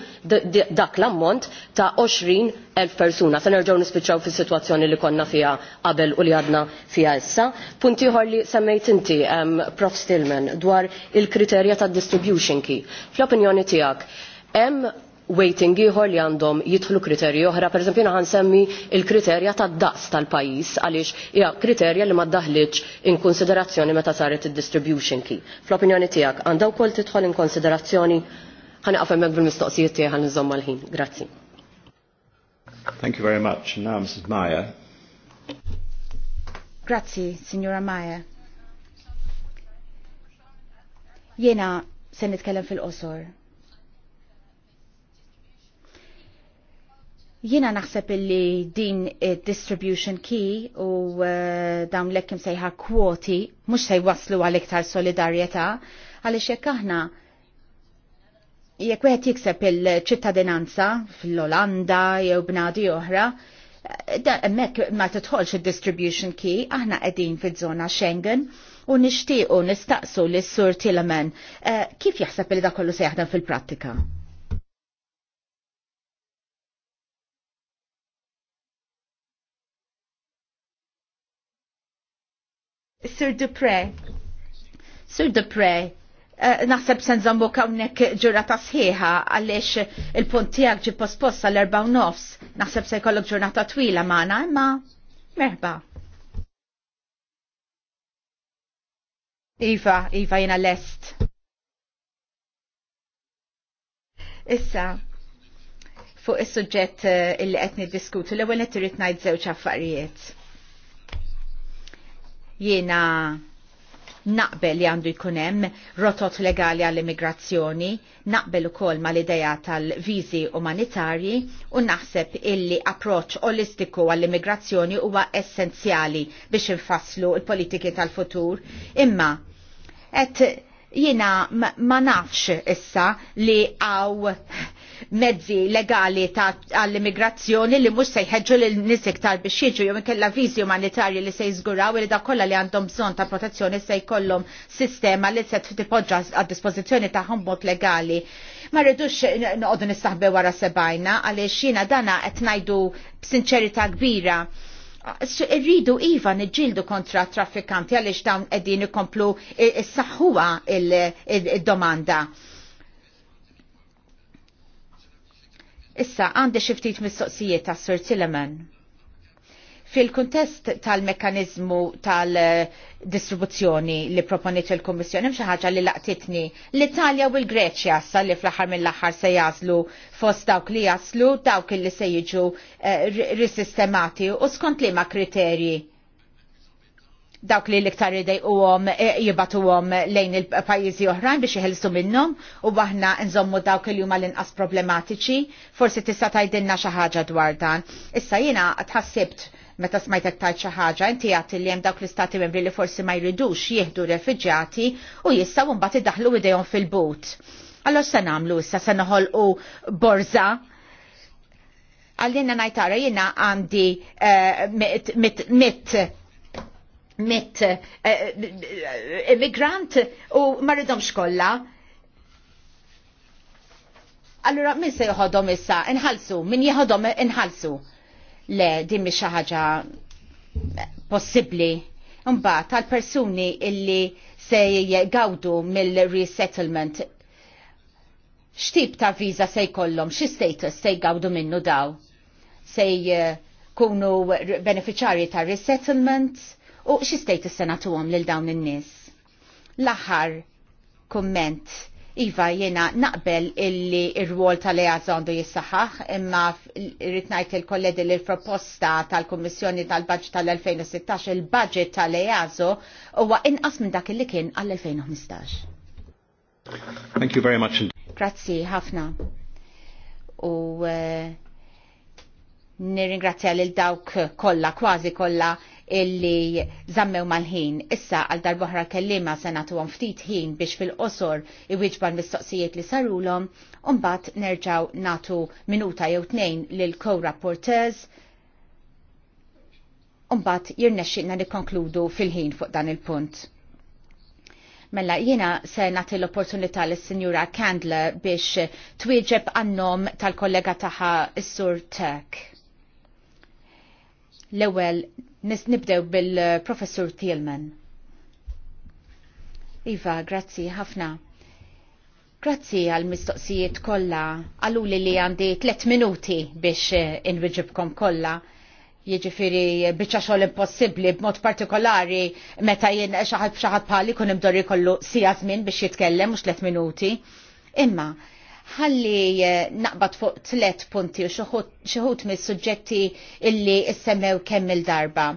dak l-ammont ta' 20,000 persuna. Se nerġgħu nispiċċaw fis-sitwazzjoni li konna fiha qabel u li għadna fiha issa. Punt ieħor li semmejt inti um, Prof Stillman dwar il-kriterja tad distribution key. Fl-opinjoni tiegħek hemm waiting ieħor li għandhom jidħlu kriterji oħra, pereżempju jiena semmi l kriterja tad-daqs tal-pajjiż għaliex hija kriterja li ma daħliċ in konsiderazzjoni meta saret id-distribution key. Fl-opinjoni tiegħek għandha wkoll tidħol in konsiderazzjoni għafem hemmhekk bil-mistoqsijiet tiegħi ħanżomm mal-ħin. Grazzi. Thank you very much. And now Mrs. Meyer. Grazzi, Signora Meyer. Jena se nitkellem fil-qosor. Jiena naħseb illi din distribution key u uh, dawn lekkim sejħa kwoti mhux se waslu għal iktar solidarjetà għaliex jekk aħna jekk wieħed jikseb il-ċittadinanza fil-Olanda jew bnadi oħra, hemmhekk ma tidħolx id-distribution key, aħna qegħdin fiż-żona Schengen u nixtiequ nistaqsu lis sur Tileman uh, kif jaħseb illi dakollu kollu se jaħdem fil-prattika? Sir Dupre. Sir Dupre. Eh, naħseb sen zambu kawnek ġurnata sħiħa għalix il-puntijak ġi pospost għal-4 nofs. Naħseb se jkollok ġurnata twila maħna, imma merba. Iva, Iva l lest. Issa, fuq is-suġġett eh, il-li qed niddiskutu l-ewwel qed irid ngħid żewġ affarijiet Jiena naqbel li għandu jkunem rotot legali għall-immigrazzjoni, naqbel u kol ma l-ideja tal-vizi umanitarji u naħseb illi approċ olistiku għall-immigrazzjoni huwa essenzjali biex infasslu il-politiki tal-futur. Imma, et jina ma nafx issa li għaw mezzi legali għall-immigrazzjoni li mhux se l lil nies iktar biex jiġu jew kella viżi umanitarji li se zguraw li da kolla li għandhom bżonn ta' protezzjoni se jkollhom sistema li se tipoġġa għad-dispożizzjoni ta' mod legali. Ma rridux noqogħdu nistaħbew wara sebajna għaliex jiena dana qed ngħidu b'sinċerità kbira irridu iva nġildu kontra traffikanti għalli dawn edin ikomplu s-saxħuwa il-domanda. Il, il, il, il domanda Issa għandi xi ftit mistoqsijiet ta' Sir Tilleman. Fil-kuntest tal-mekanizmu tal-distribuzzjoni li proponiet il-Kommissjoni xi ħaġa li laqtitni l-Italja u l-Greċja sa li fl-aħħar mill-aħħar se jaslu fost dawk li jaslu dawk li se jiġu eh, risistemati u skont liema kriterji dawk li l-iktar idej u għom eh, jibatu għom lejn il-pajizi oħrajn biex jħelsu minnom u waħna nżommu dawk li huma l-inqas problematiċi, forsi tista' tajdinna xi ħaġa dwar dan. Issa jiena tħassibt meta smajtek tajt xi ħaġa inti għati li hemm dawk l-istati membri li forsi ma jridux jieħdu refuġjati u jistgħu mbagħad idaħlu idejhom fil-but. Allora se nagħmlu issa se u borza għallina najtara jina għandi eh, mit, mit, mit mit eh, immigrant u maridom kollha. Allura min se joħodhom issa inħalsu, min joħodom inħalsu. Le, din mhix xi ħaġa possibbli. tal-persuni illi se jgawdu mill-resettlement x'tip ta' viża se jkollhom, xi status se jgawdu minnu daw? Se jkunu beneficiari ta' resettlement? u xi il-senatu għom lil dawn in-nies. L-aħħar kumment Iva jena naqbel illi il rwol tal-EAS għandu jissaxax imma rritnajt il-kolledi l-proposta tal-Kommissjoni tal-Budget tal-2016 il-Budget tal-EASO huwa inqas minn dak li kien għall-2015. Thank you very much. Grazzi, ħafna. U uh, nirringrazzja lil dawk kollha, kważi kollha illi zammew mal-ħin. Issa għal darbohra kellima senatu għom ftit ħin biex fil-qosor iwiġban mistoqsijiet li sarulom, unbat nerġaw natu minuta jew tnejn lil co-rapporters. Umbat jirnexxina nikkonkludu fil-ħin fuq dan il-punt. Mella jiena se nagħti l-opportunità lis sinjura Candler biex twieġeb għannom tal-kollega tagħha is-Sur Turk. L-ewel nibdew bil-professur Thielman. Iva, grazzi ħafna. Grazzi għal-mistoqsijiet kollha għallu li għandi tliet minuti biex eh, inwiġibkom kollha jieġifiri bieċa xol impossibli b'mod partikolari meta jien xaħat bħali pali kun imdorri kollu sija biex jitkellem mhux tliet minuti. Imma ħalli eh, naqbad fuq tlet punti u xuħut mis-suġġetti illi issemmew kemm il-darba.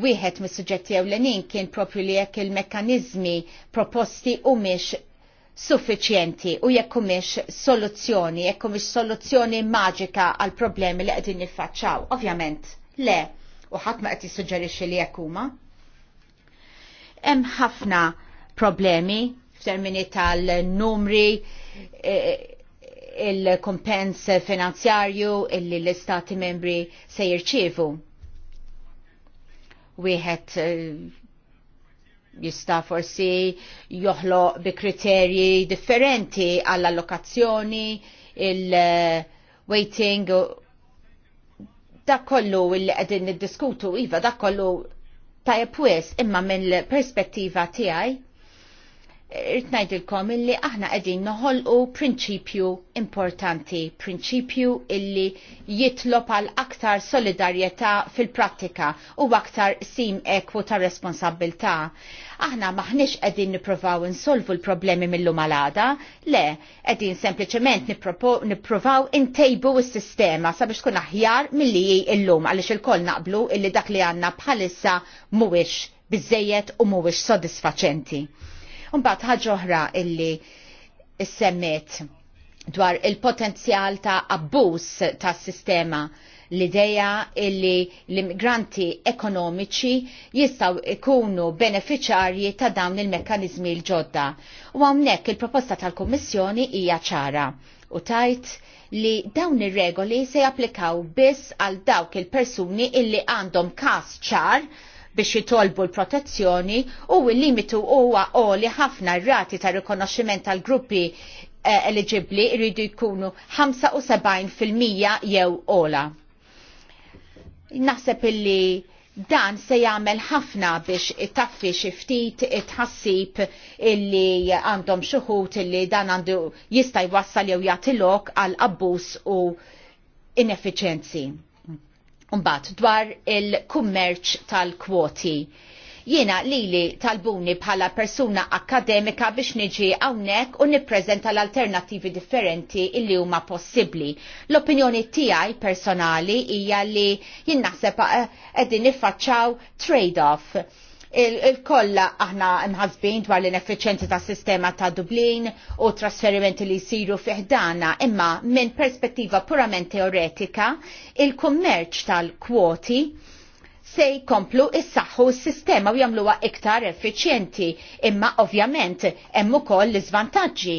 Wieħed mis-suġġetti ewlenin kien propju li jekk il-mekkanizmi proposti u miex suffiċjenti u jekk mhix soluzzjoni, jekk mhix soluzzjoni maġika għal problemi li qegħdin niffaċċaw. Ovvjament, le, u ħadd ma qed jissuġġerixxi li jekk huma. Hemm ħafna problemi f'termini tal-numri, eh, il-kompens finanzjarju illi l-istati membri se jirċievu. Wieħed eh, jista' forsi joħloq bi kriterji differenti għall-allokazzjoni, il-waiting, dak kollu il qegħdin niddiskutu iva, dak kollu tajab imma mill-perspettiva tiegħi irtnajdilkom illi aħna qegħdin noħolqu prinċipju importanti, prinċipju illi jitlob għal aktar solidarjetà fil-prattika u aktar sim ekwu ta' responsabilità. Aħna maħniex qegħdin niprofaw insolvu l-problemi mill-lum għalada, le, qegħdin sempliċement niprofaw intejbu s-sistema sabiex tkun aħjar milli illum għaliex il-koll naqblu illi dak li għandna bħalissa mhuwiex bizzejet u mhuwiex sodisfaċenti Mbagħad ħaġa oħra illi semmet dwar il-potenzjal ta' abbus tas sistema l-ideja illi l-immigranti ekonomiċi jistaw ikunu beneficjarji ta' dawn il-mekkanizmi l-ġodda. U għamnek il-proposta tal-Kommissjoni hija ċara u tajt li dawn ir-regoli se japplikaw biss għal dawk il-persuni illi għandhom kas ċar biex jitolbu l-protezzjoni u l-limitu huwa oli ħafna r-rati ta' rikonoxximent tal-gruppi eh, eligibli irridu jkunu 75% jew ola. Naħseb illi dan se jagħmel ħafna biex itaffi xi ftit itħassib illi għandhom xi illi dan għandu jista' jwassal jew jagħti lok għal abbuż u ineffiċenzi. Umbat, dwar il-kummerċ tal-kwoti. Jiena lili talbuni bħala persuna akademika biex niġi hawnhekk u nippreżenta l-alternattivi differenti illi huma possibbli. L-opinjoni tiegħi personali hija li jien naħseb eh, qegħdin niffaċċaw trade-off il-kolla aħna nħazbin dwar l-ineffiċenzi ta' sistema ta' Dublin u trasferimenti li jisiru fiħdana imma minn perspettiva purament teoretika il-kummerċ tal-kwoti se jkomplu issaħħu s-sistema u jagħmluha iktar effiċjenti imma ovvjament hemm ukoll l-iżvantaġġi.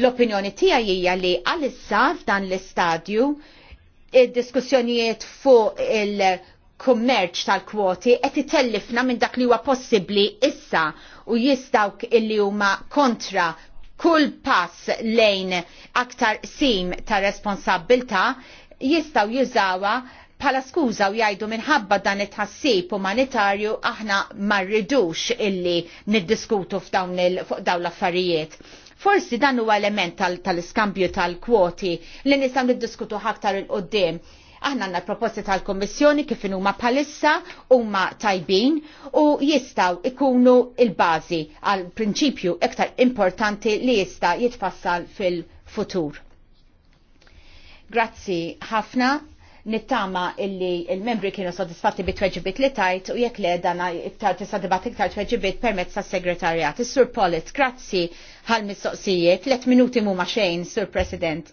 L-opinjoni tiegħi hija li għalissa f'dan l-istadju id-diskussjonijiet fuq il- kummerċ tal-kwoti qed itellifna minn dak li huwa possibbli issa u jistawk illi huma kontra kull pass lejn aktar sim ta' responsabilta jistaw jużawa bħala skuża u jgħidu minħabba dan it-ħassib umanitarju aħna marridux illi niddiskutu f'dawn dawn l-affarijiet. Forsi dan huwa element tal-iskambju tal-kwoti li nistgħu niddiskutu aktar il-qoddim Aħna għandna proposti tal-Kommissjoni kif huma palissa huma tajbin u jistaw ikunu il-bażi għal prinċipju iktar importanti li jista' jitfassal fil-futur. Grazzi ħafna nittama illi il-membri kienu soddisfatti bit tweġibit li tajt u jekk le dana iktar tista' iktar tweġibit permezz tas segretarjat Is-Sur Polit, grazzi għal mistoqsijiet, let minuti mhuma xejn, Sur President.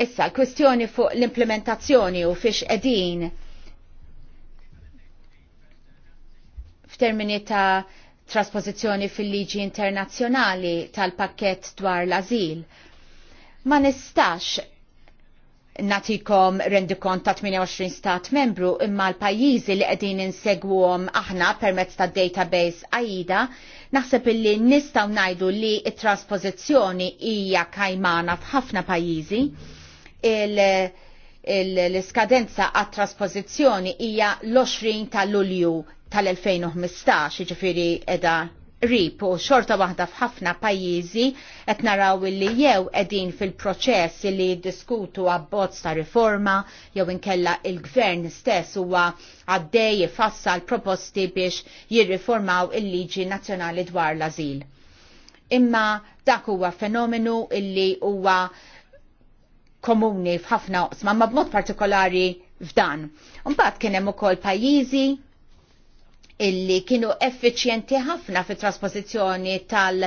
Issa, l-kwestjoni fuq l-implementazzjoni u fiex edin f'termini ta' trasposizjoni fil-liġi internazzjonali tal-pakket dwar l-azil. Ma nistax natikom rendikont ta' 28 stat membru imma l-pajjiżi li qegħdin insegwuhom aħna permezz ta' database AIDA naħseb illi nistgħu ngħidu li t traspożizzjoni hija kajmana f'ħafna pajjiżi l-iskadenza għat trasposizjoni hija l-20 ta' Lulju tal-2015, ġifiri edha rip u xorta waħda f'ħafna pajjiżi qed naraw li jew qegħdin fil-proċess li jiddiskutu abbozz ta' riforma jew inkella il-gvern stess huwa għaddej ifassal proposti biex jirriformaw il-liġi nazzjonali dwar l-azil. Imma dak huwa fenomenu illi huwa komuni f'ħafna oqsma, ma b'mod partikolari f'dan. Mbagħad kien hemm ukoll pajjiżi illi kienu effiċjenti ħafna fit trasposizzjoni tal-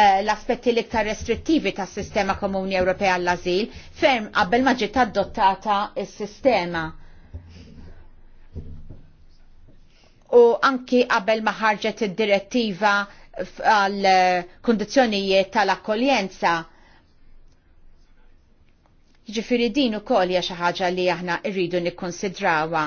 l-aspetti l-iktar restrittivi tas sistema komuni Ewropea għall-azil ferm qabel ma ġiet adottata s-sistema. U anki qabel ma ħarġet id-direttiva għal kundizzjonijiet tal-akkoljenza Ġifiri din ukoll hija xi ħaġa li aħna rridu nikkonsidrawha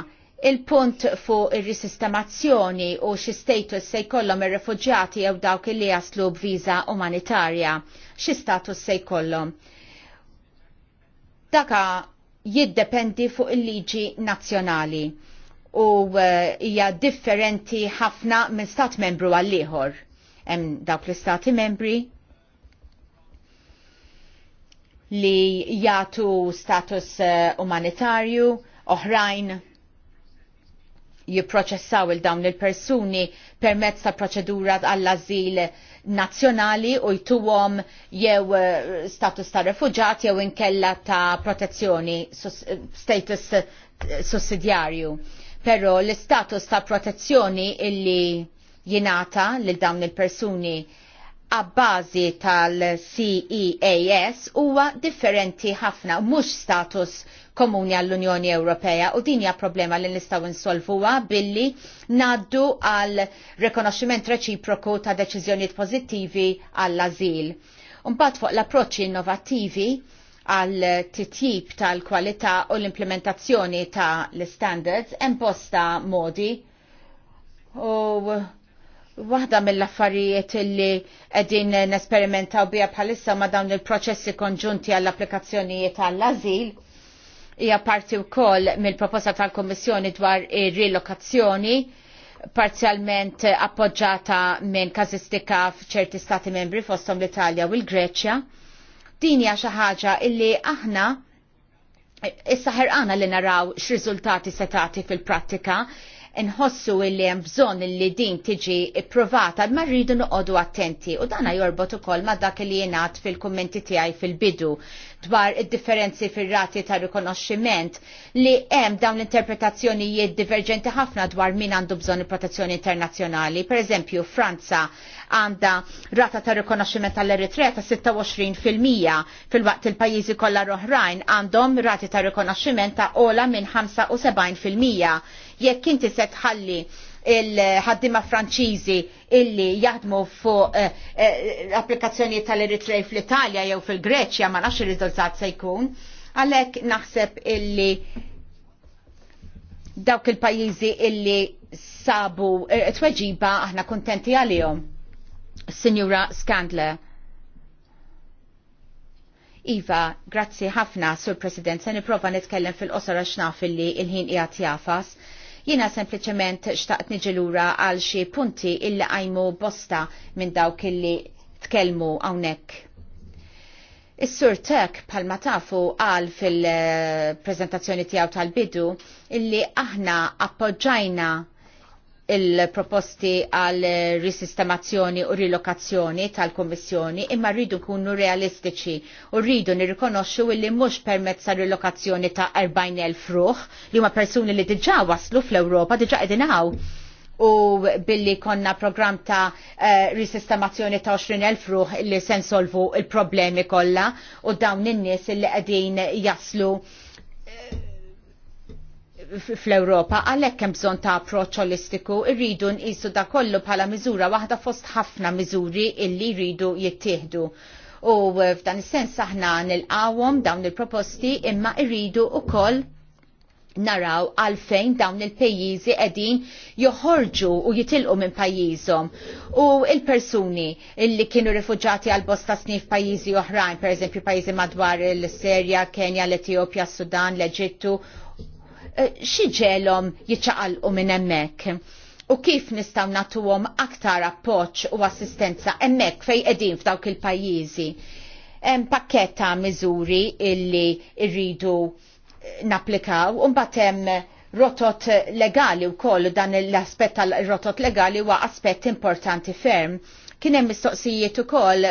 il-punt fuq ir-risistemazzjoni u xi status se jkollhom ir-refuġjati jew dawk li jaslu b'viża umanitarja. Xi status se jkollhom? Daka jiddependi fuq il-liġi nazzjonali u eh, hija uh, differenti ħafna minn stat membru għall ieħor. Hemm dawk l-istati membri li jagħtu status eh, umanitarju, oħrajn jipproċessaw il-dawn il-persuni permezz ta' proċedura għall-azil nazzjonali u jtuwom jew eh, status ta' refugġat jew inkella ta' protezzjoni eh, status sussidjarju. Pero l-status ta' protezzjoni illi jinata lil dawn il-persuni għabbażi tal-CEAS huwa differenti ħafna, mhux status komuni għall-Unjoni Ewropea u din hija problema li nistgħu insolvuha billi naddu għal rekonoxximent reċiproku ta' deċiżjonijiet pożittivi għall-azil. Mbagħad fuq l-approċċi innovattivi għal titjib tal-kwalità u l-implementazzjoni ta' l-standards hemm bosta modi u Waħda mill-affarijiet li qegħdin nesperimentaw biha bħalissa ma' dawn il-proċessi konġunti għall-applikazzjonijiet għall-azil hija parti wkoll mill-proposta tal kummissjoni dwar ir-rilokazzjoni parzjalment appoġġata minn kazistika f'ċerti stati membri fosthom l-Italja u l-Greċja. Din hija xi ħaġa illi aħna issa ħerqana li naraw x'riżultati se tagħti fil-prattika nħossu illi hemm bżonn li din tiġi ipprovata ma rridu noqogħdu attenti u dana jorbot ukoll ma dak li jingħad fil-kummenti tiegħi fil-bidu dwar id-differenzi fir-rati ta' rikonoxximent li hemm dawn l-interpretazzjonijiet diverġenti ħafna dwar min għandu bżonn protezzjoni internazzjonali. pereżempju Franza għandha rata ta' rikonoxximent tal-Eritrea ta' 26% fil-waqt il-pajjiżi kollha oħrajn għandhom rati ta' rikonoxximent ta' ola minn 75% jekk inti se tħalli il-ħaddima franċiżi illi jaħdmu fuq l eh, eh, applikazzjoni tal-Eritrej fl-Italja jew fil-Greċja ma nafx ir-riżultat se jkun, għalhekk naħseb illi dawk il-pajjiżi illi sabu eh, tweġiba aħna kuntenti għalihom. Signora Scandler. Iva, grazzi ħafna, Sur President, se niprofa nitkellem fil-qosor għax naf il-ħin qiegħed jafas. Jina sempliciment xtaqt niġilura għal xie punti illi għajmu bosta minn dawk illi tkellmu għawnek. Is-sur Tek palma tafu għal fil-prezentazzjoni eh, tijaw tal-bidu illi aħna appoġġajna il-proposti għal risistemazzjoni u rilokazzjoni tal-Kommissjoni imma rridu nkunu realistiċi u rridu nirrikonoxxu li mhux permezz ta' rilokazzjoni ta' 40,000 ruħ li huma persuni li diġà waslu fl-Ewropa diġà qegħdin u billi konna program ta' uh, risistemazzjoni ta' 20,000 ruħ li sensolvu il-problemi kollha u dawn in-nies li qegħdin jaslu uh, fl-Europa għalhekk hemm bżonn ta' approċċ holistiku rridu nqisu da kollu bħala miżura waħda fost ħafna miżuri illi rridu jittieħdu. U eh, f'dan is-sens aħna nilqawhom dawn il-proposti imma rridu ukoll naraw għalfejn dawn il-pajjiżi qegħdin joħorġu u jitilqu minn pajjiżhom. U il-persuni illi kienu rifuġati għal bosta snif pajjiżi oħrajn, pereżempju pajjiżi madwar il-Serja, Kenja, l-Etjopja, Sudan, l-Eġittu Eh, xieġelom jitxaqalqu minn emmek u kif nistaw natuwom aktar appoċ u assistenza emmek fej edin f'dawk il-pajjiżi. Hemm pakketta miżuri illi rridu eh, naplikaw u mbagħad hemm rotot legali wkoll dan l-aspett tal-rotot legali huwa aspett importanti ferm Kien hemm mistoqsijiet ukoll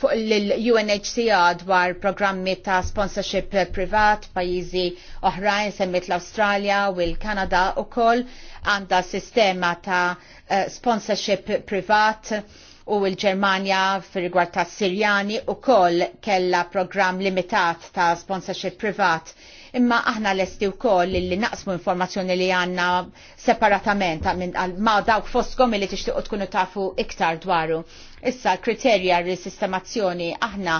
fuq l-UNHCR dwar programmi ta' sponsorship privat pajjiżi oħrajn semmit l-Awstralja u l-Kanada ukoll għandha sistema ta' eh, sponsorship privat u l ġermanja fil-rigward ta' Sirjani u koll kella program limitat ta' sponsorship privat imma aħna lesti wkoll li naqsmu informazzjoni li għandna separatament ma' dawk fostkom li tixtiequ tkunu tafu iktar dwaru. Issa kriterja r-sistemazzjoni aħna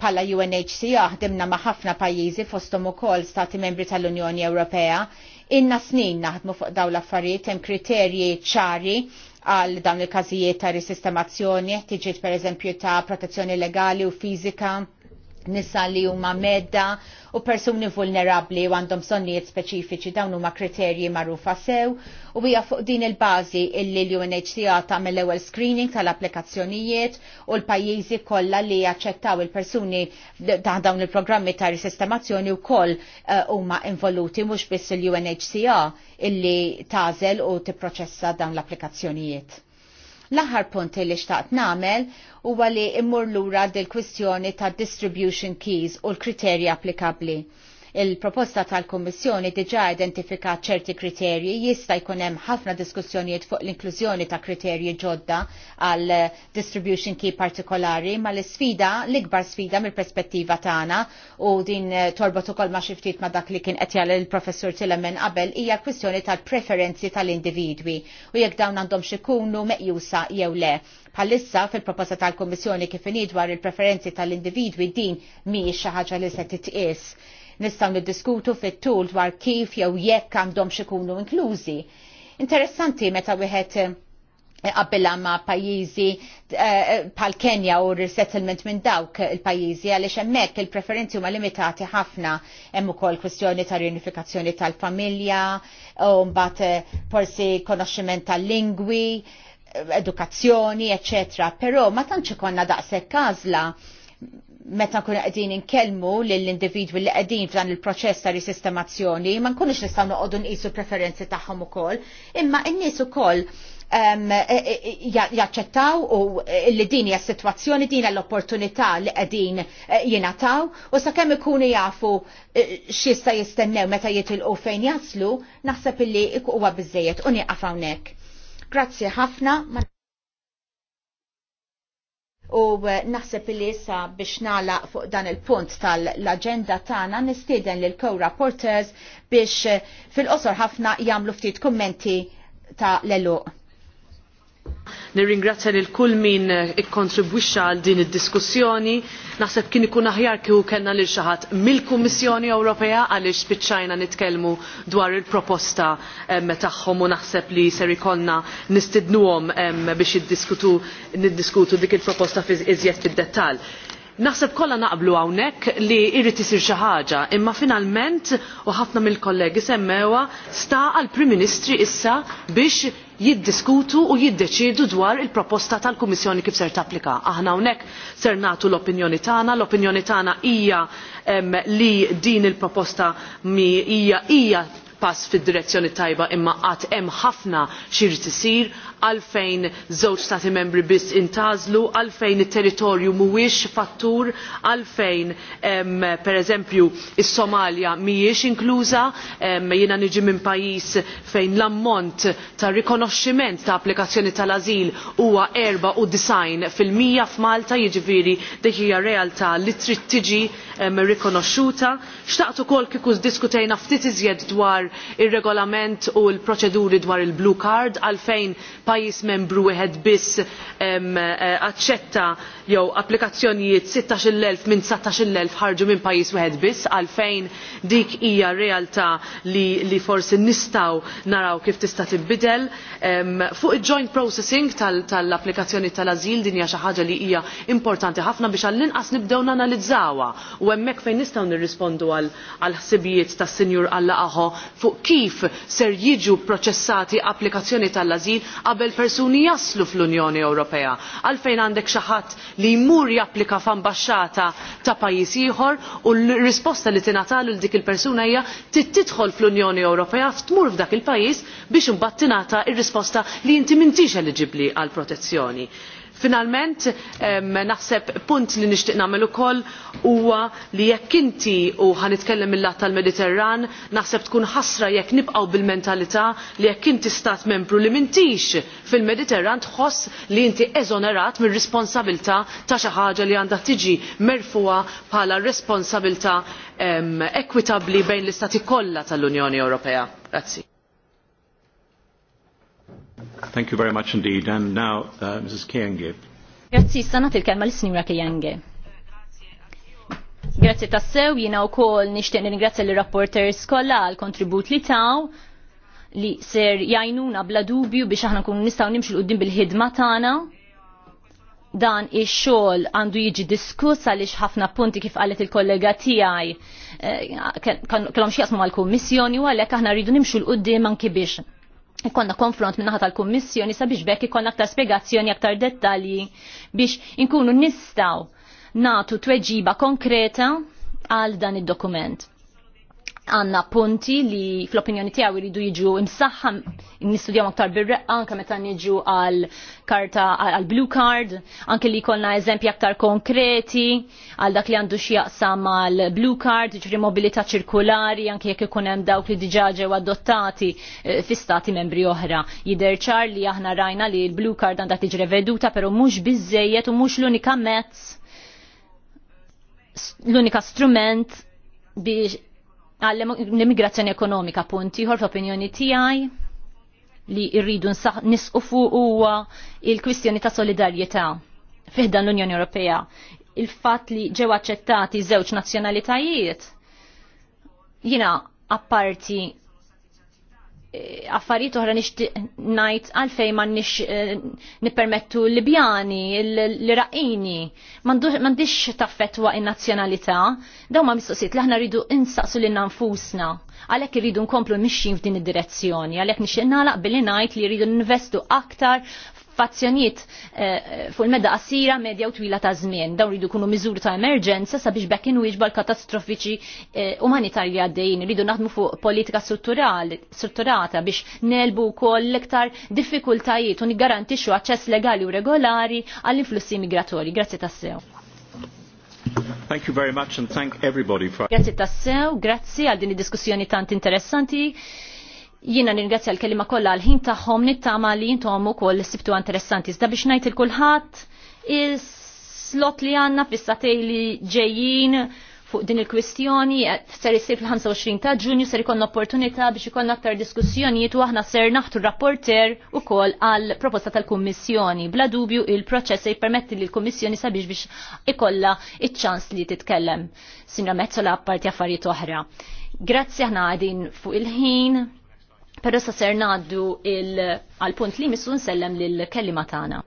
bħala UNHCA ħdimna ma' ħafna pajjiżi fosthom ukoll stati membri tal-Unjoni Ewropea. Inna snin naħdmu fuq dawn l-affarijiet hemm kriterji ċari għal dawn il-każijiet ta' risistemazzjoni, tiġiet pereżempju ta' protezzjoni legali u fiżika nisa li huma medda u persuni vulnerabli u għandhom sonnijiet speċifiċi dawn huma kriterji magħrufa sew u hija fuq din il-bażi illi l-UNHCR tagħmel ewwel screening tal-applikazzjonijiet u l-pajjiżi kollha li jaċċettaw il-persuni ta' dawn il-programmi ta' risistemazzjoni wkoll eh, huma involuti mhux biss il-UNHCR illi tażel u tipproċessa dawn l-applikazzjonijiet. L-aħħar punt li xtaqt nagħmel huwa li immur lura dil-kwistjoni ta' distribution keys u l-kriterji applikabbli Il-proposta tal-Kommissjoni diġa identifika ċerti kriterji jista' jkun hemm ħafna diskussjonijiet fuq l-inklużjoni ta' kriterji ġodda għal distribution key partikolari ma l-sfida l-ikbar sfida mill-perspettiva tagħna u din eh, torbot ukoll ma' xi ftit ma' dak li kien qed jagħmel il-professur Tillemen qabel hija kwistjoni tal-preferenzi tal-individwi u jekk dawn għandhom xikunu meqjusa jew le. Bħalissa fil-proposta tal-Kommissjoni kif dwar il-preferenzi tal-individwi din mhijiex xi ħaġa li se titqies Nistgħu niddiskutu fit-tul dwar kif jew jekk għandhom xikunu inklużi. Interessanti meta wieħed eh, qabbilla ma' pajjiżi bħal eh, Kenja u resettlement minn dawk il-pajjiżi għaliex hemmhekk il-preferenzi huma limitati ħafna hemm ukoll kwestjoni ta' riunifikazzjoni tal-familja, u mbagħad eh, forsi konoxximent tal-lingwi, edukazzjoni, eccetera. però ma tantx ikollna daqshekk għażla meta nkunu qegħdin inkellmu lill-individwi li qegħdin f'dan il-proċess ta' risistemazzjoni, ma nkunux nistgħu noqogħdu nqisu preferenzi tagħhom ukoll, imma n-nies ukoll ehm, e, e, e, jaċċettaw u li din hija situazzjoni din l-opportunità li qegħdin jingħataw u sakemm ikunu jafu x'jista' jistennew meta jitilqu fejn jaslu, naħseb illi huwa biżejjed u nieqaf hawnhekk. Grazzi ħafna. U eh, naħseb li issa biex nala fuq dan il-punt tal-agenda tagħna nistieden lil co-rapporters biex eh, fil-qosor ħafna jagħmlu ftit kummenti ta' l-eluq. Nirringrazzja lil kull min eh, ikkontribwixxa għal din id-diskussjoni. Naħseb kien ikun aħjar kieku kellna lil xi ħadd mill-Kummissjoni Ewropea għaliex spiċċajna nitkellmu dwar il-proposta eh, tagħhom u naħseb li ser ikollna nistidnuhom eh, biex jiddiskutu niddiskutu dik il-proposta iżjed fid-dettall. Naħseb kollha naqblu hawnhekk li jrid isir xi ħaġa, imma finalment u ħafna mill-kollegi semmewha sta għall-Prim Ministri issa biex jiddiskutu u jiddeċidu dwar il-proposta tal-Kummissjoni kif ser tapplika. Aħna hawnhekk ser nagħtu l-opinjoni tagħna, l-opinjoni tagħna hija li din il-proposta hija pass fid-direzzjoni tajba imma qatt hemm ħafna xi jrid isir għalfejn żewġ stati membri biss intażlu, għalfejn it-territorju mhuwiex fattur, għalfejn pereżempju is-Somalja mhijiex inkluża, jiena niġi minn pajjiż fejn l-ammont ta' rikonoxximent ta' applikazzjoni tal-ażil huwa erba' u design fil-mija f'Malta, jiġifieri dik hija realtà li trid tiġi rikonoxxuta. Xtaqt ukoll kieku diskutejna ftit iżjed dwar ir-regolament u l-proċeduri dwar il-blue card għalfejn pajjiż membru wieħed biss eh, aċċetta jew applikazzjonijiet 16,000 minn 19,000 ħarġu minn pajjiż wieħed biss għalfejn dik hija realtà li, li forsi nistgħu naraw kif tista' tibbidel. Fuq il-joint processing tal-applikazzjoni tal tal-azil din hija xi ħaġa li hija importanti ħafna biex għall-inqas nibdew nanalizzawha u hemmhekk fejn nistgħu nirrispondu għal ħsibijiet tas-Sinjur Alla Aħo fuq kif ser jiġu proċessati applikazzjoni tal-azil qabel persuni jaslu fl-Unjoni Ewropea. Għalfejn għandek xi ħadd li jmur japplika f'ambasċata ta' pajjiż ieħor u l-risposta li tingħatalu l dik il-persuna hija trid tidħol fl-Unjoni Ewropea f'tmur f'dak il-pajjiż biex imbagħad tingħata r risposta li inti m'intix eliġibbli għal protezzjoni. Finalment, naħseb punt li nixtieq nagħmel ukoll huwa li jekk inti u ħanitkellem mill-lat tal-Mediterran, naħseb tkun ħasra jekk nibqgħu bil-mentalità li jekk inti stat membru li mintix fil-Mediterran tħoss li inti eżonerat mir responsabilità ta' xi ħaġa li għandha tiġi merfuha bħala responsabilità ekwitabbli bejn l-istati kollha tal-Unjoni Ewropea. Grazzi. Thank you very much indeed. And now, uh, Mrs. Kienge. Grazzi, sana il-kelma l-Sinjura Kienge. Grazzi tassew, jina u kol nishtiq ringrazzja l-rapporters kolla għal kontribut li taw li ser jajnuna bla dubju biex aħna nkunu nistgħu nimxu l-qudiem bil-ħidma tagħna dan ix-xogħol għandu jiġi diskuss għaliex ħafna punti kif qalet il-kollega tiegħi eh, kellhom xi jaqsmu mal-kummissjoni u għalhekk aħna rridu nimxu l-qudiem anki biex ikonna konfront minnaħa tal-Kummissjoni sabiex bekk ikonna aktar spiegazzjoni aktar dettalji biex inkunu nistaw natu tweġiba konkreta għal dan id-dokument għanna punti li fl-opinjoni tiegħu jridu jiġu imsaħħa nistudjaw aktar bir-reqqa anke meta niġu għal karta għal blue card, anke li jkollna eżempji aktar konkreti għal dak li għandu x'jaqsam għal blue card, ġri mobilità ċirkulari, anke jekk ikun hemm dawk li diġà ġew adottati eh, fi stati membri oħra. Jidher ċar li aħna rajna li l-blue card għandha tiġi reveduta, pero mhux biżejjed u mhux l-unika mezz l-unika strument biex l immigrazzjoni ekonomika punt ħor f'opinjoni tiegħi li rridu nisqu fuq huwa il-kwistjoni ta' solidarjetà fiħdan l-Unjoni Ewropea. Il-fatt li ġew aċċettati żewġ nazzjonalitajiet jina apparti Eh, affarijiet oħra nixtieq ngħid għalfejn m'għandniex eh, nippermettu l-Libjani, l-Iraqini, m'għandix taffetwa in-nazzjonalità, dawn ma mistoqsijiet li aħna rridu insaqsu lil nfusna. Għalhekk irridu nkomplu mixjin f'din id-direzzjoni, għalhekk nixtieq nagħlaq billi ngħid li rridu ninvestu aktar f'azzjonijiet eh, eh, fuq il-medda qasira, medja u twila ta' żmien. Dawn ridu kunu miżur ta' emerġenza sabiex bekk wieġba l-katastrofiċi eh, umanitarji għaddejjin. Ridu naħdmu fuq politika strutturata biex nelbu wkoll l-iktar diffikultajiet u niggarantixxu aċċess legali u regolari għall-influssi migratorji. Grazzi tassew. Thank you very much and thank everybody for Grazie tassew, grazie għal din id-diskussjoni tant interessanti. Jiena nirgrazzja l-kelima kollha għal ħin tagħhom nittama li jintom ukoll sibtu interessanti. Iżda biex ngħid il kulħadd is-slot li għandna fissatej li ġejjin fuq din il-kwistjoni ser isir fil-25 ta' Ġunju ser ikon opportunità biex ikon aktar diskussjonijiet u aħna ser naħtu rapporter u kol għal proposta tal-Kummissjoni. Bla dubju il-proċess se jippermetti li l-Kummissjoni sabiex biex ikolla il ċans li titkellem. Sinra mezzola apparti affarijiet oħra. Grazzi ħna għadin fuq il-ħin. Pero sa ser naddu għal-punt li missun sellem lil-kellima tagħna.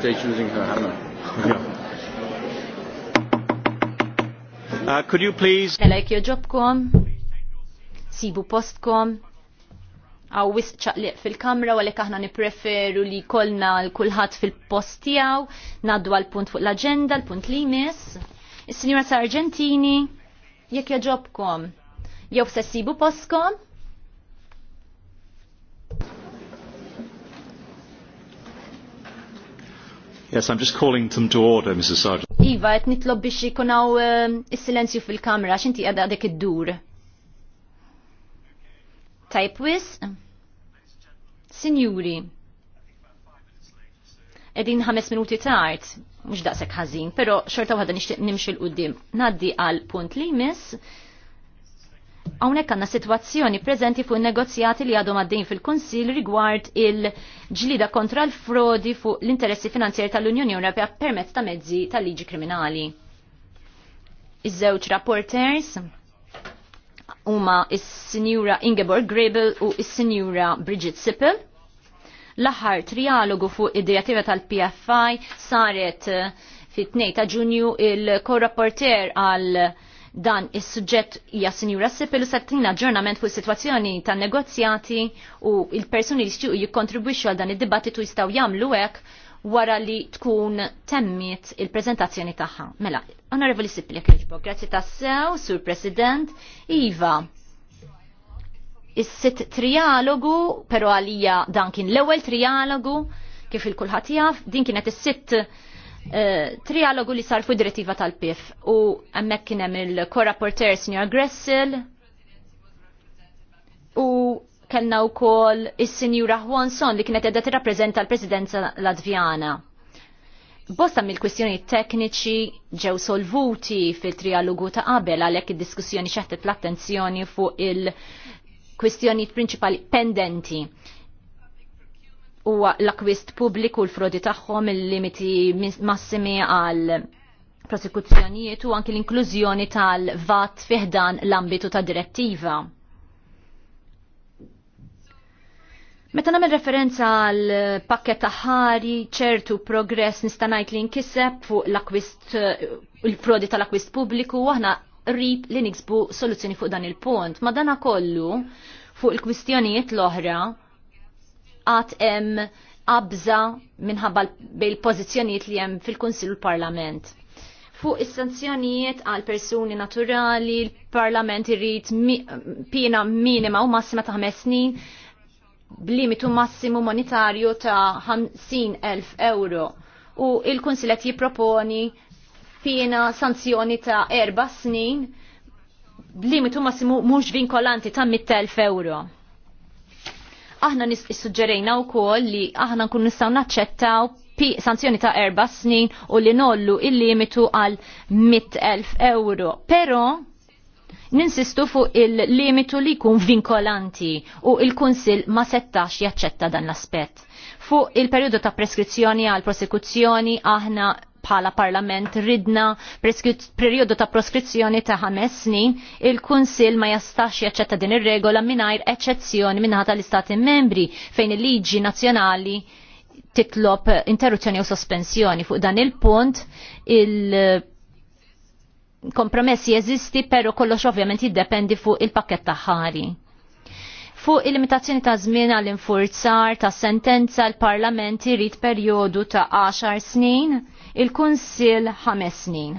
mistake using her hammer. Uh, could you please... Nelek joġobkom, sibu postkom, għaw wisċaq li fil-kamra u għalek aħna nipreferu li kolna l-kulħat fil-post tijaw, naddu għal-punt fuq l-agenda, l-punt li jmiss. Is-Sinjora Sargentini, jekk joġobkom, jew se sibu postkom, Yes, I'm just calling them to order, Mrs. Sargent. Iva, et nitlob biex jikunaw ehm, il-silenzju fil-kamra, xinti għadha għadek id-dur. Tajb wis? Signuri, edin ħames minuti tard, mux daqsek ħazin, pero xorta għadha nimx il qoddim. Naddi għal punt li miss. Hawnhekk għandna sitwazzjoni preżenti fuq negozjati li għadhom għaddejn fil-Kunsill rigward il-ġlida kontra l-frodi fuq l-interessi finanzjari tal-Unjoni Ewropea permezz ta' mezzi tal-liġi kriminali. Iż-żewġ rapporters huma is-Sinjura Ingeborg Grebel u is-Sinjura Bridget Sippel. L-aħħar trialogu fuq id-direttiva tal-PFI saret eh, fit-2 ta' Ġunju il-korrapporter għal dan is suġġett hija Sinjura Sipil u settina ġurnament fuq is-sitwazzjoni tan negozjati u il-persuni li jixtiequ jikkontribwixxu għal dan id-dibattitu jistgħu jagħmlu hekk wara li tkun temmiet il-preżentazzjoni tagħha. Mela, Onorevoli Sipil jekk jiġbok, grazzi tassew, Sur President, Iva. Is-sitt trialogu, però għalija dan kien l-ewwel trialogu, kif il-kulħadd jaf, din kienet is-sitt Eh, trialogu li sar fu direttiva tal-PIF u għemmek kienem il-korrapporter Sr. Gressel u kellna u kol il-Sinjura Hwanson li kienet edda t-rapprezenta l-Presidenza Latvjana. Bosta mill-kwistjoni tekniċi ġew solvuti fil-trialogu ta' qabel għalhekk id-diskussjoni xaħtet l-attenzjoni fuq il-kwistjoni prinċipali pendenti huwa l-akwist pubbliku l-frodi tagħhom il-limiti massimi għal prosekuzzjonijiet u anki l-inklużjoni tal-vat fiħdan l-ambitu ta' direttiva. Meta nagħmel referenza għal pakket ħari ċertu progress nista' ngħid li nkiseb fuq l-akwist il-frodi tal-akwist pubbliku u aħna rrid li niksbu soluzzjoni fuq dan il-punt. Ma dana kollu fuq il-kwistjonijiet l-oħra għat hemm qabża minħabba bejn pożizzjonijiet li hemm fil-Kunsill u l-Parlament. Fuq is-sanzjonijiet għal persuni naturali, l-Parlament irrid pina minima u massima ta' ħames snin b'limitu massimu monetarju ta' 50.000 euro u il-Kunsillet jipproponi pina sanzjoni ta' erba' snin b'limitu massimu mhux vinkolanti ta' 100.000 euro Aħna nissuġġerejna wkoll li aħna nkun nistgħu naċċettaw sanzjoni ta' erba snin u li nollu il-limitu għal 100.000 euro. Pero ninsistu fuq il-limitu li jkun vinkolanti u il-Kunsil ma settax jaċċetta dan l-aspett. Fuq il-periodu ta' preskrizzjoni għal prosekuzzjoni aħna bħala parlament ridna periodu ta' proskrizzjoni ta' ħames snin, il-Kunsil ma jastax jaċċetta din ir-regola mingħajr eċċezzjoni minn ħata tal-Istati membri fejn il-liġi nazzjonali titlob interruzzjoni u sospensjoni. Fuq dan il-punt il- kompromessi jeżisti, pero kollox ovvjament jiddependi fuq il-pakket ta' ħari. Fuq il-limitazzjoni ta' żmien għall infurzar ta' sentenza l-Parlament irid perjodu ta' 10 snin il-Kunsil ħames snin.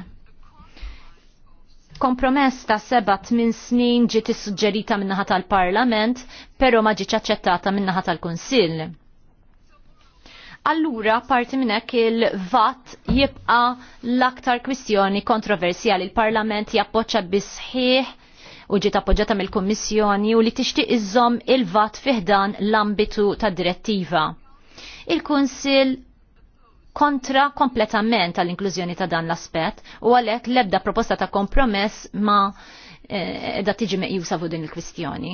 Kompromess ta' seba tmin snin ġiet issuġġerita min-naħa tal-Parlament, però ma ġietx aċċettata min-naħa tal-Kunsill. Allura parti minn hekk il-VAT jibqa l-aktar kwistjoni kontroversjali. Il-Parlament jappoċċa bisħiħ u ġiet appoġġata mill-Kummissjoni u li tixtieq iżomm il-VAT fiħdan l-ambitu tad direttiva. Il-Kunsil kontra kompletament għall-inklużjoni ta' dan l-aspett u għalhekk l-ebda proposta ta' kompromess ma eh, da' tiġi meqjusa fuq din il-kwistjoni.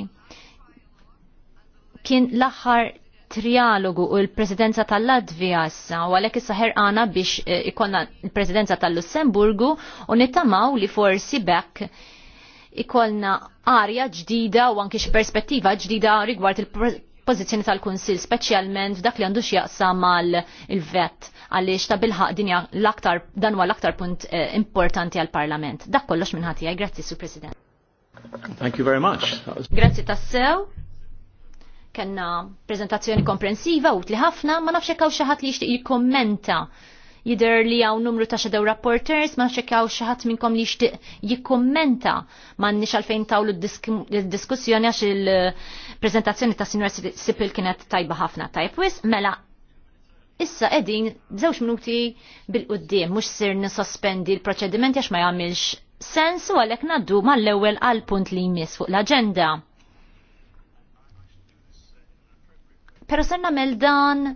Kien l-aħħar trialogu u l-presidenza tal-Latvija issa u għalhekk issa ħerqana biex eh, ikonna l-presidenza tal-Lussemburgu u nittamaw li forsi bekk ikolna arja ġdida u anki xi perspettiva ġdida rigward il pożizzjoni tal-Kunsill speċjalment f'dak li għandu xjaqsa mal-vet għaliex ta' bilħaq dinja l-aktar dan huwa l-aktar punt eh, importanti għall-Parlament. Dak kollox minnħati għaj, grazzi Sur President. Thank you very much. Grazzi tassew. Kenna prezentazzjoni komprensiva u ħafna ma nafx hekk xi ħadd li jixtieq jikommenta. Jider li għaw numru ta' xedew rapporters ma' xekjaw xaħat minnkom li xtiq jikkommenta ma' nix għalfejn tawlu diskussjoni għax il-prezentazzjoni ta' Sinjor Sipil kienet tajba ħafna tajb wis, mela issa edin zewx minuti bil-qoddim, mux sir nisospendi l-proċedimenti għax ma jgħamilx sens u għalek naddu mal-ewel għal-punt li jmiss fuq l-agenda. Pero ser nagħmel dan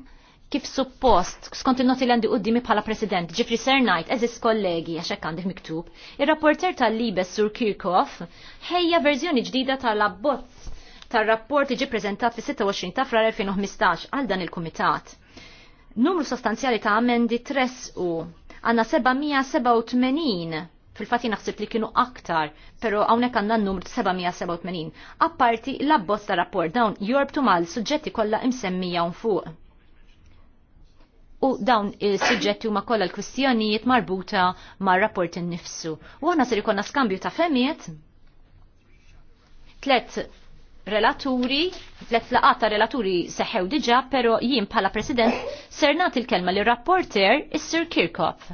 kif suppost, skont il-noti l-għandi uddimi bħala president, ġifri ser eżis kollegi, għaxek għandih miktub, il-rapporter tal-libes sur Kirchhoff ħejja verżjoni ġdida tal-abbozz tal-rapport iġi prezentat fi 26 ta' frar 2015 għal dan il-komitat. Numru sostanzjali ta' amendi tress u għanna 787 fil-fatti naħseb li kienu aktar, pero għawnek għanna n-numru 787. Apparti l-abbozz ta' rapport dawn jorbtu mal suġġetti kollha imsemmija un fuq u dawn is-suġġetti huma kollha l-kwistjonijiet marbuta mar-rapport innifsu. U għana sir ikonna skambju ta' femijiet tlet relaturi, tlet laqata ta' relaturi seħew diġa, pero jien bħala president ser nagħti l-kelma li rapporter is-Sir Kirkop.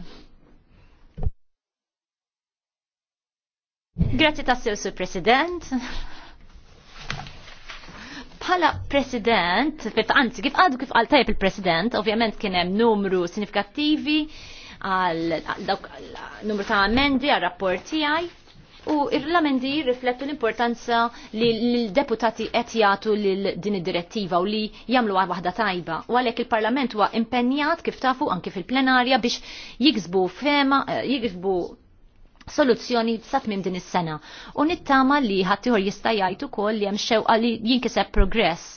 Grazzi tassew, Sir President bħala president, fit anzi kif għadu kif għal tajb il-president, ovvjament kien hemm numru sinifikattivi għal numru ta' amendi għal rapporti għaj. U l lamendi riflettu l-importanza li l-deputati qed jagħtu lil din id-direttiva u li jagħmlu waħda tajba. U għalhekk il-Parlament huwa impenjat kif tafu anke fil-plenarja biex jiksbu fema, eh, jiksbu soluzzjoni sa tmim din is-sena u nittama li ħaddieħor jista' jgħid ukoll li hemm xewqa li jinkiseb progress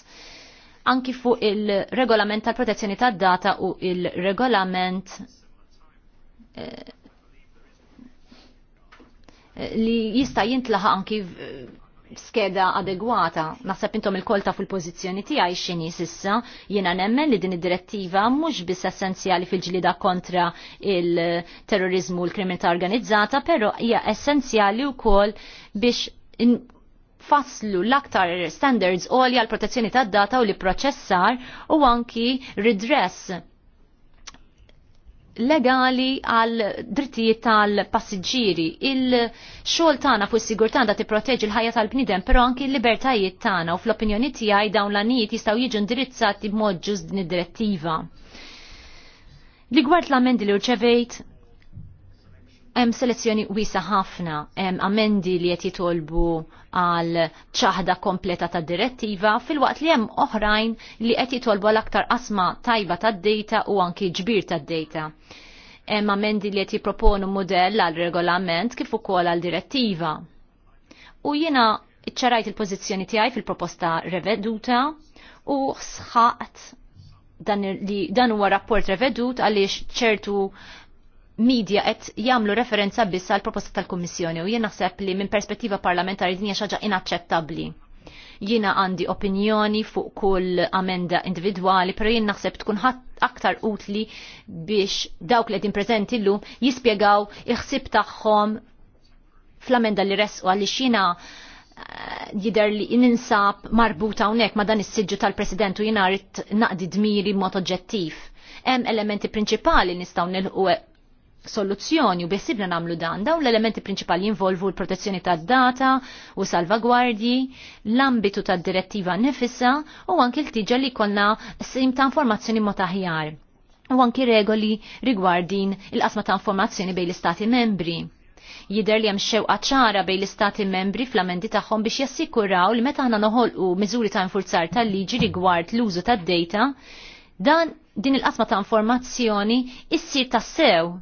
anki fuq il-regolament tal-protezzjoni tad-data u il-regolament eh, eh, li jista' jintlaħa anki skeda adegwata. Naħseb intom il-kol ta' fil-pozizjoni tiegħi xini sissa, jiena nemmen li din id-direttiva mhux biss essenzjali fil-ġlida kontra il-terrorizmu u l-kriminalità organizzata, però hija essenzjali wkoll biex faslu l-aktar standards għolja l-protezzjoni tad data u li proċessar u anki redress legali għal drittijiet tal-passiġġieri. Il-xogħol tagħna fuq is-sigurtà da tipproteġġi l-ħajja tal-bniedem, però anki l-libertajiet tagħna u fl-opinjoni tiegħi dawn l-anijiet jistgħu jiġu indirizzati b'mod ġust din id-direttiva. Li gwart l-amendi li rċevejt Hemm selezzjoni wisa ħafna, hemm amendi li qed jitolbu għal ċaħda kompleta tad direttiva fil-waqt li hemm oħrajn li qed jitolbu għal aktar qasma tajba tad-data u anki ġbir tad-data. Hemm amendi li qed jipproponu mudell għal regolament kif ukoll għal direttiva. U jiena ċarajt il-pożizzjoni tiegħi fil-proposta reveduta u sħaqt dan, li, dan huwa rapport revedut għaliex ċertu media qed jagħmlu referenza biss għal proposta tal-Kummissjoni u jien naħseb li minn perspettiva parlamentari din hija xi ħaġa inaċċettabbli. Jiena għandi opinjoni fuq kull amenda individwali, però jien naħseb tkun aktar utli biex dawk li qegħdin preżenti llum jispjegaw iħsib tagħhom fl-amenda li resqu għaliex jiena eh, jider li ninsab marbuta unek ma dan is-siġġu tal-President u jinarit naqdi dmiri mod oġġettiv. Hemm elementi prinċipali nistgħu nilħu soluzzjoni u besibna namlu dan, dawn l-elementi principali jinvolvu l-protezzjoni ta' data u salvagwardji, l-ambitu ta' direttiva nifissa u anki l-tiġa li konna sim ta' informazzjoni motaħjar u anki regoli rigwardin il-qasma ta' informazzjoni bej l-istati membri. Jider li hemm xewqa ċara bej l-istati membri fl-amendi tagħhom biex jassikuraw li meta aħna noħolqu miżuri ta' infurzar tal-liġi rigward l-użu tad-data, dan din il-qasma ta' informazzjoni issir tassew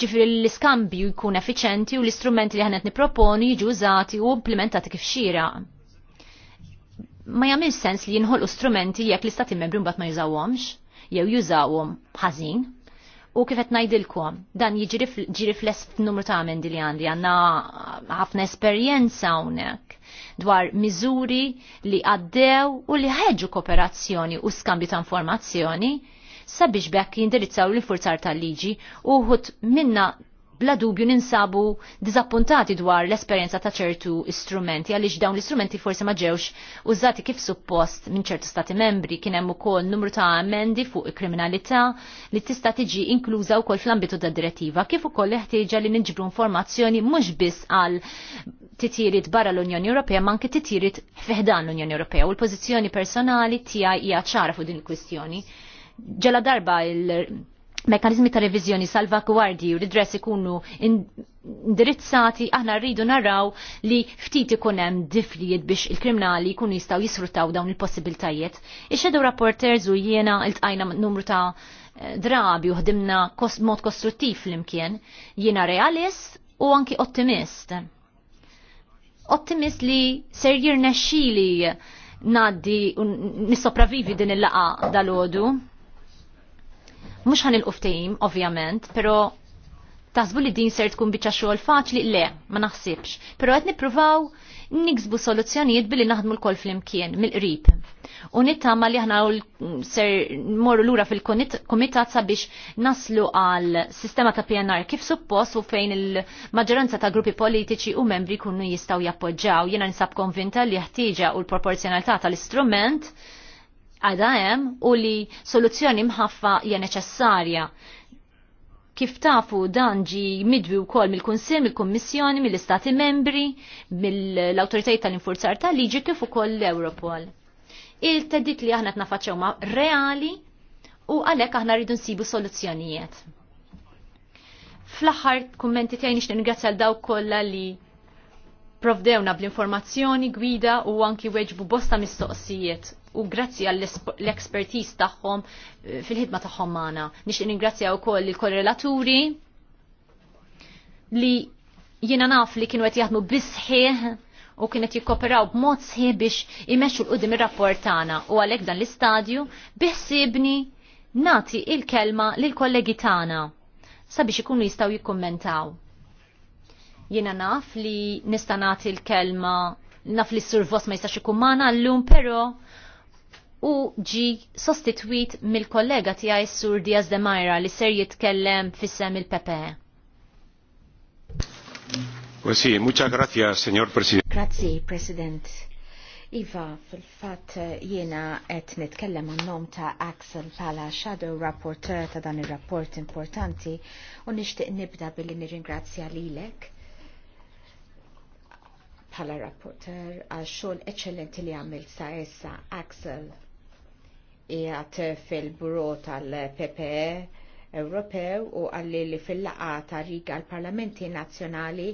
ġifiri l-iskambju jkun effiċenti u l-istrumenti li ħanet niproponi jiġu użati u implementati kif xira. Ma jagħmel sens li jinħolqu strumenti jekk l-istati membri mbagħad ma jużawhomx, jew jużawhom ħażin. U kif qed ngħidilkom, dan jiġi rifless f'numru ta' amendi li għandi għandna ħafna esperjenza hawnhekk dwar miżuri li għaddew u li ħeġġu kooperazzjoni u skambju ta' informazzjoni sabiex bekk jindirizzaw l-infurzar tal-liġi u uħut minna bla dubju ninsabu dizappuntati dwar l-esperjenza ta' ċertu istrumenti għaliex dawn l-istrumenti forsi ma ġewx użati kif suppost minn ċertu stati membri kien hemm ukoll numru ta' amendi fuq kriminalità li tista' tiġi inkluża wkoll fl-ambitu tad direttiva kif ukoll ħtieġa li niġbru informazzjoni mhux biss għal titirit barra l-Unjoni Ewropea ma anke titjiriet fiħdan l-Unjoni Ewropea u l-pożizzjoni personali tiegħi hija ċara fuq din il-kwistjoni ġela darba il-mekanizmi ta' revizjoni salvagwardi u ridress ikunu indirizzati, aħna rridu naraw li ftit ikun hemm diflijiet biex il-kriminali jkunu jistgħu jisfruttaw dawn il-possibiltajiet. Ix-shadow rapporters u jiena iltqajna numru ta' drabi u ħdimna mod kostruttiv flimkien, jiena realist u anki ottimist. Ottimist li ser jirnexxili naddi nissopravivi din il-laqa dal-ħodu. Mux għan il uftajim ovvjament, pero taħsbu li din ser tkun biċċa xogħol faċli le, ma naħsibx. Pero qed nippruvaw niksbu soluzzjonijiet billi naħdmu l-kol fl-imkien, mill-qrib. U nittama li ħna ser morru lura fil-komitat sabiex naslu għal sistema ta' PNR kif suppost u fejn il-maġġoranza ta' gruppi politiċi u membri kunu jistaw jappoġġaw. Jena nisab konvinta li ħtieġa u l-proporzjonalità tal-istrument għada hemm u li soluzzjoni mħaffa hija neċessarja. Kif tafu dan ġi midwi wkoll mill-Kunsill, mill-Kummissjoni, mill-Istati Membri, mill autoritajt tal-Infurzar tal-Liġi kif ukoll l-Europol. Il-teddit li aħna tnafaċċew ma' reali u għalhekk aħna rridu nsibu soluzzjonijiet. Fl-aħħar kummenti tiegħi nix ningrazzja l dawk kollha li provdewna bl-informazzjoni, gwida u anki weġbu bosta mistoqsijiet u grazzi għall ekspertiz tagħhom eh, fil-ħidma tagħhom magħna. Nixtieq ningrazzja wkoll il-korrelaturi li jiena naf li kienu qed jaħdmu bisħieħ u kienet jikkoperaw b'mod sħiħ biex imexxu l-qudiem ir-rapport tagħna u għalhekk dan l-istadju biħsibni nati il-kelma lill kollegi tagħna sabiex ikunu jistgħu jikkummentaw. Jiena naf li nista' nagħti l-kelma naf li s-survos ma jistax ikun l llum, però u ġi sostitwit mill-kollega tiegħi Sur Diaz de Mayra li ser jitkellem fissem il-PPE. Pues sí, muchas gracias, señor presidente. Grazie, President. Iva, fil-fat jiena qed nitkellem man-nom ta' Axel pala Shadow Rapporteur ta' dan ir-rapport importanti u nixtieq nibda billi nirringrazzja lilek pala rapporteur għal xogħol eċċellenti li għamilt sa' issa Axel jgħat fil-buro tal-PPE Ewropew u għalli li fil-laqa ta' riga l-Parlamenti Nazzjonali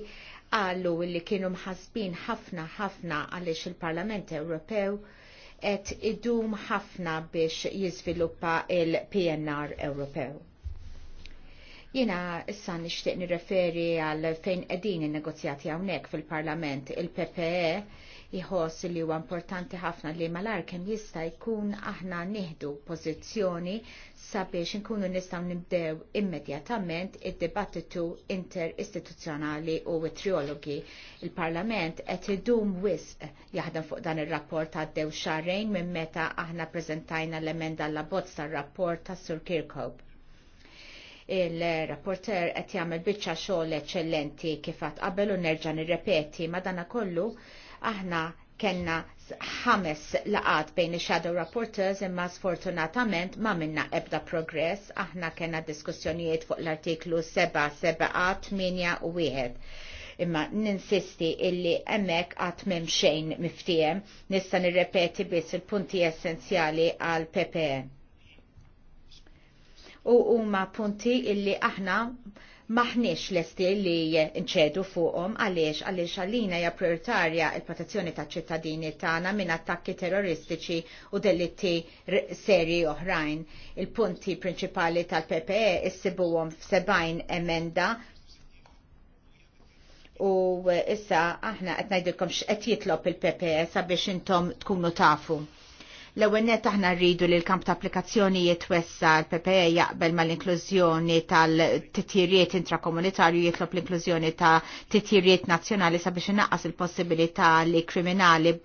għallu li kienu mħasbin ħafna ħafna għalix il-Parlament Ewropew et idum ħafna biex jizviluppa il-PNR Ewropew. Jina issa nixtieq nirreferi għal fejn qegħdin in-negozjati hawnhekk fil-Parlament il-PPE iħos li huwa importanti ħafna li malar kemm jista' jkun aħna neħdu pożizzjoni sabiex nkunu nistgħu nibdew immedjatament id-dibattitu interistituzzjonali u triologi. Il-Parlament qed idum wisq jaħdem fuq dan ir-rapport għaddew xarrejn minn meta aħna preżentajna l-emenda l bozz tar-rapport tas-Sur Kirkhope il-rapporter qed jagħmel biċċa xogħol eċċellenti kif qabel u nerġa' nirrepeti madana kollu Aħna kellna ħames laqat bejn il-Shadow Reporters imma sfortunatament ma minna ebda progress, aħna kellna diskussjonijiet fuq l-artiklu 7, 7, 8 u 1. Imma ninsisti illi emmek għat xejn miftijem, nista nirrepeti biss il-punti essenzjali għal ppn e. U huma punti illi aħna maħniex lesti li nċedu fuqhom għaliex għaliex għalina hija prioritarja l-protezzjoni ta' ċittadini tagħna minn attakki terroristiċi u delitti seri oħrajn. Il-punti prinċipali tal-PPE issibuhom f-70 emenda u issa aħna qed ngħidilkom x'qed jitlob il-PPE sabiex intom tkunu tafu. L-ewennet aħna rridu li l-kamp ta' applikazzjoni jitwessa l ppa e jaqbel ma l-inklużjoni tal-titjiriet intrakomunitarju jitlob l-inklużjoni ta' titjiriet nazjonali sabiex inaqqas il-possibilità li kriminali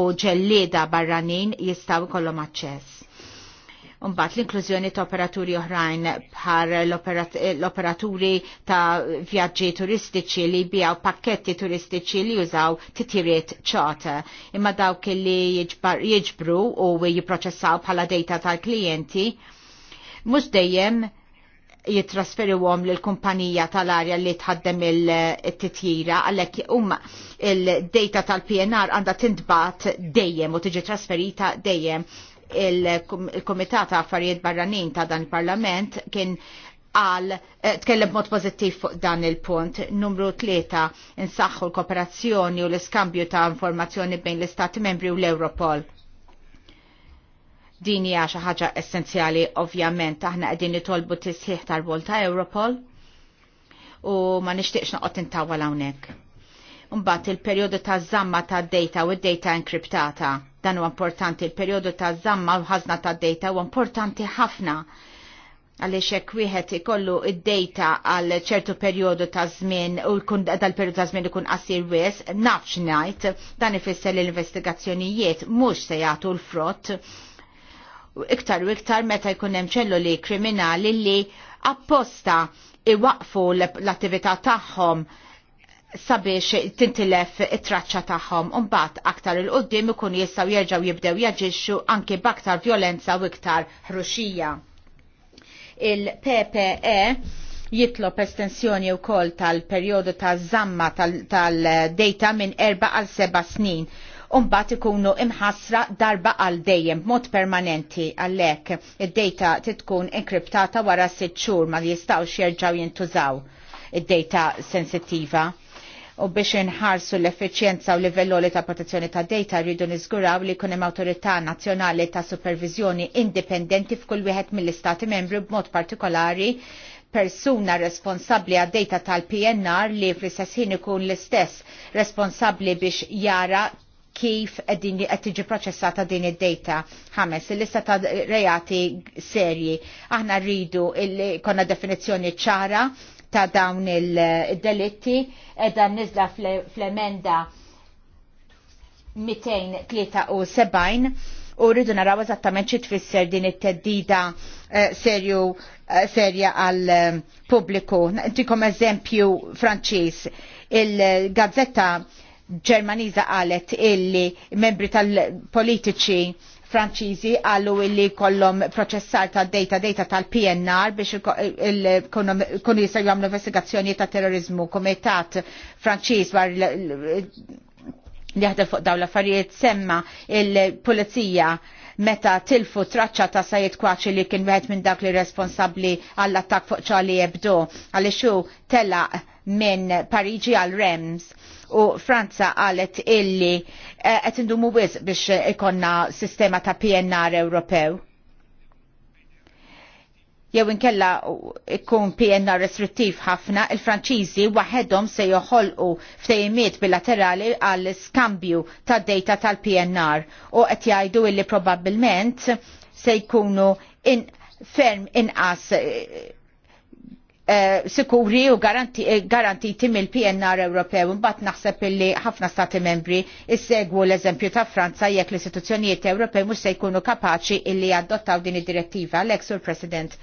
u ġellieda barranin jistaw kollom aċċess. Unbat l-inklużjoni ta' operaturi oħrajn bħal l-operaturi ta' vjaġġi turistiċi li bijaw pakketti turistiċi li jużaw titiriet ċata. Imma dawk li jiġbru u jipproċessaw bħala data tal-klijenti mhux dejjem għom l kumpanija tal-arja li tħaddem il-titjira għalhekk huma il-data tal-PNR għandha tindbat dejjem u tiġi trasferita dejjem il-Komitat ta' Affarijiet Barranin ta' dan il-Parlament kien għal eh, tkellem mod pozittiv fuq dan il-punt. Numru tlieta insaħħu l-kooperazzjoni u l-iskambju ta' informazzjoni bejn l-Istati membri u l-Europol. Din hija xi ħaġa essenzjali ovvjament aħna qegħdin nitolbu tisħiħ tal-rwol ta' Europol u ma nixtieqx noqgħod intawwal hawnhekk. Mbagħad il-perjodu ta' żamma ta' data u d-data inkriptata Dan huwa importanti, il-perjodu ta' zamma u ħazna ta' data huwa importanti ħafna għaliex hekk wieħed ikollu id-data għal ċertu perjodu ta' żmien u jkun dal-perjodu ta' żmien ikun qasir wies, nafx ngħid, dan ifisser l-investigazzjonijiet mhux se jagħtu l-frott. Iktar u iktar meta jkun hemm ċelluli kriminali li apposta iwaqfu l-attività tagħhom sabiex tintilef it-traċċa tagħhom u mbagħad aktar il qudiem ikun jistgħu jerġgħu jibdew jaġixxu anke b'aktar violenza u iktar ħruxija. Il-PPE jitlob estensjoni wkoll tal-perjodu ta' zamma tal-data minn erba' għal seba' snin umbat ikunu imħasra darba għal dejjem mod permanenti għallek id-data titkun enkriptata wara sitt xhur ma jistgħux jerġgħu jintużaw id-data sensittiva u biex inħarsu l-effiċjenza u livelloli ta' protezzjoni ta' data rridu niżguraw li kunem autorità nazzjonali ta' supervizjoni indipendenti f'kull wieħed mill-istati membri b'mod partikolari persuna responsabli għad data tal-PNR li fl istessin ikun l-istess responsabli biex jara kif qed tiġi proċessata din id-data. Ħames, il-lista ta' rejati serji. Aħna rridu konna definizzjoni ċara ta' dawn il-delitti eh, edha nizla fl-emenda 273 u rridu naraw eżattament xi tfisser din it-teddida eh, serju eh, serja għal pubbliku. Ntikom eżempju Franċiż, il-gazzetta Ġermaniża qalet illi membri tal-politiċi Franċiżi għallu illi kollom proċessar ta' data data tal-PNR biex kunu jistaw jgħamlu investigazzjoni ta' terrorizmu komitat Franċiż war li jaħdem fuq dawn l-affarijiet semma il-pulizija meta tilfu traċċa ta' sajiet Kwaċi li kien wieħed minn dak li responsabli għall-attak fuq ċali Ebdo għal xu tella minn Parigi għal Rems u Franza għalet illi eh, qed indumu wis biex ikonna sistema ta' PNR Ewropew jew inkella ikkun PNR restrittiv ħafna, il-Franċiżi waħedhom se joħolqu ftejimiet bilaterali għall skambju ta' data tal-PNR u qed jgħidu illi probabbilment se jkunu in ferm inqas eh, Eh, sikuri u eh, garantiti mill-PNR Ewropew mbagħad naħseb illi ħafna stati membri issegwu l-eżempju ta' Franza jekk l-istituzzjonijiet Ewropew mhux se jkunu kapaċi illi jadottaw din id-direttiva l sur President.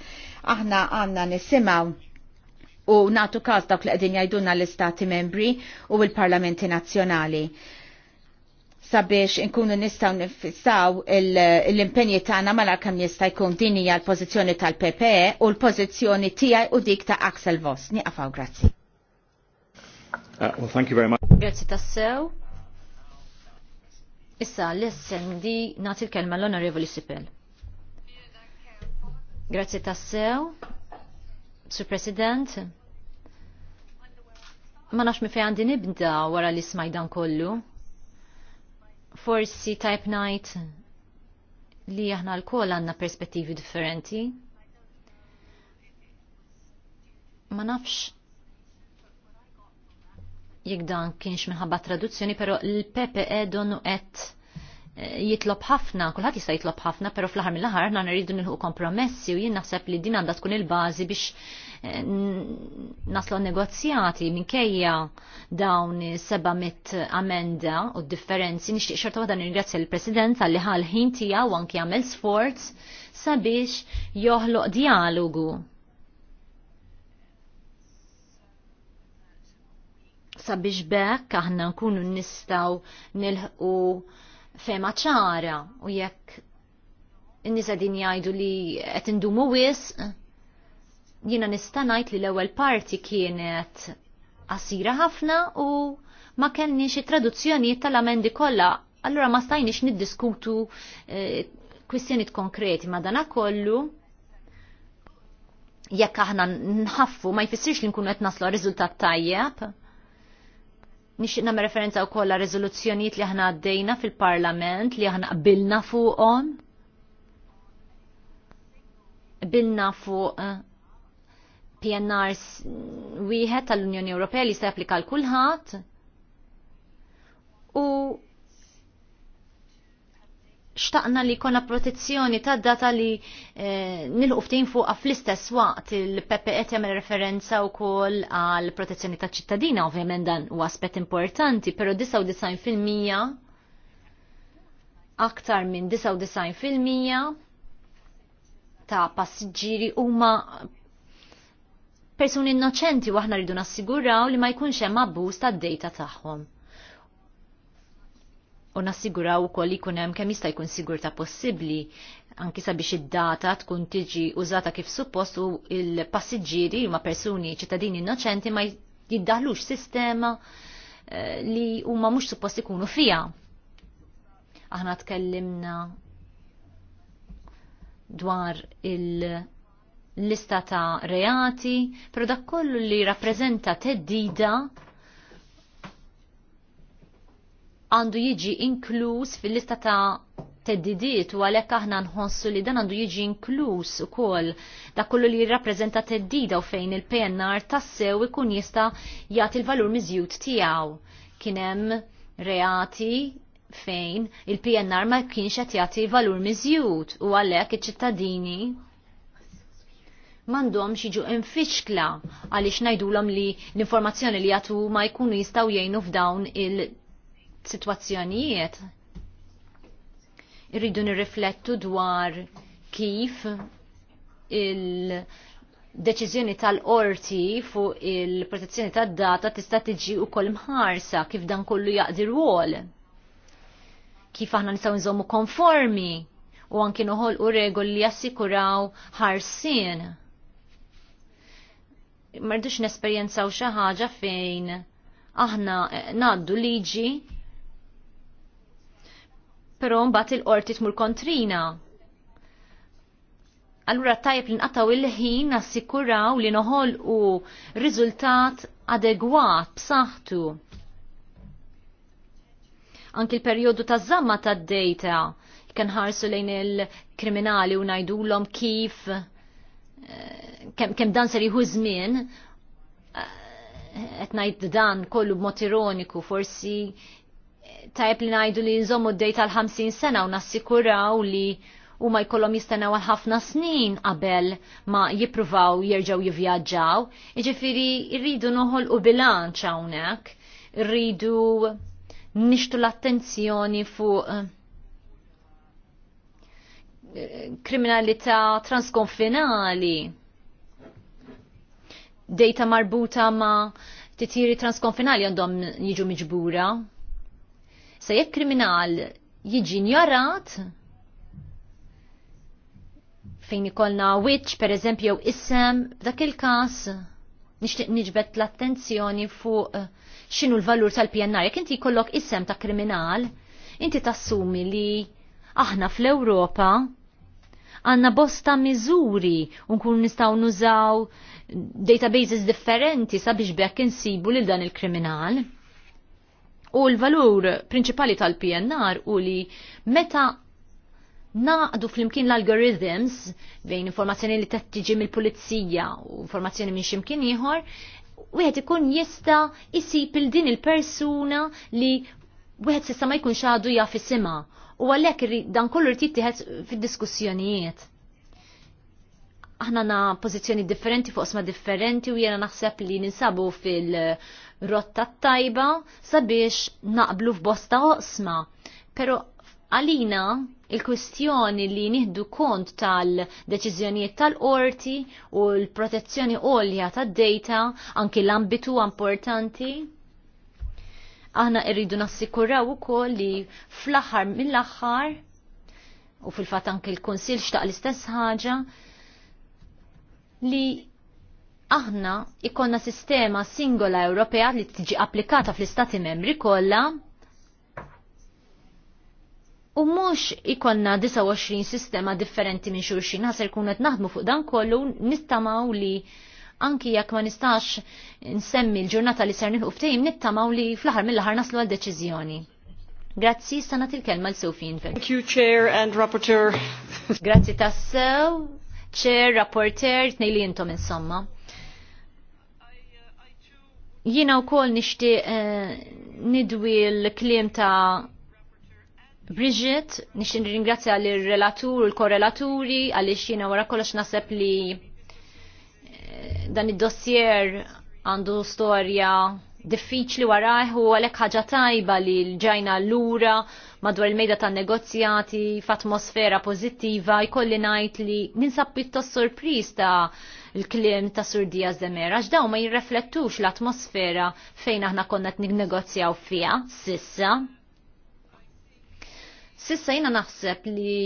Aħna għandna nisimgħu u natu każ dawk li qegħdin jgħidulna l-istati membri u l-parlamenti nazzjonali sabiex inkunu nistaw nifissaw l-impenji tagħna mala kemm jista' jkun din hija l-pożizzjoni tal-PPE u l-pożizzjoni tiegħi u dik ta' Axel Voss. Niqafaw grazzi. Uh, well, thank you very much. Grazzi tassew. Issa l-SND nagħti l-kelma l-Onorevoli Sipel. Grazzi tassew. Sur President. Ma nafx mi fej għandi nibda wara li smajdan kollu forsi type night li aħna l-kol għanna perspettivi differenti. Ma nafx jekk dan kienx minħabba traduzzjoni, pero l-PPE donu et jitlob ħafna, kulħadd jista' jitlob ħafna, però fl-aħħar mill-aħħar aħna nridu nilħu kompromessi u jien naħseb li din għandha tkun il-bażi biex eh, naslu negozjati minkejja dawn seba' mit amenda u differenzi nixtieq xorta waħda nirgrazzja l-President għalli ħal ħin tiegħu anke jagħmel sforz sabiex joħloq dialogu. Sabiex bekk aħna nkunu nistgħu nilħu fema ċara u jekk n-nisa din jgħidu li qed indumu wis, jiena nista' ngħid li l-ewwel parti kienet qasira ħafna u ma kenniex traduzzjonijiet tal-amendi kollha, allora ma stajniex niddiskutu eh, kwistjonijiet konkreti ma dana kollu jekk aħna nħaffu ma jfissirx li nkunu qed naslu riżultat tajjeb nixtieq nagħmel referenza wkoll kolla riżoluzzjonijiet li aħna għaddejna fil-Parlament li aħna qbilna fuqhom. Bilna fuq eh, PNR wieħed tal-Unjoni Ewropea li se applika l kulħadd u xtaqna li konna protezzjoni ta' data li eh, nilħu ftin fuqa fl-istess waqt il-PPE jagħmel referenza wkoll għal protezzjoni ta' ċittadina, ovvjament dan u aspett importanti, però 99% aktar minn 99% ta' passiġġieri huma persuni innoċenti u aħna rridu nassiguraw li ma jkunx hemm abbuż tad dejta tagħhom u nassiguraw ukoll li jkun hemm kemm jista' jkun sigurta possibbli anki sabiex id-data tkun tiġi użata kif suppost u il-passiġġieri huma persuni ċittadini innoċenti ma jiddaħlux sistema eh, li huma mhux suppost ikunu fija. Aħna tkellimna dwar il-lista ta' reati, pero dak kollu li rappreżenta teddida għandu jiġi inkluż fil-lista ta' teddidiet u għalhekk aħna nħossu li dan għandu jiġi inkluż ukoll da kollu li jirrappreżenta teddida u fejn il-PNR tassew ikun jista' jagħti l-valur miżjud tiegħu. Kien hemm reati fejn il-PNR ma kienx qed jagħti valur miżjud u għalhekk iċ-ċittadini mandom xiġu infixkla għaliex ngħidulhom li l-informazzjoni li jagħtu ma jkunu jistgħu jgħinu f'dawn il- situazzjonijiet. Irridu nirriflettu dwar kif il-deċiżjoni tal-qorti fuq il-protezzjoni tad-data tista' tiġi wkoll mħarsa kif dan kollu jaqdir wol. Kif aħna nistgħu nżommu konformi u anki noħolqu regoli li jassikuraw ħarsien mardux nesperjenzaw xi ħaġa fejn aħna naddu liġi Pero mbagħad il-qorti tmur kontrina. Allura tajjeb li nqataw il-ħin nassikuraw li noħolqu riżultat adegwat b'saħħtu. Anki l-perjodu ta' żamma tad-dejta kien ħarsu lejn il-kriminali u ngħidulhom kif eh, kemm dan ser jieħu żmien eh, qed ngħid dan kollu b'mod ironiku forsi tajb li najdu li nżommu d-dej tal-50 sena u nassikuraw li u ma jkollhom jistennew għal ħafna snin qabel ma jippruvaw jerġgħu jivvjaġġaw. Iġifiri, rridu noħolqu bilanċ hawnhekk, rridu nixtu l-attenzjoni fuq eh, kriminalità transkonfinali dejta marbuta ma titjiri transkonfinali għandhom jiġu miġbura Se jekk kriminal jiġi njorat, fejn ikolna witch, per eżempju, jew isem, f'dak il każ nixtieq niġbet l-attenzjoni fuq eh, x'inhu l-valur tal-PNR. Jekk inti jkollok isem ta' kriminal, inti tassumi li aħna fl-Ewropa għanna bosta miżuri unkun nistaw nużaw databases differenti sabiex bekk insibu lil dan il-kriminal. U l-valur prinċipali tal-PNR u li meta naqdu flimkien l-algorithms bejn informazzjoni li tattiġi mill-pulizija u informazzjoni minn ximkien ieħor, wieħed ikun jista' isib il din il-persuna li wieħed s'issa ma jkun għadu jaf U għalhekk dan kollu rrid jittieħed fid-diskussjonijiet. Aħna na pożizzjoni differenti fuq osma differenti u jiena naħseb li ninsabu fil- rotta tajba sabiex naqblu f'bosta oqsma. Pero għalina il-kwistjoni li nieħdu kont tal-deċiżjonijiet tal-qorti u l-protezzjoni olja tad-data anki l-ambitu importanti. Aħna irridu nassikuraw ukoll li fl-aħħar mill-aħħar u fil-fatt anki l-Kunsill xtaq l-istess ħaġa li aħna ikonna sistema singola Ewropea li tiġi applikata fl-istati membri kollha u mhux ikonna 29 sistema differenti minn xulxin ħasser kun qed naħdmu fuq dan kollu nittamaw li anki jekk ma nistax nsemmi l-ġurnata li ser nieħu ftehim nittamaw li fl-aħħar mill-aħħar naslu għal deċiżjoni. Grazzi, sanat il-kelma l-Sofin. Thank you, Chair and Rapporteur. Grazzi tassew, Chair, Rapporteur, tnejli jintom insomma. Jina u kol nishti uh, nidwi l-klim ta' Bridget, nixin ringrazzja l-relatur u l-korrelaturi, għalix jina wara kollox naseb li eh, dan id-dossier għandu storja diffiċli warajh u għalek ħaġa tajba li l-ġajna l-lura madwar il-mejda ta' negozjati f'atmosfera pozittiva jkolli najt li ninsab pittos sorpriz ta' il-kliem ta' surdija zemera, x'daw ma jirreflettux l-atmosfera fejn aħna konna t-negozjaw fija, sissa. Sissa jina naħseb li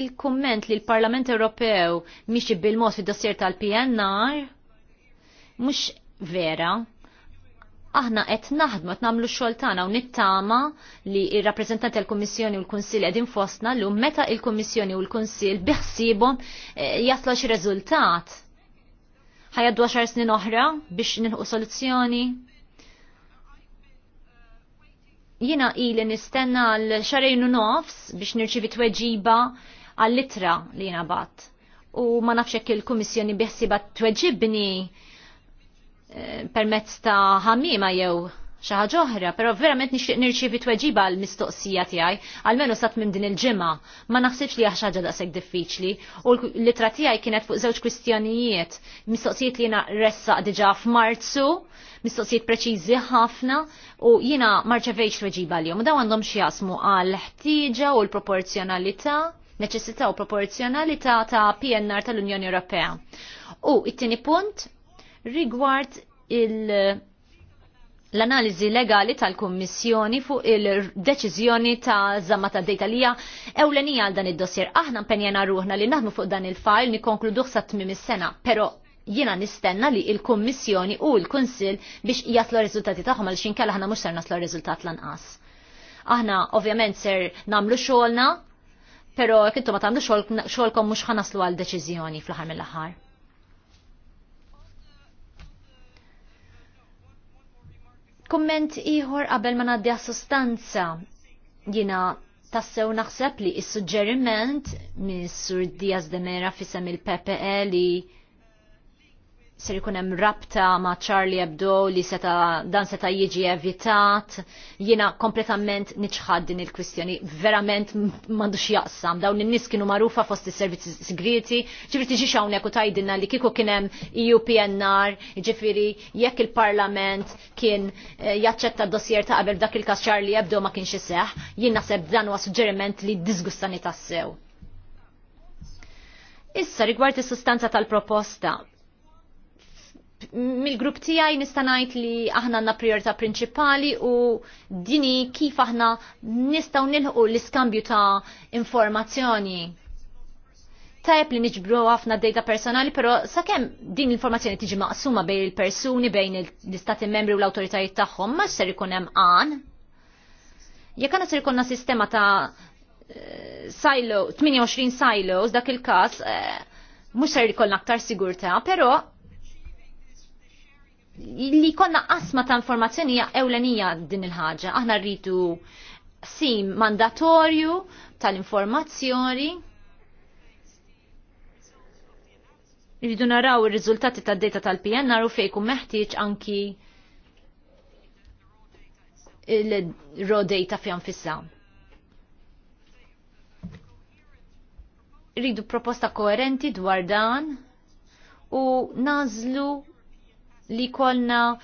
il-komment li l-Parlament Ewropew miexi bil-mod fid dossier tal-PNR mhux vera aħna qed naħdmu qed nagħmlu x-xogħol tagħna u nittama li r-rappreżentanti tal-Kummissjoni u l-Kunsill qegħdin fostna llum meta il-Kummissjoni u l-Kunsill biħsibhom eh, jaslu xi riżultat. Ħajaddu għaxar snin oħra biex nilħu soluzzjoni jina ili nistenna l-xarajn u nofs biex nirċivi tweġiba għall-litra li jina bat. U ma nafxek il kummissjoni biħsiba tweġibni Eh, permezz ta' ħammima jew xi ħaġa oħra, però verament nixtieq nirċievi tweġiba għall mistoqsija tiegħi, għalmenu sat minn din il-ġimgħa. Ma naħsibx li hija ħaġa daqshekk diffiċli u l-litra tiegħi kienet fuq żewġ kwistjonijiet, mistoqsijiet li jiena ressaq diġà f'Marzu, mistoqsijiet preċiżi ħafna u jiena marċevejx tweġiba għalihom. Daw għandhom xi jasmu għal ħtieġa u l-proporzjonalità neċessità u proporzjonalità ta' PNR tal-Unjoni Ewropea. U it-tieni punt rigward l-analizi legali tal-Kommissjoni fuq il-deċiżjoni ta' zamma ta' dejta ewlenija għal dan id-dossier. Aħna mpenjena ruħna li naħdmu fuq dan il-fajl nikonkluduh sa' tmim is-sena, però jiena nistenna li il-Kommissjoni u l-Kunsil biex jaslu r-riżultati tagħhom għal xinkella aħna mhux ser naslu r-riżultat lanqas. Aħna ovvjament ser namlu xogħolna, però kintu ma tagħmlu xogħolkom mhux ħanaslu għal deċiżjoni fl-aħħar mill-aħħar. Komment iħor qabel ma naddi sostanza jina tassew naħseb li is-suġġeriment minn Sur Diaz de Mera fisem il-PPE li ser jkun hemm rabta ma' Charlie Hebdo li seta dan seta jiġi evitat. Jiena kompletament niċħad din il-kwistjoni, verament m'għandux jaqsam. Dawn in-nies kienu magħrufa fost is-servizzi segreti, ġifieri tiġix hawnhekk u tgħidilna li kieku kien hemm EUPNR, ġifieri jekk il-Parlament kien eh, jaċċetta d dossier ta' qabel dak il-każ Charlie Hebdo ma kienx iseħħ, jien naħseb dan huwa suġġeriment li disgustani tassew. Issa rigward is-sustanza tal-proposta, mill-grupp tiegħi nista' ngħid li aħna għandna priorita prinċipali u dini kif aħna nistgħu nilħu l-iskambju ta' informazzjoni. Tajb li niġbru ħafna data personali, però sakemm din l-informazzjoni tiġi maqsuma bejn il-persuni, bejn l-istati membri u l-awtoritajiet tagħhom, ma ser ikun hemm għan. Jekk għandna ser ikunna sistema ta' silo, 28 silos dak il-każ, eh, mhux ser ikunna aktar sigurtà, però li konna qasma ta' informazzjoni hija ewlenija din il-ħaġa. Aħna rridu sim mandatorju tal-informazzjoni Rridu naraw ir-riżultati tad-data tal-PNR u fejku meħtieġ anki il-raw data fjan fissa. Rridu proposta koerenti dwar dan u nażlu li kolna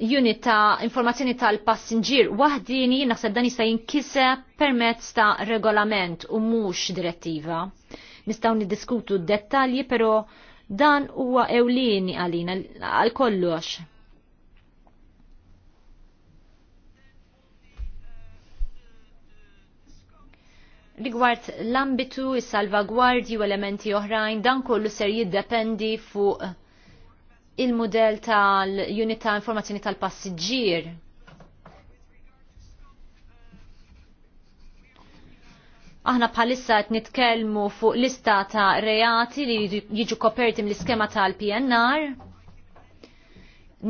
unit ta' informazzjoni tal-passinġir wahdini naħseb dan jista' jinkiseb permezz ta' regolament u mhux direttiva. Nistgħu niddiskutu d-dettalji però dan huwa ewlieni għalina għal kollox. Rigward l-ambitu, il salvagwardji u elementi oħrajn, dan kollu ser jiddependi fuq il model tal-unit ta' informazzjoni tal-passiġġier. Aħna bħalissa qed nitkellmu fuq lista ta' reati li jiġu koperti mill-iskema tal-PNR.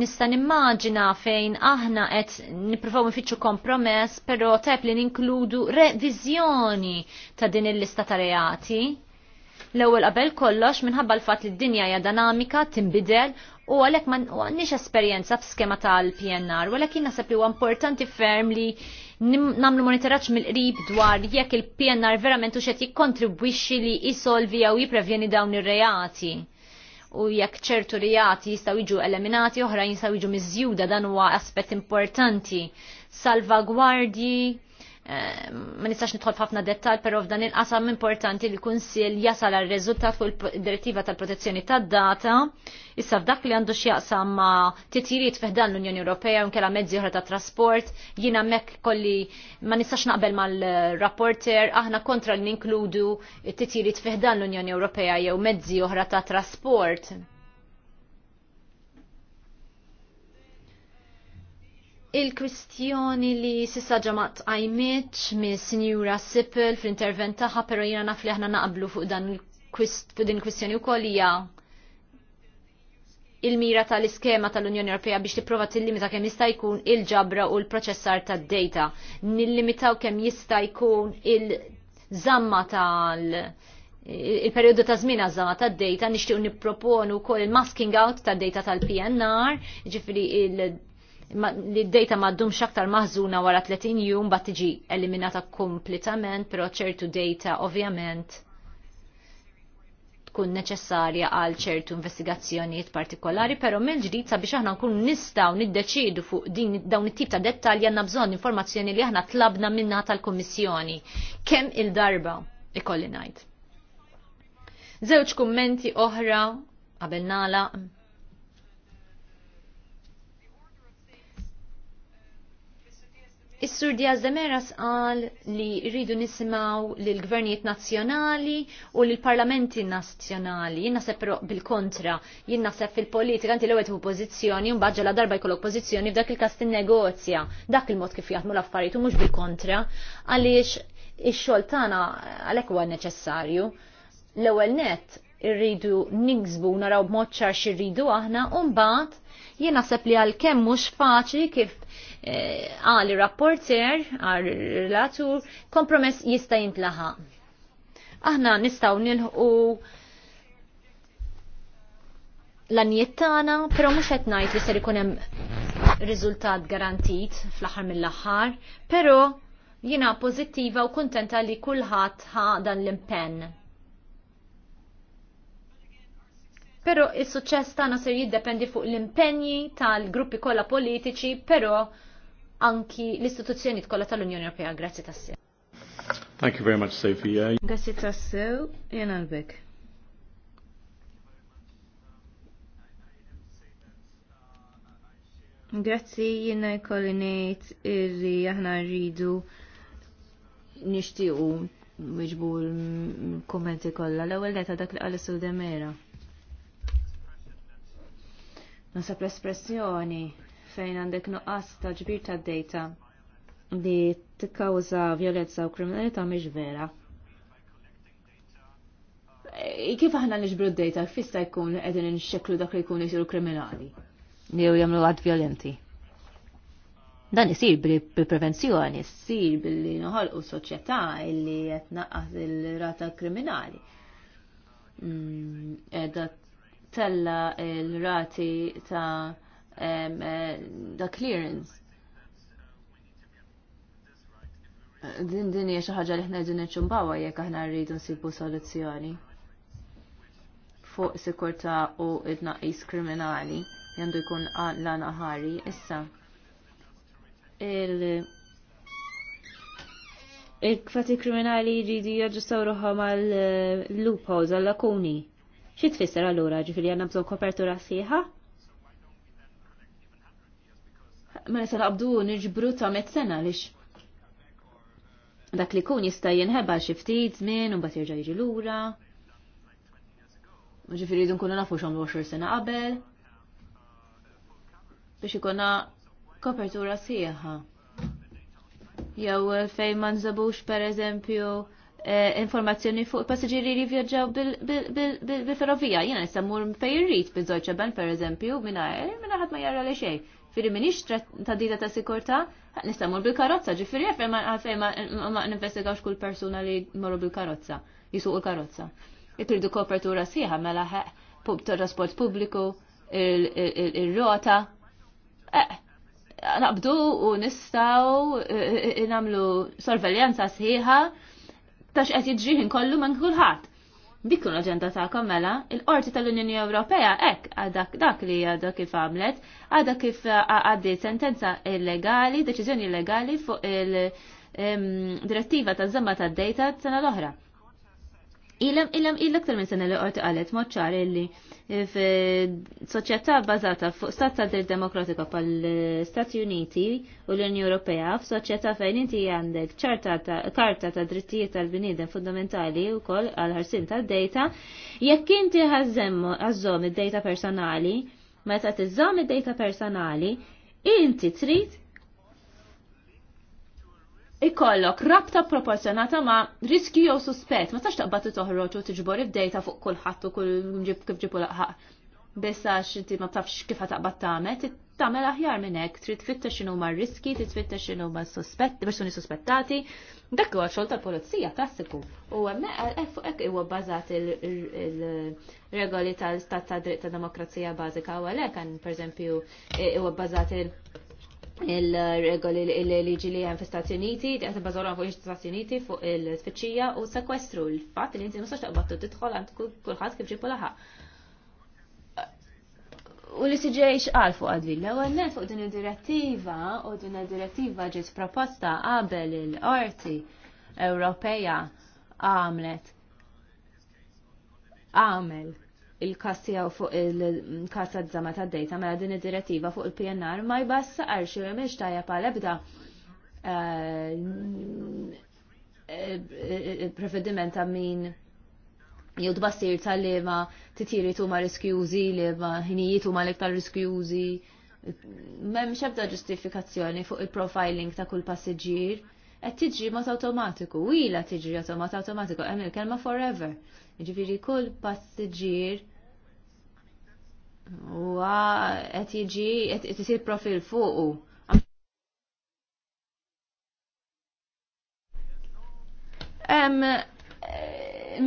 Nista' nimmaġina fejn aħna qed nippruvaw nfittxu kompromess, però tep li ninkludu reviżjoni ta' din il-lista ta' reati L-ewwel qabel kollox minħabba l-fatt li d-dinja hija dinamika, tinbidel u għalhekk m'għandniex esperjenza f'skema tal-PNR, walakin naħseb li huwa importanti ferm li nagħmlu monitoraġġ mill-qrib dwar jekk il-PNR verament hux qed jikkontribwixxi li jisolvi jew jipprevjeni dawn ir-reati u jekk ċertu reati jistgħu jiġu eliminati oħra jistgħu jiġu miżjuda dan huwa aspett importanti salvagwardji Eh, ma nistax nidħol f'ħafna dettal, però f'dan il-qasam importanti li kunsil jasal għal reżultat fuq il-direttiva tal-protezzjoni tad-data, issa f'dak li għandu x'jaqsam ma' titjiriet f'dan l-Unjoni Ewropea u nkella mezzi oħra ta' trasport, jien hemmhekk kolli ma nistax naqbel mal-rapporter, aħna kontra li ninkludu titjiriet fiħdan l-Unjoni Ewropea jew mezzi oħra ta' trasport Il-kwistjoni li sissa ġamat għajmiċ minn Sinjura Sippel fl-intervent taħħa, pero jena naf li ħna naqblu fuq dan din kwistjoni u kolija il-mira tal-iskema tal-Unjoni Ewropea biex tipprova tillimita kemm jista' jkun il-ġabra u l-proċessar tad-data. Nillimitaw kemm jista' jkun il-żamma tal- il-periodu ta' żmien għażama ta' data nixtiequ nipproponu wkoll il-masking out ta' data tal-PNR, ġifri il- li d-data maddum xaktar maħżuna wara 30 jum bat tiġi eliminata kompletament, pero ċertu data ovvjament tkun neċessarja għal ċertu investigazzjonijiet partikolari, pero mill-ġdid sabiex aħna nkunu nistgħu niddeċidu fuq din dawn it-tip ta' dettalji għandna bżonn informazzjoni li aħna tlabna minna tal-Kummissjoni. Kemm il-darba ikolli ngħid. Żewġ kummenti oħra qabel nagħlaq Is-Sur Diaz de Meras qal li rridu nisimaw l gvernijiet nazzjonali u l parlamenti nazzjonali. Jien naħseb bil-kontra, jien naħseb fil-politika għanti l-ewwel u pozizjoni, un bħagġa la darba jkollok pozizjoni f'dak il-każ negozja Dak il-mod kif jaħdmu l-affarijiet u mhux bil-kontra, għaliex il-xol xogħol tagħna għalhekk huwa neċessarju. L-ewwel net irridu niksbu naraw b'mod ċar rridu aħna u mbagħad Jien naħseb li għal kemm mhux faċli kif eh, għal rapporter, għal relatur, kompromess jista' jintlaħa. Aħna nistgħu nilħu l-anjiet tagħna, però mhux qed ngħid li ser ikun hemm riżultat garantit fl-aħħar mill-aħħar, però jiena pożittiva u kuntenta li kulħadd ħa dan l-impenn Pero il-suċċess tagħna ser jiddependi fuq l-impenji tal-gruppi kollha politiċi, però anki l-istituzzjoni kollha tal-Unjoni Ewropea. Grazzi tassew. Thank you very much, Sophia. Grazzi tassew, jien għalbek. Grazzi jina jkollinejt irri aħna rridu nixtiequ miġbu kommenti kollha. L-ewwel neta dak li qal is-Sudemera nasab l-espressjoni fejn għandek nuqqas ta' ġbir ta' data li tikkawża violenza u kriminalità mhix vera. Kif aħna niġbru d-data, fista jkun qegħdin nxekklu dak li jkun jisiru kriminali? Jew jagħmlu għad violenti. Dan isir bil-prevenzjoni, jisir billi noħolqu soċjetà illi qed il-rata kriminali. Mm, Edat tella il-rati ta' eh, da clearance. Din din hija xi ħaġa li ħna qegħdin niċċumbawha jekk aħna rridu nsibu soluzzjoni fuq sikurtà u id-naqis kriminali jandu jkun lana ħari issa. Il- il-kvati kriminali jridu jaġġustaw ruħom għal eh, loopholes, għal lakuni xie tfisser għallura ġifir li għanna bżon kopertura sieħa? Ma mela nisa naqbdu nġbru ta' met sena lix. Dak li kun jista' jinħeba xi ftit żmien u mbagħad jerġa' jiġi lura. Ġifieri jridu nkunu nafu xom 20 sena qabel. Biex ikonna kopertura sieħa. Jew man zabux per eżempju. Eh, informazzjoni fuq passiġiri li vjaġġaw bil-ferrovija. Jena nista mur fej irrit bil-Deutsche Bahn per eżempju, minna minna ħadd ma jarra li xej. Firri minix ta' dita ta' sikurta, nista bil-karozza, ġifiri għafej ma' n kull persuna li morru bil-karozza, jisuq il-karozza. Jitridu kopertura siħa mela ħeq trasport pubbliku, il-rota. Eh, naqbdu u nistaw eh, eh, namlu sorveljanza sħiħa tax qed jiġriħin kollu minn kulħadd. Dik kun l-aġenda tagħkom mela, il-Qorti tal-Unjoni Ewropea hekk għadak dak li għadha kif għamlet, għadha kif għaddi sentenza illegali, deċiżjoni illegali fuq il-direttiva taż żemma tad-dejta sena l-oħra Ilem, ilem, ilem aktar minn sena li qorti qalet moċċar illi f'soċjetà bbażata fuq stat ta' dir demokratika pal stati Uniti u l-Unjoni Ewropea f'soċjetà fejn inti għandek karta ta' drittijiet tal-bniedem fundamentali wkoll għal ħarsin tad-dejta, jekk inti għazzom id-dejta personali, meta tiżżomm id-dejta personali, inti trid ikollok rabta proporzjonata ma riski jew suspett, ma tax taqbad toħroġ u tiġbor id-dejta fuq kulħadd u kull kif ġibu laħaq. Biss għax inti ma tafx kif taqbad tagħmel, tagħmel aħjar minn hekk, trid tfittex x'inhu ma riski, trid tfittex x'inhu ma suspetti, persuni suspettati. Dak huwa xogħol tal-pulizija klassiku. U hemmhekk e- e- fuq hekk huwa bbażat il-regoli tal-istat ta' dritt ta' demokrazija bażika u għalhekk għan pereżempju e- huwa bbażat il- il-regoli il-liġi li għan fi Stati Uniti, di bazzorra fuq il-Stati Uniti fuq il-tfittxija u sekwestru l-fat li inti musax taqbattu titħol għand kullħat kif ġipu laħħa. U li siġej xqal fuq għadlilla, u għannet fuq din il-direttiva u din il-direttiva ġiet proposta qabel il-Orti Ewropeja għamlet għamel il-kas tiegħu fuq il-kas żama ta' dejta mela din id-direttiva fuq il-PNR ma jbassaqarx u mhix tajja bħal ebda eh, eh, prevediment ta' min jew tbassir tal-lema titjiri huma riskjużi, hinijiet ħinijiet huma l-iktar riskjużi. M'hemm xebda ġustifikazzjoni fuq il-profiling ta' kull passiġġier qed tiġri mod automatiku, ila tiġri mod automatiku, hemm il-kelma forever. Ġifiri kull passiġġier huwa qed jiġi qed isir profil fuq. u.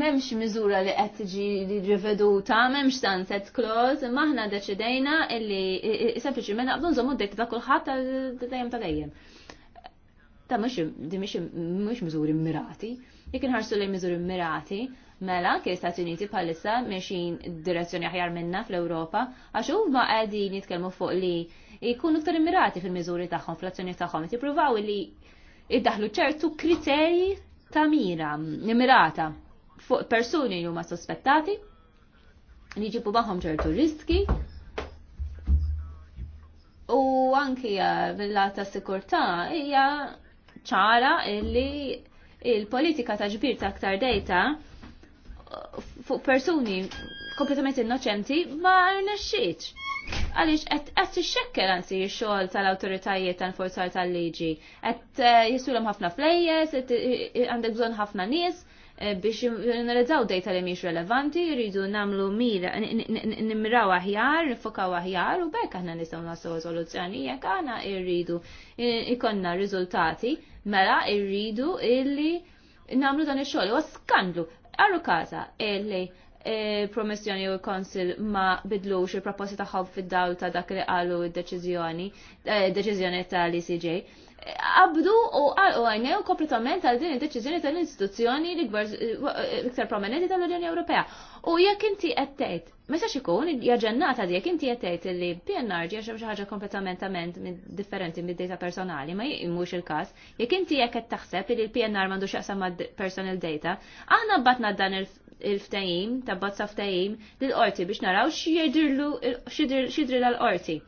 memx miżura li qed tiġi li riveduta, memx sunset clause, maħna deċidejna illi sempliċiment għabdun zomu dek ta' kulħadd tal-dejjem tal-dejjem. Ta' mhux di mux miżuri mirati jek nħarsu li miżuri mirati, mela kif Stati Uniti bħalissa mexin direzzjoni aħjar minna fl-Ewropa għax huma qegħdin jitkellmu fuq li jkunu iktar immirati fil-miżuri tagħhom, fl-azzjoni tagħhom, jippruvaw li iddaħlu ċertu kriterji ta' mira, mirata fuq persuni li huma sospettati li ġibu magħhom ċertu riski u anki eh, mill lata ta' hija ċara illi il-politika ta' ġbir ta' aktar dejta fuq persuni kompletament innoċenti ma rnexxietx. Għaliex qed t tixxekkel anzi x-xogħol tal-awtoritajiet tal-forzar tal-liġi. Għet eh, jisulhom ħafna flejjes, eh, għandek bżonn ħafna nies, Eh, biex nirredaw dejta li miex relevanti, jridu namlu mira, nimraw aħjar, nifokaw aħjar, u bekk aħna nistaw nasaw soluzzjoni, jek aħna irridu ikonna rizultati, mela irridu illi namlu dan il-xol, u skandlu, għarru kaza, illi e, promissjoni u konsil ma bidlux il proposita ħob fid-dawl ta' dak li għallu id-deċizjoni, deċizjoni deċizjoni tal icj qabdu u għajnew kompletament għal din id-deċiżjoni tal-istituzzjoni li gbar eh, iktar prominenti tal-Unjoni Ewropea. U jekk inti qed tgħid, meta ikun jaġennata di jekk inti qed tgħid li PNR ġie għaxem ħaġa kompletament differenti mid-data personali, ma jimmux il-każ, jekk inti jekk qed taħseb li l-PNR m'għandux jaqsam ma' personal data, għana batna dan il-ftajim, ta' bozza ftajim, l-qorti biex naraw xidrilu l-qorti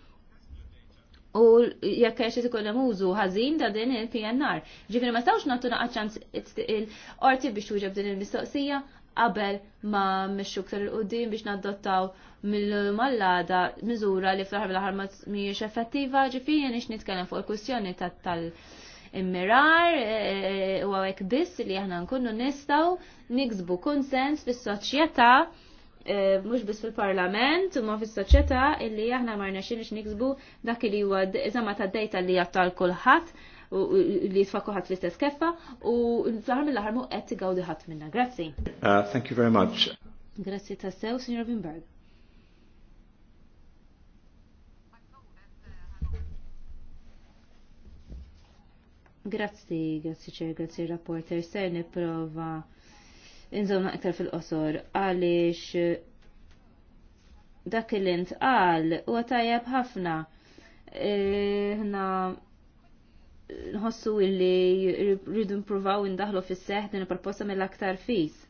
u jekk għax ikun hemm użu ħażin ta' din il-PNR. Ġifieri ma stawx nagħtu naqa' ċans il-qorti biex tuġeb din il-mistoqsija qabel ma mexxu ktar il-qudiem biex nadottaw mill-mallada miżura li fl-ħarb l-ħar mhijiex effettiva, ġifieri nix nitkellem fuq il-kwistjoni tal immirar eh, eh, u għawek biss li aħna nkunu nistaw niksbu konsens fis-soċjetà Eh, mhux biss fil-Parlament ma fis soċeta illi aħna ma rnexxinx niksbu dak li huwa iżama tad-dejta li jattal kulħadd li jitfakku ħat fl-istess keffa u fl-aħħar mill-aħħar mu qed tigawdi ħadd minna. Grazzi. Uh, thank you very much. Grazzi sew, Signor Vinberg. Grazzi, grazzi ċer, grazzi rapporter, ser prova inżomma iktar fil-qosor għaliex dak li għal u tajjeb ħafna e, ħna nħossu illi rridu nipruvaw indaħlu fis-seħ din proposta mill-aktar fis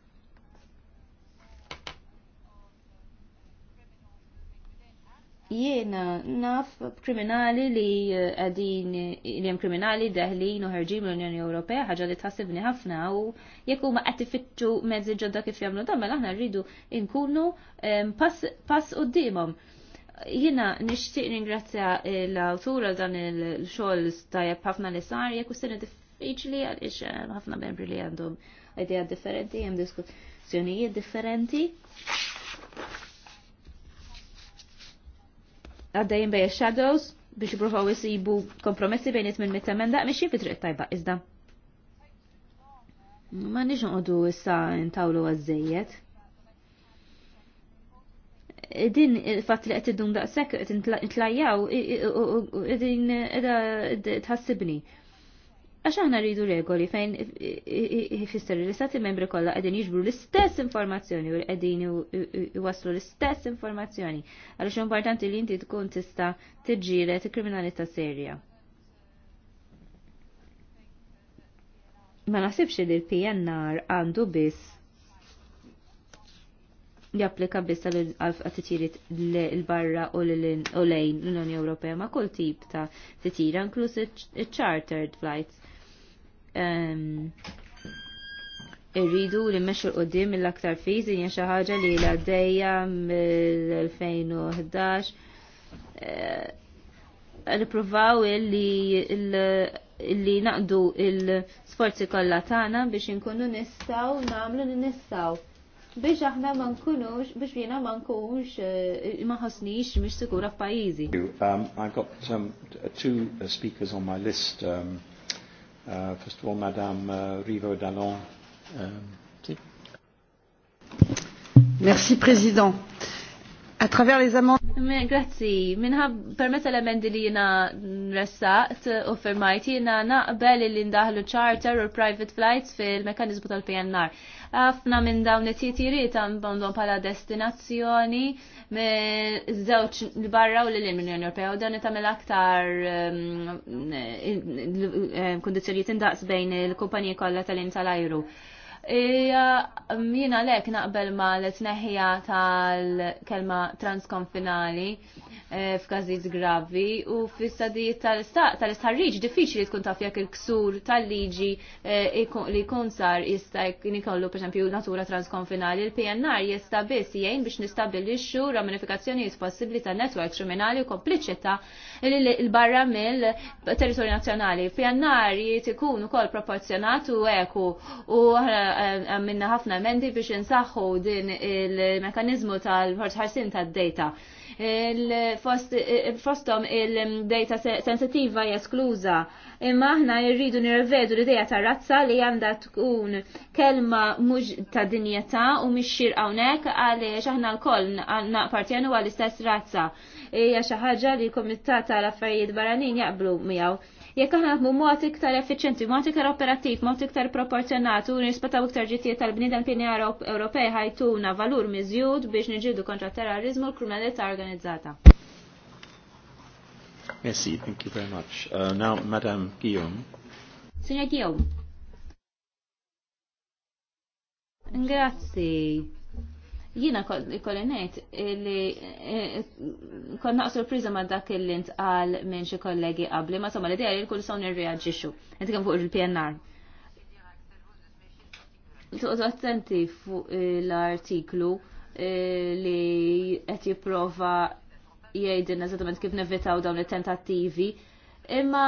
jiena naf kriminali li eh, għadin li jem kriminali daħlin u ħarġim l unjoni Ewropea ħaġa li tħassibni ħafna u jekk huma qed mezzi ġodda kif jagħmlu dan mela aħna rridu nkunu ehm, pass d-dimom. Jiena nixtieq ringrazzja l-awtura dan il-xogħol stajab ħafna li sar jekk s sena diffiċli għaliex eh, ħafna membri li għandhom idea differenti, hemm diskussjonijiet differenti għaddejn bej shadows biex jipruvaw jisibu kompromessi bejn it-tmin mit-temenda, miex jifitriq tajba iżda. Ma nix nqodu issa ntawlu għazzejiet. Din il-fat li qed iddum daqshekk qed intlajjaw din qiegħda tħassibni. Għax aħna rridu regoli fejn jfisser li l-istati membri kollha qegħdin jiġbru l-istess informazzjoni u qegħdin iwasslu l-istess informazzjoni għaliex importanti li inti tkun tista' tiġġieled kriminalità serja. Ma naħsibx li l-PNR għandu biss japplika biss għal-titiriet l-barra u lejn l-Unjoni Ewropea ma' kull tip ta' titira, inkluż chartered flights irridu li mmexxu l qoddim mill-aktar fizi hija xi ħaġa li la dejja mill-2011 eh, Nipruvaw li naqdu il-sforzi kollha tagħna biex inkunu nistaw nagħmlu li biex aħna ma nkunux biex jiena ma nkunx eh, ma ħosnix mhix sikura f'pajjiżi. Um, I've got um, two speakers on my list. Um, Uh, first of all, Madame uh, Rivo Dallon. Uh, um, si. Merci, Président. A travers les amendements. Grazzi, minħab permetta l amendi li jina n ressaqt u firmajt jina naqbel li ndaħlu charter u private flights fil-mekanizmu tal-PNR ħafna minn dawn it-titiriet għandhom bħala destinazzjoni żewġ l-barra u l-Unjoni Ewropea u dan tagħmel aktar um, eh, kundizzjonijiet indaqs bejn il-kumpaniji kollha tal-in tal-ajru. Jiena lek naqbel ma l-tneħħija tal-kelma transkonfinali Eh, f'każijiet gravi u fis-sadijiet tal-istħarriġ diffiċli tkun taf jekk il-ksur tal-liġi eh, li jkun sar jista' jkun ikollu pereżempju natura transkonfinali il-PNR jista' biss jgħin biex nistabilixxu ramifikazzjonijiet possibbli ta' netwerk kriminali u kompliċità l-barra mill-territorju nazzjonali. PNR jgħid ikun ukoll proporzjonat u eku u eh, minna ħafna emendi biex insaħħu din il-mekanizmu tal-ħarsin tad-data fostom il-data sensitiva jeskluża. Imma aħna rridu nirvedu l-ideja ta' razza li għandha tkun kelma mhux ta' dinjeta u mhix xir hawnhekk għaliex aħna l-koll naqpartjenu għall-istess razza. Ija xi ħaġa li l-Kumitat tal-Affarijiet Barranin jaqblu miegħu Jekk aħna naħdmu mod iktar effiċenti, mod iktar operattiv, mod iktar proporzjonat u nirrispettaw iktar ġittijiet tal-bniedem kien Ewropej ħajtuna valur miżjud biex niġġieldu kontra terrorizmu u kriminalità organizzata. Merci, thank you very much. Uh, now, Madame Guillaume. Signor Guillaume. Grazie. Jina kollinajt li eh, eh, konna sorpriza ma dak il-lint ntqal minn xi kollegi għabli ma somma l-idea li kull son irreagġixxu. Qed kemm fuq il-PNR. Tuqt attenti fuq l-artiklu eh, li qed jipprova jgħidilna eżattament kif nevitaw dawn it-tentattivi, imma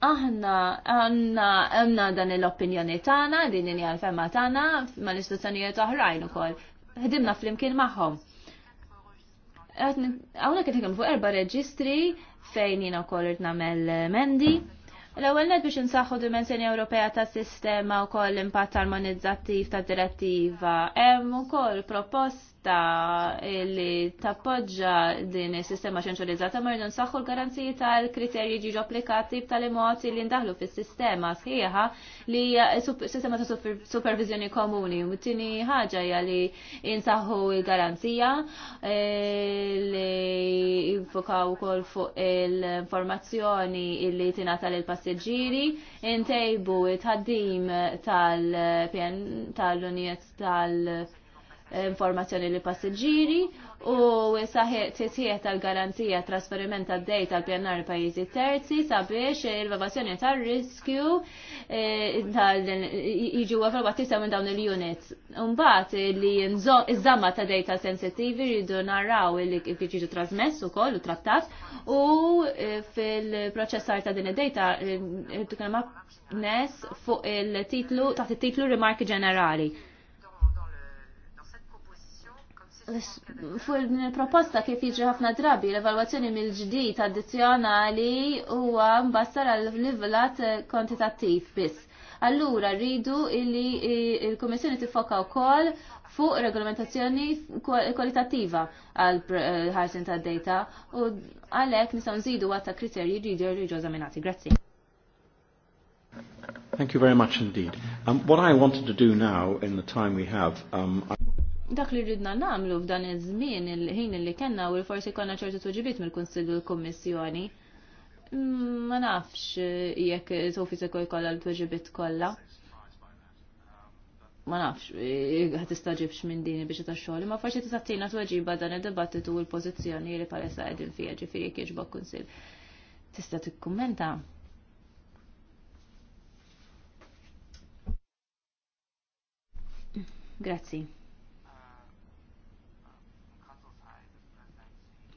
aħna għanna għanna dan l-opinjoni tagħna, din hija l-femma tagħna uħrajn u oħrajn Għedimna Ħdimna flimkien magħhom. Għawna qed fuq erba' reġistri fejn jina wkoll irid nagħmel mendi. L-ewwel net biex insaħħu dimensjoni Ewropea tas sistema wkoll impatt armonizzattiv tad direttiva hemm ukoll propost ta' li tappoġġa din is-sistema ċentralizzata ma rridu nsaħħu l-garanziji tal-kriterji ġiġu applikati b'tali mod li ndaħlu fis-sistema sħiħa li hija sistema ta' supervizjoni komuni. U tini ħaġa hija li insaħħu l-garanzija eh, li jinfokaw ukoll fuq l-informazzjoni li tingħata lil passeġġieri, intejbu it-ħaddim tal-pjan tal-unijiet tal-, -pjan, tal informazzjoni li passiġġieri u tisħiet tal-garanzija trasferiment tad dej tal-PNR pajjiżi terzi sabiex il-vavazzjoni tar-riskju eh, jiġu evalwati sew minn dawn il-units. Unbat li iż-żamma ta' data sensittivi rridu narraw li kif trasmessu trasmess ukoll u trattat u eh, fil-proċessar ta' din id-data eh, nes fuq il-titlu taħt it-titlu rimarki ġenerali fuq din il-proposta kif jiġri ħafna drabi l-evalwazzjoni mill-ġdid addizzjonali huwa mbassar għal livellat kwantitattiv biss. Allura rridu illi il-Kummissjoni tifoka wkoll fuq regolamentazzjoni kwalitattiva għal eh, ħarsin ta' data u għalek nisaw nżidu għatta kriterji rridu rridu ġozaminati. Grazzi. Thank you very much indeed. Um, what I wanted to do now in the time we have... Um, I dak li rridna nagħmlu f'dan iż-żmien il-ħin li kellna u forsi konna ċertu tuġibiet mill-Kunsill u l-Kummissjoni. Mm, ma nafx eh, jekk Sofi se jkollha l-tuġibiet kollha. Ma nafx, eh, ħat istaġibx minn dini biex ta' xogħol, ma forsi tisattina tweġiba dan id-dibattitu u l-pożizzjoni li palessa qegħdin fiha ġifieri kieġbok kunsill. Tista' tikkummenta? Grazzi.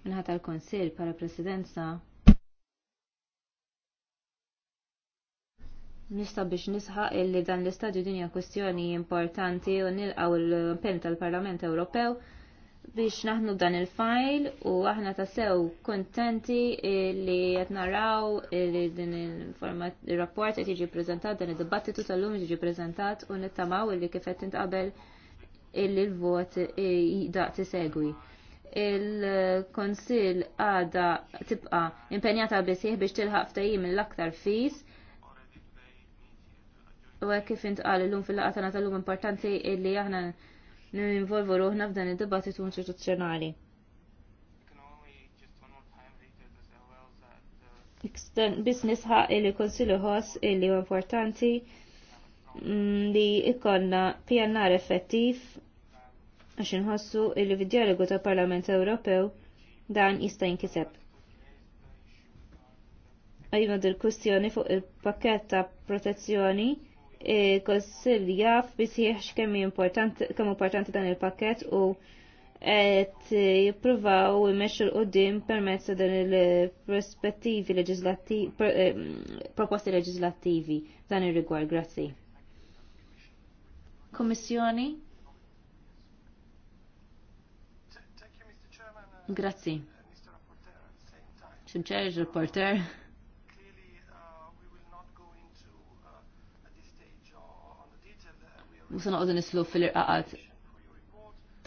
minħat tal-Konsil para presidenza nista biex nisħaq illi dan l-istadju dinja kwestjoni importanti u nilqaw l-impenn tal-Parlament Ewropew biex naħnu dan il-fajl u aħna tassew kontenti li qed naraw li din il-rapport qed jiġi preżentat dan id-dibattitu tal-lum jiġi preżentat u nittamaw illi kif qed tintqabel illi l-vot daq tisegwi. segwi il-Konsil għada tibqa impenjata bisih biex tilħaq ftajim l-aktar fis. U għek kif intqal l-lum fil-laqatana tal-lum importanti illi aħna ninvolvu ruħna f'dan id-dibattitu istituzzjonali. Business ħaq illi konsilu ħoss illi importanti mm, li ikonna pjannar effettiv għax inħossu li fid-dialogu ta' Parlament Ewropew dan jista' jinkiseb. Għajma iva, dil-kustjoni fuq il-pakket ta' protezzjoni konsil jaf bisieħx kemm importanti dan il-pakket u qed jippruvaw imexxu l-qudiem permezz ta' dan il-prospettivi eh, proposti leġislattivi dan ir-rigward. Grazzi. Kommissjoni? Grazzi. Xinċer, reporter. Musa naqdu nislu fil-irqaqat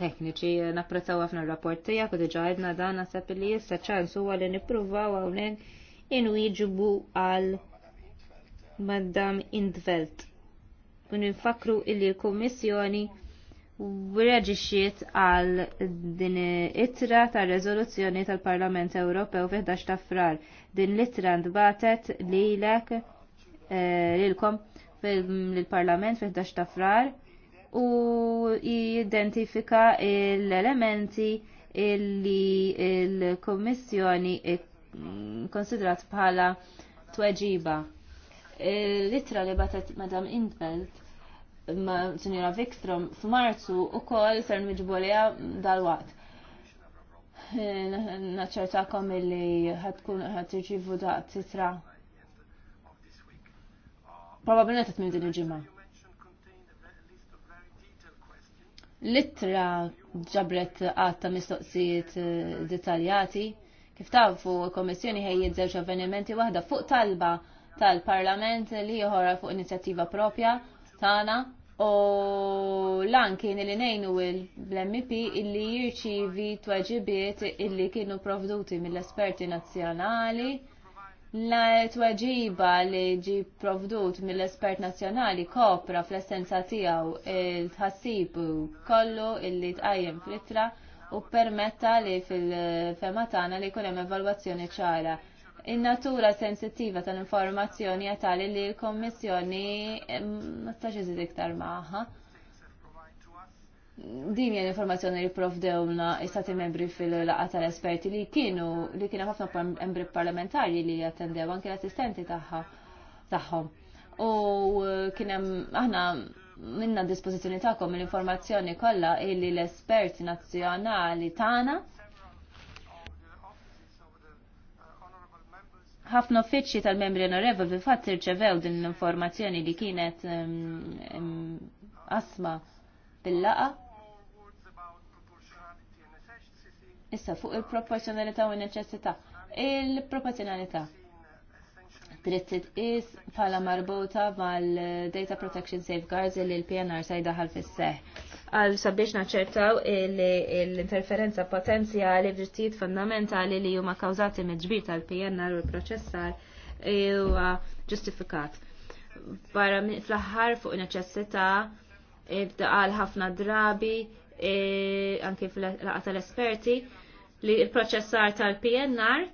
tekniċi, napprezzaw għafna r-rapport tijak u diġaħedna dan sepp li jessa ċans huwa li nipruvaw għawnen inwiġbu għal Madam Indvelt. U ninfakru illi l-Kommissjoni reġixiet għal din itra ta' rezoluzzjoni tal-Parlament Ewropew fi 11 ta' frar. Din l-itra ndbatet lilek eh, lilkom fil-Parlament fi 11 ta' frar u jidentifika l-elementi li l komissjoni konsidrat bħala tweġiba. Eh, l-itra li batet Madam Indbelt ma' Sinjora Vikstrom f'Marzu u koll ser nġibolija dal wat Naċċertakom illi ħatkun ħat irċivu da' titra. Probabilment qed din il-ġimgħa. Littra ġabret għatta mistoqsijiet eh, dettaljati. Kif tafu, il-Komissjoni ħejjiet żewġ avvenimenti waħda fuq talba tal-Parlament li joħora fuq inizjattiva propja tagħna u lan kien li nejnu l-MP illi jirċivi tweġibiet illi kienu provduti mill-esperti nazzjonali la tweġiba li ġi provdut mill-espert nazzjonali kopra fl-essenza tiegħu il-tħassib kollu illi tqajjem fl itra u permetta li fil-fema tagħna li jkun hemm evalwazzjoni ċara in-natura sensittiva tal-informazzjoni għatali li l-Kommissjoni ma stax iktar maħħa. Din hija l-informazzjoni li provdewna istati membri fil-laqa tal-esperti li kienu li kienu ħafna membri parlamentari li jattendew anke l-assistenti tagħhom. U kien hemm aħna minna dispożizzjoni tagħkom l-informazzjoni kollha illi l-esperti nazzjonali tagħna ħafna uffiċċji tal-membri onorevoli fil fatt irċevew din l-informazzjoni li kienet asma bil-laqa. Issa fuq il-proporzjonalità u n-neċessità. Il-proporzjonalità trittit is bħala marbuta mal-Data Protection Safeguards li l-PNR sajda ħal fis-seħ għal sabiex naċċertaw l-interferenza potenzjali f'drittijiet fundamentali li huma kawżati mid-ġbir tal-PNR u l-proċessar huwa ġustifikat. Barra fl-aħħar fuq neċessità għal ħafna drabi e, anke fil laqgħa tal-esperti li l-proċessar tal-PNR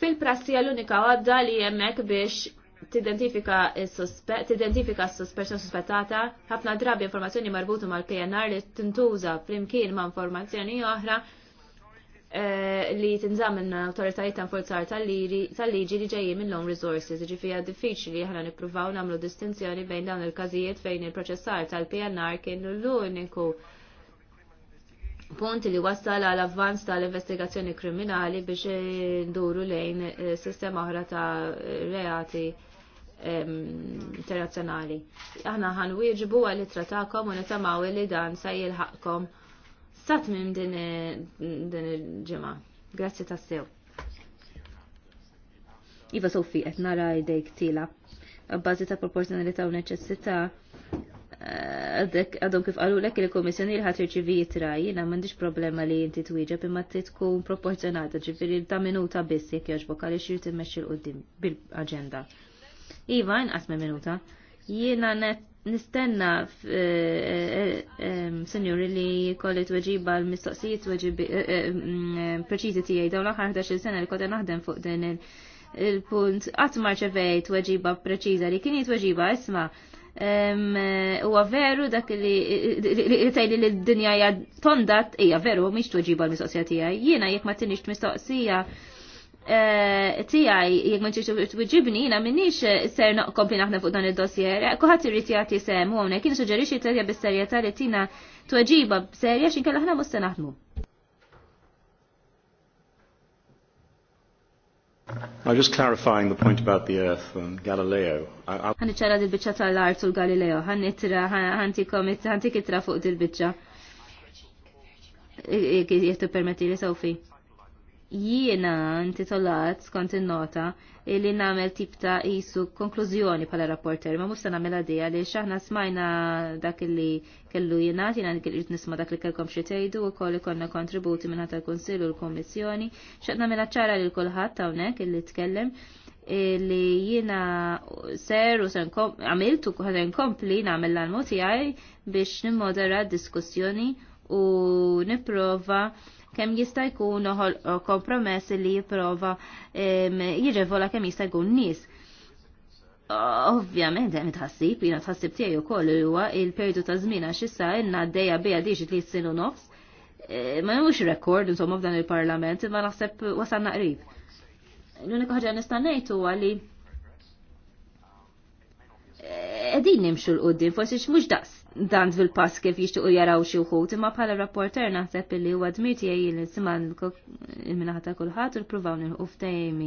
fil-prassi l-unika għadda li jemmek biex tidentifika s t tidentifika s-persuna suspettata, ħafna drabi informazzjoni marbutu mal-PNR li tintuża flimkien ma' informazzjoni oħra eh, li tinżam minn autoritajiet ta' forzar tal-liġi li ġejjin minn long resources, għad diffiċli ħana nippruvaw nagħmlu distinzjoni bejn dawn il-każijiet fejn il-proċessar tal-PNR kienu l-uniku punt li wassal għal avvanz tal-investigazzjoni kriminali biex nduru lejn eh, sistema oħra ta' reati internazzjonali. Aħna ħan wieġbu għalli tratakom u nitamaw li dan sa jilħaqkom sat minn e, din il-ġimgħa. Grazzi tassew. Iva Sofi qed nara jdejk tila. Bbażi ta' proporzjonalità u neċessità eh, għadhom kif qalu ek il-Komissjoni li ħatir ċivi jitra jiena m'għandix problema li inti twieġeb imma ti tkun proporzjonata ġifieri ta' minuta biss jekk jogħġbok għaliex jirt immexxi l qoddim bil-aġenda. Iva, inqas me minuta. Jiena nistenna eh, eh, eh, senjuri li kolli tweġiba l-mistoqsijiet tweġibi mm, preċizi tiegħi dawn l-aħħar 11 sena li kota naħdem fuq din il-punt qatt ma ċevejt tweġiba preċiża li kien tweġiba isma' huwa veru dak li tajli li d-dinja hija tondat hija veru mhix tweġiba l-mistoqsija tiegħi. Jiena jekk ma tinix mistoqsija Eh, tijaj, jek man ċiċu t-wġibni, jina minnix eh, ser naqkompli naħna fuq dan il-dossier, kuħat irrit jati semu għomne, kien xie t-tadja serja serjeta li tina t-wġiba b-serja kalla ħna musta naħdmu. I'm just clarifying the point about the Earth and Galileo. Għan iċċara dil-bicċa tal-art u galileo għan itra, għan tikom, għan tik fuq dil-bicċa. Jek jittu permetti li sawfi jiena intitolat skont il nota li nagħmel tip ta' konklużjoni bħala rapporter, ma mhux namel nagħmel għadija li x'aħna smajna dak li kellu jiena, jiena qed nisma' dak li kellkom xi tgħidu wkoll konna kontributi minn tal il-Kunsill u l-Kummissjoni, x'qed nagħmilha ċara lil kulħadd hawnhekk illi tkellem li jiena ser u sen għamiltu kuħaden kompli nagħmel l-almu tiegħi biex nimmodera d-diskussjoni u nipprova kemm jista' jkun kompromess li jipprova jirrevola kemm jista' jkun nies. Ovvjament hemm tħassib, jiena tħassib tiegħi wkoll li huwa il-perjodu ta' żmien għax issa għandna għaddejja biha diġi tliet sin u nofs. E, ma hemmx rekord insomma f'dan il-Parlament, ma naħseb wasalna qrib. L-unika ħaġa nista' ngħid huwa li qegħdin nimxu l-qudiem forsi mhux daqs dan fil-pass kif jixtiequ jaraw xi wħud, imma bħala rapporter naħseb li huwa dmir tiegħi li nisimgħa il-minaħa ta' kulħadd u nippruvaw nilħu ftehim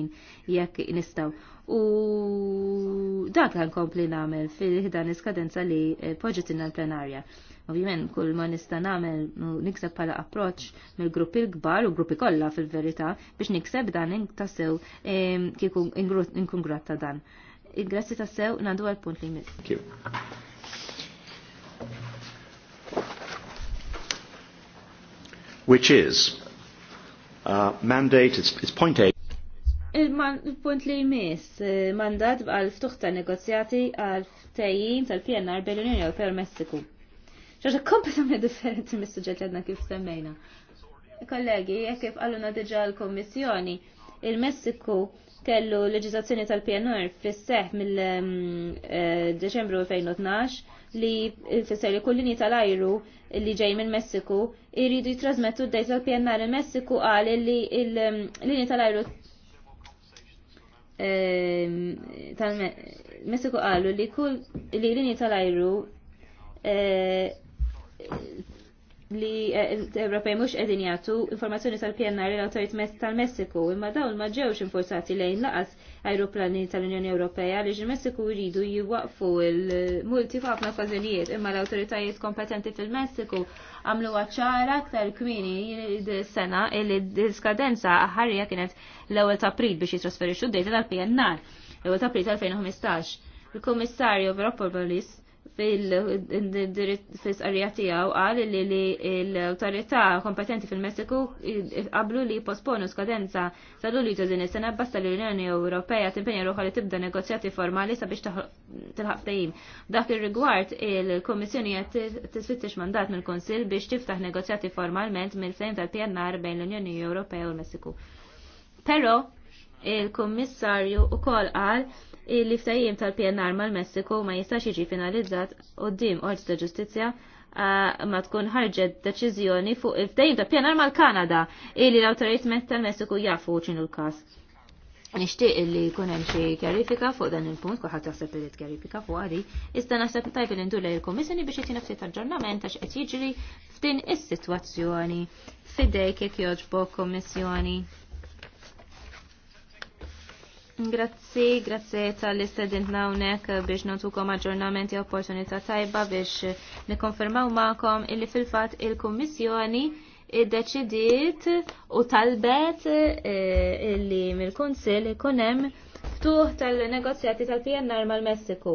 jekk nistgħu. U dak kan kompli nagħmel fil ħidan iskadenza li poġġetilna l-plenarja. Ovvijament, kull ma nista nagħmel nikseb bħala approċċ mill-gruppi l gbar u gruppi kollha fil-verità biex nikseb dan tassew kieku ingrutta dan il-grazzi ta' sew nandu għal punt li mis. Which is uh, mandate, it's, it's point eight. Il-punt li jmiss, eh, mandat għal ftuħ ta' negozjati għal tejjim tal-PNR bel-Unjoni Ewropea u Messiku. ċaġa kompletament differenti mis-suġġett li għadna kif semmejna. Kollegi, jekk kif għalluna diġa l-Kommissjoni, il-Messiku kellu leġizazzjoni tal-PNR fis-seħ mill-Deċembru ehm, eh, 2012 li fisser li kull linji tal-ajru li ġej minn Messiku jridu jitrasmettu d-dejt tal-PNR il-Messiku għal li l ehm, linji tal-ajru ehm, tal-Messiku qalu li kull li tal-ajru eh, li eh, l Ewropej mhux qegħdin jagħtu informazzjoni tal-PNR l-awtorit tal-Messiku imma dawn ma ġewx infurzati lejn laqas ajruplani tal-Unjoni Ewropea li ġil-Messiku jridu jiwaqfu il-multi f'ħafna okkażjonijiet imma l-awtoritajiet kompetenti fil-Messiku għamlu ċara aktar kmini sena li d-skadenza ħarja kienet l-ewwel ta' april biex jitrasferixxu xuddejta tal-PNR l-ewwel ta' april tal-2015. Il-Kummissarju Veropolis fil-sqarrija tiegħu qal li l-awtorità kompetenti fil-Messiku qablu li posponu skadenza sa li ta' din is-sena basta li l-Unjoni Ewropea timpenja ruħha li tibda negozjati formali sabiex tilħaq tajim. Dak ir-rigward il-Kummissjoni qed sfittix mandat mill-Kunsill biex tiftaħ negozjati formalment mill-fejn tal-PNR bejn l-Unjoni Ewropea u l-Messiku. Però il-Kummissarju ukoll qal li ftajjim tal-PNR mal-Messiku ma jistax jiġi finalizzat qudiem Qorti ta' Ġustizzja ma tkun ħarġet deċiżjoni fuq il ftajim tal-PNR mal-Kanada illi l-awtorizmet tal-Messiku jafu ċinu l-każ. Nixtieq li jkun hemm xi kjarifika fuq dan il-punt kuħat taħseb li kjarifika fuq għadi, istan naħseb tajb li ndur l kummissjoni biex jtina ftit aġġornament għax qed jiġri f'din is-sitwazzjoni fidejk jekk jogħġbok Kummissjoni. Grazzi, grazzi tal-istedint nawnek biex notukom aġġornamenti opportunità tajba biex nikonfermaw ma'kom illi fil-fat il-Kommissjoni id-deċidiet u talbet eh, illi mill-Kunsil ikunem ftuħ tal-negozjati tal-PNR mal-Messiku.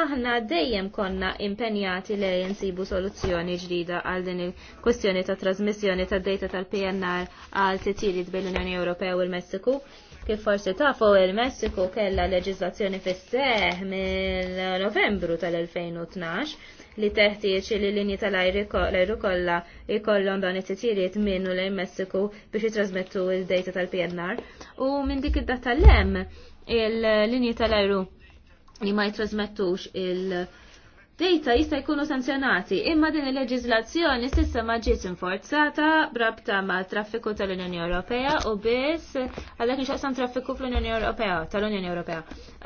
Aħna dejjem konna impenjati li jinsibu soluzzjoni ġdida għal din il-kwestjoni ta' trasmissjoni ta' data tal-PNR għal titjiriet bejn l-Unjoni Ewropea u l-Messiku. Kif forsi tafu il-Messiku kella leġizlazzjoni fis-seħ mill-Novembru tal-2012 li teħtieġ li linji tal-ajru kollha jkollhom dan it-titjiriet minnu lejn Messiku biex jitrasmettu il dejta tal-PNR. U minn dik id-data l-hemm il-linji tal-ajru li ma jitrasmettux il-, -il dejta jista' jkunu sanzjonati, imma din il-leġiżlazzjoni s'issa ma ġiet inforzata brabta ma' traffiku tal-Unjoni Ewropea u biss għalhekk nixaqsam traffiku fl-Unjoni Ewropea tal-Unjoni Ewropea.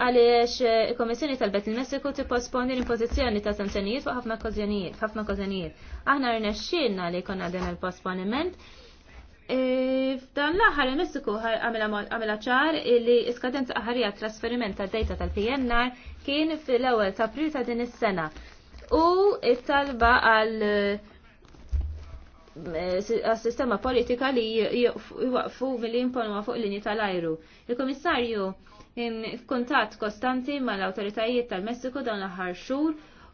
Għaliex eh, il-Kommissjoni tal-Bet il-Messiku tipposponi l-impożizzjoni ta' sanzjonijiet fuq ħafna kożjonijiet, kożjonijiet. Aħna rnexxielna li jkollna din il-posponiment E, f'dan l-aħħar il-Messiku għamela ċar li iskadenza aħarija trasferiment ta' data tal-PNR kien fil-ewwel ta' april ta' din is-sena. U it-talba għal e, sistema politika li jwaqfu mill imponwa fuq linji tal-ajru. Il-Komissarju f'kuntatt kostanti mal-awtoritajiet tal-Messiku dawn l-aħħar xhur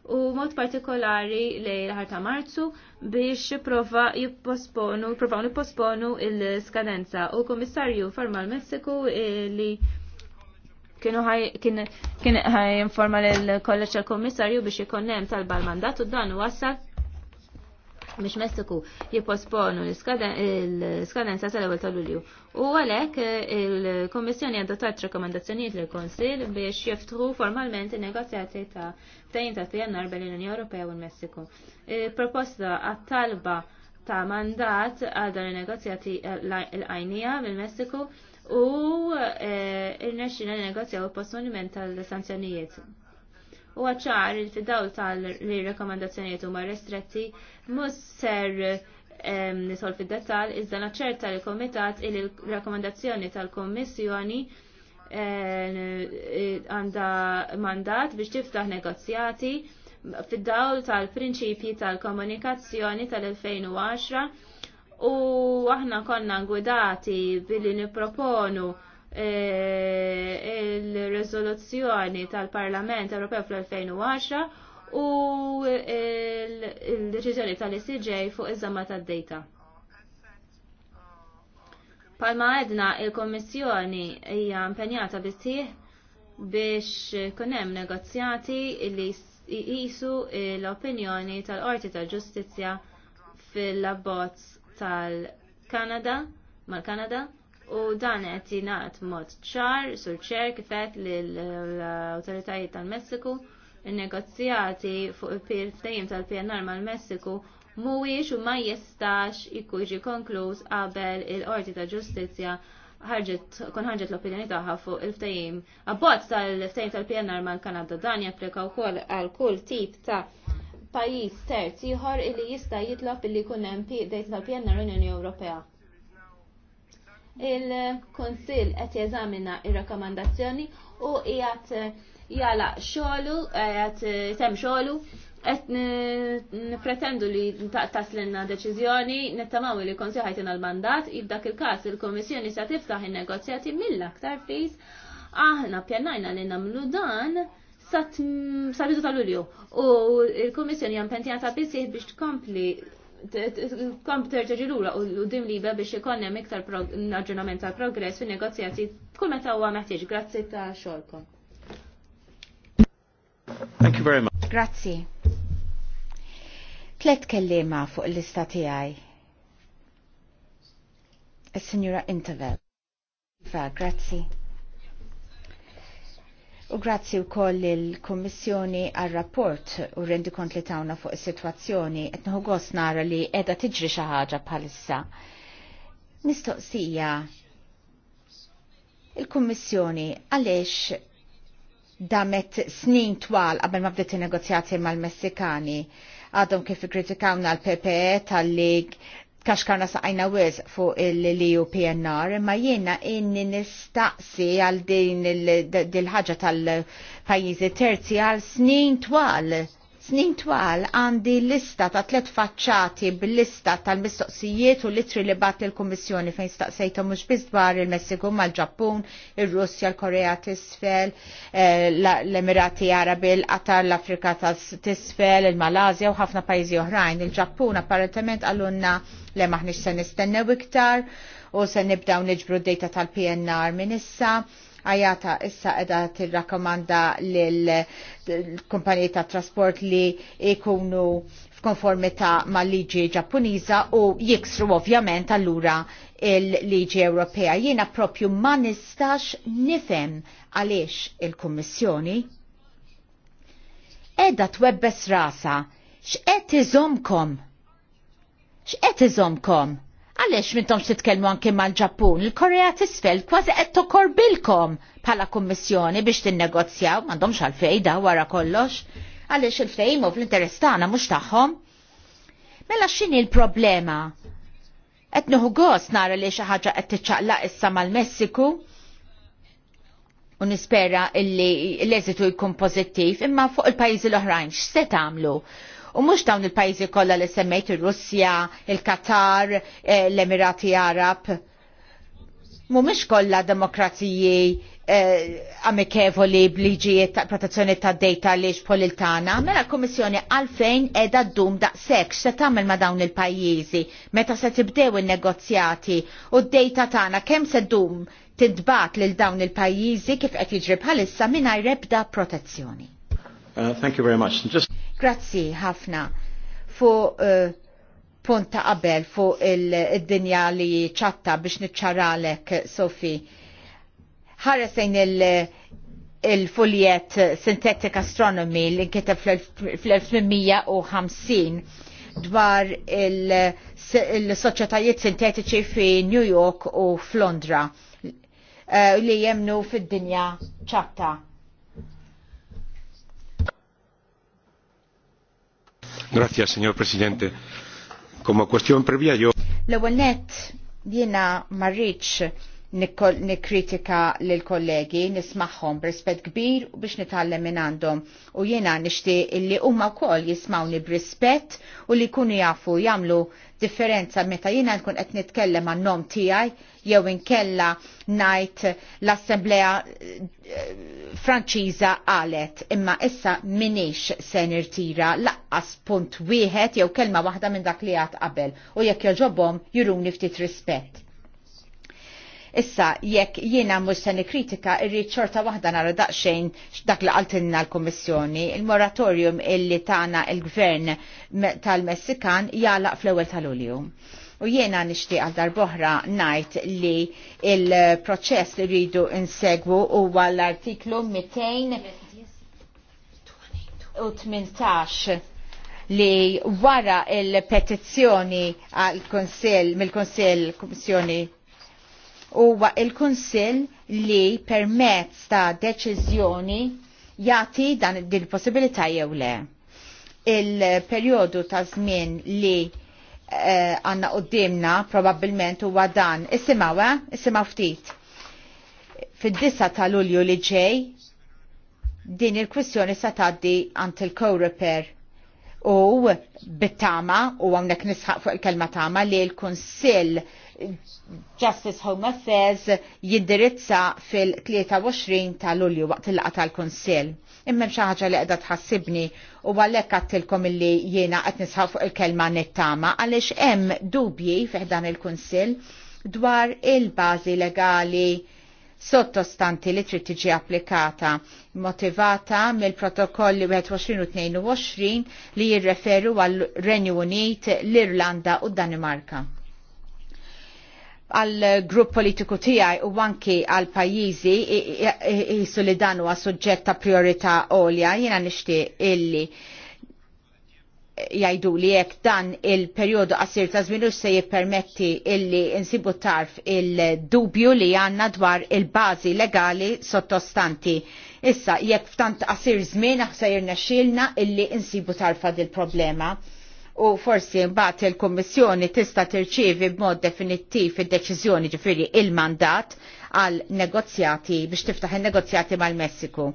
u mod partikolari li l-ħar ta' marzu biex prova jipposponu, provaw jipposponu il-skadenza u komissarju Formal messiku eh, li kienu ħaj kien ħaj informa l-kolleġ tal-komissarju biex ikun hemm talba l-mandat u dan biex Messiku jipposponu l-skadenza tal-ewwel ta' Lulju. U għalhekk eh, il-Kommissjoni adottat rekomendazzjonijiet lil konsil biex jiftħu formalment in-negozjati ta' tajn ta' PNR bejn unjoni Ewropea u l-Messiku. Eh, proposta għat-talba ta' mandat għal dan il-negozjati eh, l-għajnija mill-Messiku u il-nexxina negozjaw il-posponiment tal-sanzjonijiet u għacċar il-fidaw tal-rekomendazzjoniet u ma' restretti mus ser ehm, nisol fid detal iżda naċċerta li komitat il rekomendazzjoni tal-Kommissjoni ehm, għanda mandat biex tiftaħ negozjati fid-dawl tal-prinċipji tal-komunikazzjoni tal-2010 u aħna konna gwidati billi niproponu Eh, il-rezoluzzjoni tal-Parlament Ewropew fl-2010 u il-deċiżjoni tal-ICJ fuq iż-żamma tad dejta Palma għedna il-Kommissjoni hija impenjata bisih biex kunem negozjati li jisu l-opinjoni tal-Qorti tal-Ġustizzja fil labbozz tal-Kanada mal-Kanada u dan qed jingħad mod ċar sur ċer kif qed lill-awtoritajiet tal-Messiku il negozjati fuq il-ftehim tal-PNR mal-Messiku mhuwiex u ma jistax jiġi konkluż qabel il-Qorti ta' Ġustizzja ħarġet kon ħarġet l-opinjoni tagħha fuq il-ftehim. Abbozz tal-ftehim tal-PNR mal-Kanada dan japplika wkoll għal kull tip ta' pajjiż terz ieħor illi jista' jitlob illi jkun hemm dejt tal-PNR Unjoni Ewropea il-Konsil qed jeżamina ir-rakkomandazzjoni u qiegħed eh, jala xogħlu qed eh, sem xogħlu qed nipretendu li taslinna deċiżjoni nittamaw li konsil ħajtina l-mandat jibdak il-każ il-Komissjoni se tiftaħ in-negozjati mill-aktar fis aħna pjanajna li nagħmlu dan sa bidu tal-ulju u il-Komissjoni jampentinata bisih biex tkompli kom terġaġi lura u dim liba biex ikonnem iktar aġġornament ta' progress fin negozjati kull meta huwa meħtieġ. Grazzi ta' xogħolkom. Thank you very much. Grazzi. Tlet kellima fuq l-lista tiegħi. Is-Sinjura Intervel. Iva, grazzi. U grazzi u koll il-Kommissjoni għal rapport u rendi kont li tawna fuq il-situazzjoni etnuħu gos nara li edha tiġri xaħġa bħalissa. Mistoqsija, il-Kommissjoni għalix damet snin twal qabel ma bdiet negozjati mal-Messikani għadhom kif kritikawna l-PPE tal-lig kaxkarna saqajna wiz fuq il-liju PNR, imma jiena inni nistaqsi għal din il-ħagġa tal-pajizi terzi għal snin twal snin twal għandi lista ta' tlet faċċati bil-lista tal-mistoqsijiet u litri li bat l-Kommissjoni fejn staqsejtu mhux biss dwar il-Messiku mal-Ġappun, ir-Russja, l-Korea tisfel, eh, l-Emirati Arabi, l-Qatar, l-Afrika tisfel, il-Malazja u ħafna pajjiżi oħrajn. Il-Ġappun apparentament għallunna le maħniex se nistennew iktar u se nibdaw niġbru d-dejta tal-PNR minn issa għajata issa edha tirrakkomanda l-kumpaniji ta' trasport li ikunu f'konformità mal liġi ġappuniża u jiksru ovvjament allura il-liġi Ewropea. Jiena propju ma nistax nifhem għaliex il-Kummissjoni edha twebbes rasa x'qed iżomkom? X'qed iżomkom? Għalex mintomx titkelmu anke mal-ġappun, il-Korea tisfel kważi qed tokor bilkom bħala kummissjoni biex tinnegozjaw, m'għandhomx fejda wara kollox, għalex il-fejmu fl-interess tagħna mhux tagħhom. Mela x'inhi l-problema? Qed nieħu gost nara li xi ħaġa qed tiċċaqlaq issa mal-Messiku, u nispera li l-eżitu jkun pożittiv imma fuq il-pajjiżi l-oħrajn x'se tagħmlu? U mhux dawn il-pajjiżi kollha li semmejt ir-Russja, il-Katar, eh, l-Emirati Arab. Mhumiex kollha demokraziji eh, amikevoli bliġijiet ta' protezzjoni ta' data li xpol mela l-Komissjoni għalfejn edha d-dum da' sekx se tamel ma' dawn il-pajjiżi, meta se tibdew il-negozjati u d-data tana kemm se dum tintbat lil dawn il-pajjiżi kif qed jiġri bħalissa mingħajr ebda protezzjoni. Uh, thank you very much. Just... Grazzi ħafna fuq uh, qabel fuq il-dinja li ċatta biex niċċaralek, Sofi. Ħaresejn il- il-fuljet Synthetic Astronomy li nkiteb fl-1850 dwar il-soċjetajiet sintetiċi fi New York u f'Londra uh, li jemnu fid-dinja ċatta Grazie, signor Presidente. previa, L-ewwel nett jiena marriċ nikritika lil kollegi nismaħħom b'rispett kbir biex nitgħallem minn għandhom u jiena nixtieq illi huma wkoll jismawni b'rispett u li jkunu jafu jagħmlu differenza meta jiena nkun qed nitkellem għan-nom tiegħi jew inkella ngħid l-Assemblea eh, Franċiża qalet imma issa minix se nirtira laqqas punt wieħed jew kelma waħda minn dak li għad qabel u jekk jogħġobhom juruni ftit rispett Issa, jekk jiena mhux se nikkritika irrid xorta waħda nara daqsxejn dak li għaltinna l-Kummissjoni, il-moratorium illi tagħna il-Gvern tal-Messikan jalaq fl-ewwel tal-Ulju. U jiena nixtieq għal darboħra ngħid li il-proċess li rridu insegwu huwa l-artiklu 218 li wara il-petizzjoni għal-Konsil, mill-Konsil Komissjoni huwa il-Kunsill li permezz ta' deċiżjoni jagħti dan din possibilità jew le. Il-perjodu ta' żmien li eh, għanna uh, qoddimna probabbilment huwa dan. Isimgħu, eh? isimgħu ftit. Fid-disa ta' Lulju li ġej din il-kwistjoni sa taddi għant il repair u bittama u għamnek nisħaq fuq il-kelma tama li l kunsill il Justice Home Affairs jindirizza fil-23 ta' Lulju waqt il-laqa tal-Kunsill. Imma xi ħaġa li qiegħda tħassibni u għalhekk għattilkom illi jiena qed nisħaq fuq il-kelma nittama għaliex hemm dubji fih dan il-Kunsill dwar il-bażi legali sottostanti li trid tiġi applikata motivata mill-protokolli 21 u 22 li jirreferu għal Renju Unit, l-Irlanda u Danimarka għal grupp politiku tiegħi u anki għal pajjiżi jisu li dan huwa suġġett ta' priorità għolja jiena nixtieq illi jajdu li jekk dan il-perjodu għasir ta' żmien se jippermetti illi insibu tarf il-dubju li għandna dwar il-bażi legali sottostanti. Issa jekk f'tant għasir żmien aħsa jirnexxielna illi insibu tarfa dil-problema u forsi mbagħad il-Kummissjoni tista' tirċievi b'mod definittiv id-deċiżjoni ġifieri il-mandat għal negozjati biex tiftaħ il-negozjati mal-Messiku.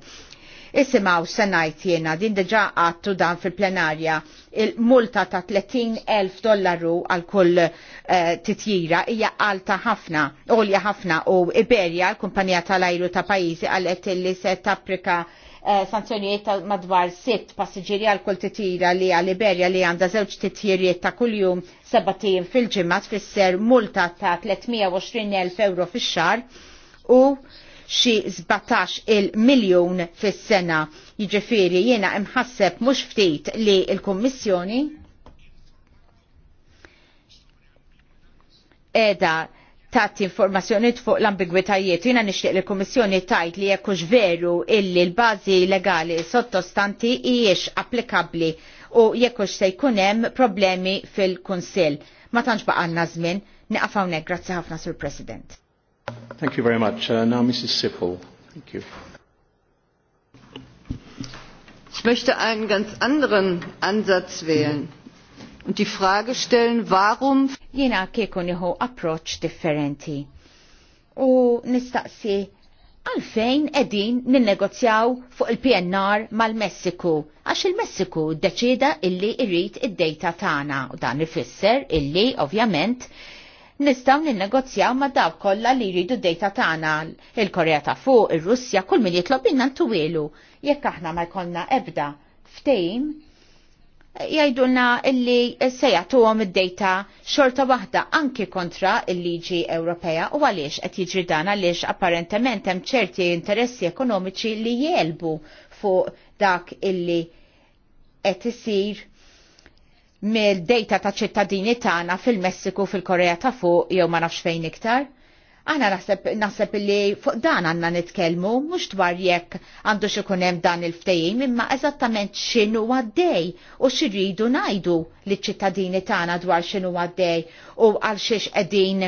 Isimaw sanajt jena din deġa għattu dan fil-plenarja il-multa ta' 30.000 dollaru għal kull eh, titjira hija alta ħafna, olja ħafna u Iberja, l-kumpanija tal-ajru ta' pajizi għal li se tapprika Eh, sanzjonijiet ta' madwar sitt passiġġieri għal kull titira li għal Iberja li għandha żewġ titjiriet ta' kuljum seba' tim fil-ġimgħa tfisser multa ta' 320.000 euro fix-xar u xi 17 il-miljun fis-sena. Jiġifieri jiena imħasseb mhux ftit li l-Kummissjoni Eda, tat informazzjoni fuq l-ambigwitajiet. Jiena nixtieq lill l-Kummissjoni tajt li jekk veru illi l-bażi legali sottostanti hijiex applikabbli u jekk se jkun hemm problemi fil-Kunsill. Ma tantx għandna żmien, nieqaf hawnhekk grazzi ħafna Sur President. Thank you very much. Uh, now Mrs. Sippel. Thank you. Ich möchte einen ganz anderen Ansatz wählen. Mm -hmm und die Frage stellen, warum jina kieku nieħu approċ differenti. U nistaqsi għalfejn edin ninnegozjaw fuq il-PNR mal-Messiku, għax il-Messiku deċida illi irrit id-dejta tagħna u dan ifisser illi ovvjament nistaw ninnegozjaw ma dawk kollha li jridu dejta tagħna il-Korea ta' fuq, ir-Russja, kull min jitlob inna ntuwielu jekk aħna ma jkollna ebda ftejn jajdulna illi sejatu għom id-data xorta wahda anki kontra il-liġi Ewropea u għaliex qed jiġri dan għaliex apparentement hemm ċerti interessi ekonomiċi li jelbu fuq dak illi qed isir mill-data ta' ċittadini tagħna fil-Messiku fil-Korea ta' fuq jew ma nafx fejn iktar. Aħna naħseb naħseb li fuq dan għanna nitkellmu mhux dwar jekk għandu xikun hemm dan il-ftehim imma eżattament x'inhu għaddej u x'iridu ngħidu liċ-ċittadini tagħna dwar x'inhu għaddej u għal xiex qegħdin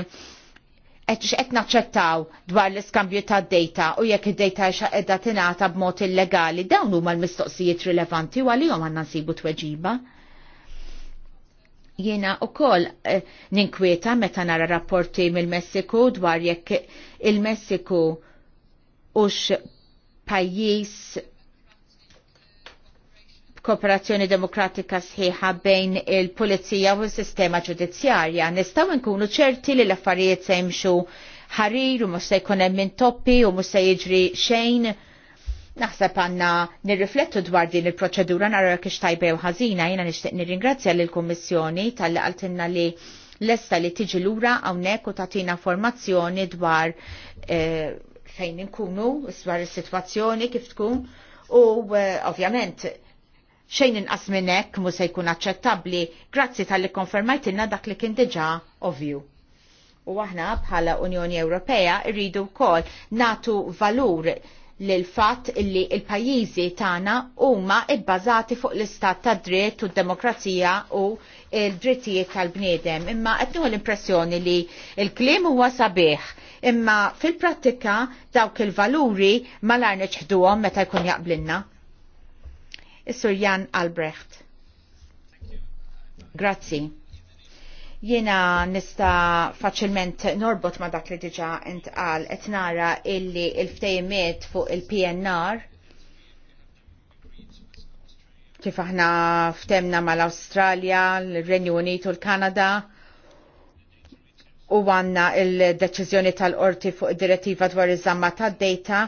qed naċċettaw dwar l-iskambju tad-dejta u jekk id-dejta qiegħda tingħata b'mod illegali dawn huma l-mistoqsijiet rilevanti u għalihom għandna nsibu tweġiba. Jiena u kol eh, ninkwieta meta nara rapporti mill-Messiku dwar jekk il-Messiku ux pajjiż kooperazzjoni demokratika sħiħa bejn il-pulizija u s-sistema ġudizzjarja. Nistaw nkunu ċerti li l-affarijiet se jimxu ħarir u mhux se jkun hemm u mhux se jiġri xejn Naħseb għanna nirriflettu dwar din il-proċedura nara kix tajbew ħażina jiena nixtieq nirringrazzja lill kummissjoni tal-li għaltinna li l-esta li tiġi lura hawnhekk u tagħtina formazzjoni dwar eh, fejn inkunu dwar is-sitwazzjoni kif tkun u eh, ovvjament xejn inqas minn hekk mhux se jkun aċċettabbli grazzi tal-li konfermajtilna dak li kien diġà ovvju u aħna bħala Unjoni Ewropea rridu wkoll natu valur l-fatt li il-pajjiżi tana huma ibbażati fuq l-istat ta' dritt u d-demokrazija u l-drittijiet tal-bniedem. Imma qed l-impressjoni li l-kliem huwa sabiħ imma fil-prattika dawk il-valuri malar neċħduhom meta jkun jaqblinna. Is-Sur Jan Albrecht. Grazzi. Jiena nista faċilment norbot ma dak li diġa intqal qed nara illi il-ftejmiet fuq il-PNR kif aħna ftemna mal australia l-Renju Unitu, l-Kanada u għanna il-deċizjoni tal-qorti fuq id-direttiva dwar iż-żamma tad-data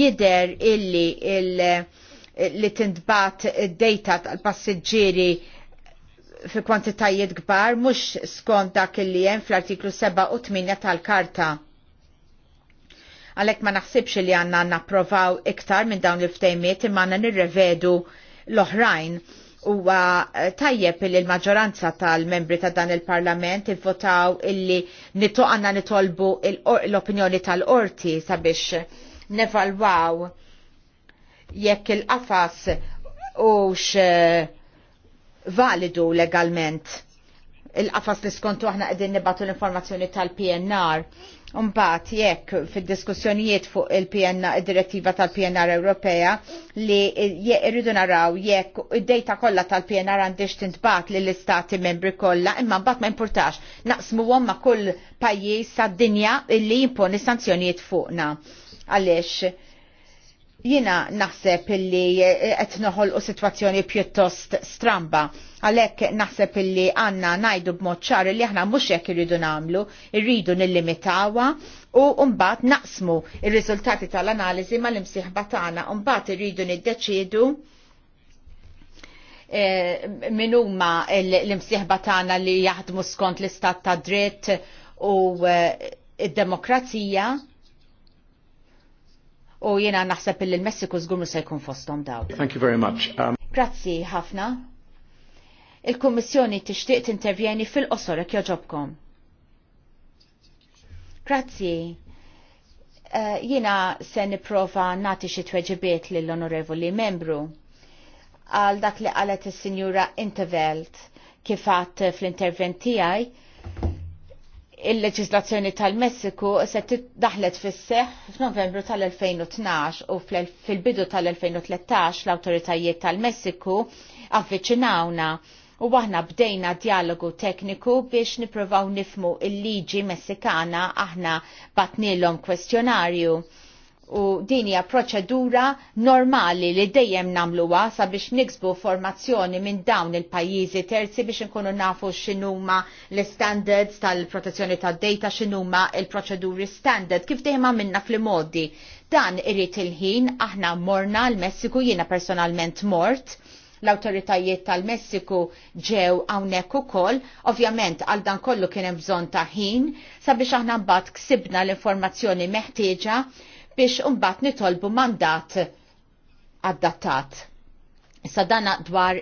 jider illi il- li tintbat id-data tal-passiġġieri fi kwantitajiet kbar mhux skont dak li hemm fl-artiklu 7 u 8 tal-karta. Għalhekk ma naħsibx li għandna napprovaw iktar minn dawn l-ftejmiet imma għandna nirrevedu l-oħrajn huwa tajjeb li l-maġġoranza tal-membri ta' dan il-Parlament ivvotaw illi nitu għanna nitolbu l-opinjoni tal-qorti sabiex nevalwaw jekk il-qafas u eh, validu legalment il-qafas li skontu aħna qegħdin nibatu l-informazzjoni tal-PNR. Mbagħad jekk fid-diskussjonijiet fuq il-PNR id-direttiva tal-PNR Ewropea li irridu naraw jekk id-dejta kollha tal-PNR għandix tintbat lill istati membri kollha, imma mbagħad ma importax naqsmuhom ma' kull pajjiż tad-dinja li jimponi sanzjonijiet fuqna. Għaliex jina naħseb illi eh, qed noħolqu sitwazzjoni pjuttost stramba. Għalhekk naħseb illi għandna ngħidu b'mod ċar li aħna mhux hekk irridu nagħmlu, irridu nillimitawha u mbagħad naqsmu ir-riżultati tal-analiżi mal-imsieħba tagħna u mbagħad irridu niddeċiedu eh, min huma l-imsieħba tagħna li jaħdmu skont l-istat ta' dritt u eh, id-demokrazija u jena naħseb il messiku zgumru se jkun fostom daw. Thank you very much. Um... Grazzi ħafna. Il-Kummissjoni tixtieq tintervjeni fil-qosor jekk joġobkom. Grazzi. Uh, eh, jina se niprofa nati xi tweġibiet lill-onorevoli membru għal dak li qalet is-Sinjura Intervelt kif kifat fl-intervent tiegħi il-leġislazzjoni tal-Messiku se daħlet fis-seħ f'Novembru tal-2012 u fil-bidu tal-2013 l-awtoritajiet tal-Messiku avviċinawna u aħna bdejna dialogu tekniku biex nipruvaw nifmu il-liġi messikana aħna batnilhom kwestjonarju u din hija proċedura normali li dejjem nagħmluha sabiex niksbu formazzjoni minn dawn il-pajjiżi terzi biex inkunu nafu x'inhuma l-standards tal-protezzjoni tad-data x'inhuma il-proċeduri standard kif dejjem minna fl-modi. Dan irid il-ħin aħna morna l-Messiku jiena personalment mort l-autoritajiet tal-Messiku ġew hawnhekk ukoll, ovvjament għal dan kollu kien hemm bżonn ta' ħin sabiex aħna mbagħad ksibna l-informazzjoni meħtieġa biex umbat nitolbu mandat adattat. Issa dana dwar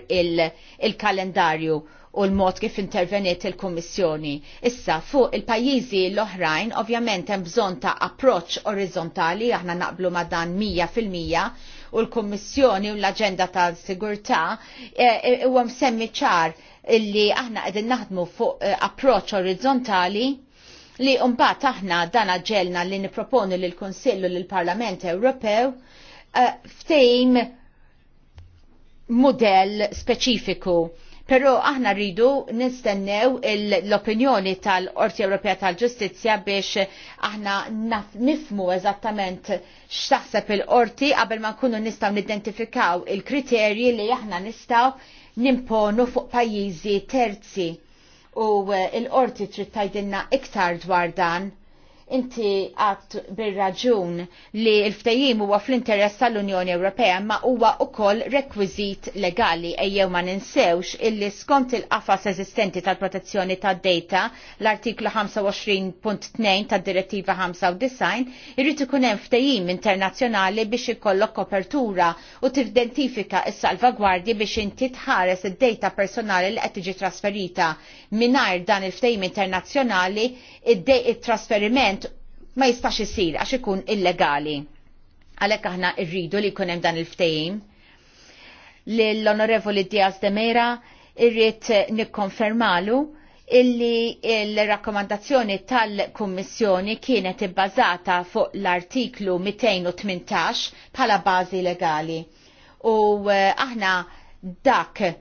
il-kalendarju il u l-mod kif interveniet il-Kommissjoni. Issa fuq il-pajjiżi l-oħrajn ovvjament hemm bżonn ta' approċċ orizzontali aħna naqblu ma' dan 100% u l-Kommissjoni u l-Aġenda ta' Sigurtà huwa e, e, msemmi ċar illi aħna qegħdin naħdmu fuq e, approċċ orizzontali li mbagħad aħna dana ġelna li niproponu l konsillu l Parlament Ewropew eh, ftejm model speċifiku. Però aħna rridu nistennew l-opinjoni tal-Qorti Ewropea tal-Ġustizzja biex aħna nifmu eżattament x'taħseb il-qorti qabel ma nkunu nistgħu nidentifikaw il-kriterji li aħna nistgħu nimponu fuq pajjiżi terzi u eh, l-qorti trid tgħidilna iktar dwar dan Inti għat bil-raġun li l-ftajim huwa fl-interess tal-Unjoni Ewropea ma huwa ukoll rekwizit legali ejjew ma ninsewx illi skont il-qafas eżistenti tal-protezzjoni tad-data l-artiklu 25.2 tad-direttiva 95 irrid ikun hemm ftajim internazzjonali biex ikollok kopertura u tiddentifika s-salvagwardji biex inti tħares id-data personali li qed tiġi trasferita mingħajr dan il-ftajim internazzjonali id-trasferiment ma jistax isir għax ikun illegali. Għalhekk aħna rridu li jkun hemm dan il-ftehim. L-Onorevoli Diaz de Mera irrid nikkonfermalu illi il-rakkomandazzjoni tal-Kummissjoni kienet ibbażata fuq l-artiklu 218 bħala bażi legali. U eh, aħna dak eh,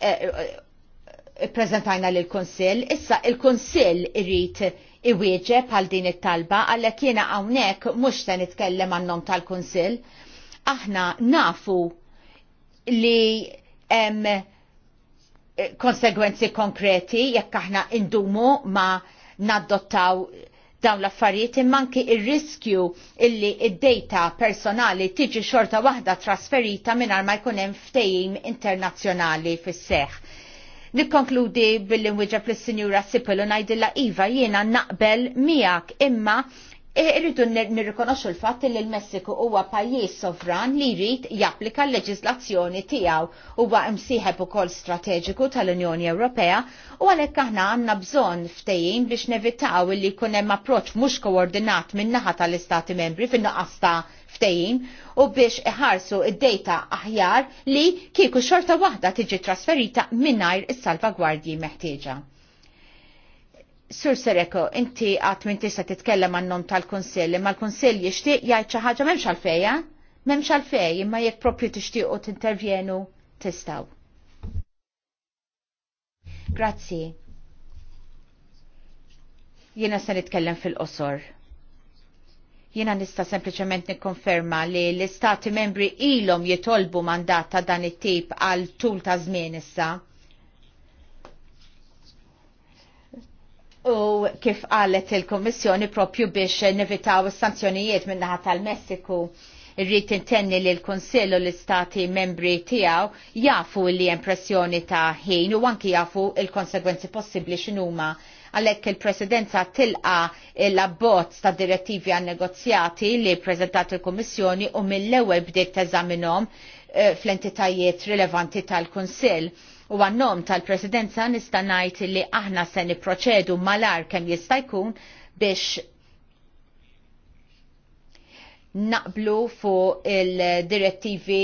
eh, prezentajna l-Konsil, issa il-Konsil irrit iwieġeb għal din it-talba għalhekk jiena hawnhekk mhux se nitkellem għannom tal-Kunsill. Aħna nafu li hemm eh, konsegwenzi konkreti jekk aħna indumu ma nadottaw dawn l-affarijiet immanki il riskju illi id-data personali tiġi xorta waħda trasferita mingħajr ma jkun hemm ftehim internazzjonali fis-seħħ Nikkonkludi billi nwiġab lis-Sinjura Sipil u ngħidilha iva jiena naqbel miegħek imma eh, Irridu nirrikonoxxu l fat li l-Messiku huwa pajjiż sovran li jrid japplika l leġislazzjoni tiegħu huwa msieħeb ukoll strateġiku tal-Unjoni Ewropea u għalhekk aħna għandna bżonn ftehim biex nevitaw li jkun hemm approċċ mhux koordinat min-naħa tal-Istati Membri fin-nuqqas ta' ftejim u biex iħarsu id-data aħjar li kieku xorta waħda tiġi trasferita minnajr is-salvagwardji meħtieġa. Sur Sereko, inti għat minn tista titkellem għannom tal konsil ma l konsil jishtiq jgħid xi ħaġa m'hemmx memx M'hemmx għalfej, imma jekk propju tixtiequ tintervjenu tistgħu. Grazzi. Jiena se nitkellem fil-qosor. Jena nista sempliciment nikkonferma li l-istati membri ilhom jitolbu mandat ta' dan it-tip għal tul ta' żmien issa. U kif qalet il kummissjoni propju biex nevitaw is-sanzjonijiet min-naħa tal-Messiku irrid intenni li l-Kunsill u l-Istati membri tiegħu jafu li impressjoni ta' ħin u anki jafu il-konsegwenzi possibbli x'inhuma għalhekk il-Presidenza tilqa l-abbozz ta' direttivi għan negozjati li prezentat il-Kummissjoni u mill-ewwel bdiet teżaminhom eh, fl-entitajiet rilevanti tal-Kunsill u għannom tal-presidenza nistanajt li aħna se proċedu malar kem jistajkun biex naqblu fu il-direttivi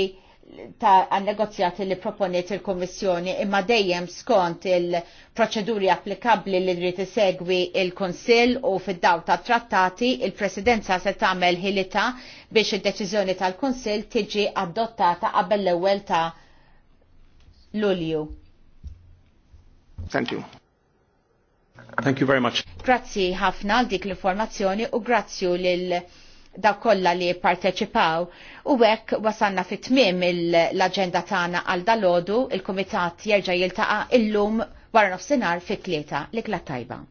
ta' għannegozjati li proponiet il komissjoni imma dejjem skont il-proċeduri applikabli li rrit segwi il-Konsil u fid-daw ta' trattati il-Presidenza se tagħmel ħilita biex id-deċiżjoni tal-Konsil tiġi adottata qabel l-ewwel ta' Lulju. Thank you. Thank you very much. Grazzi ħafna għal dik l-informazzjoni u grazzi lil da kollha li parteċipaw u hekk wasanna fit tmiem l-aġenda tagħna għal dalodu il-kumitat jerġa' jiltaqa' illum wara nofsinhar fit-tlieta. Likla tajba.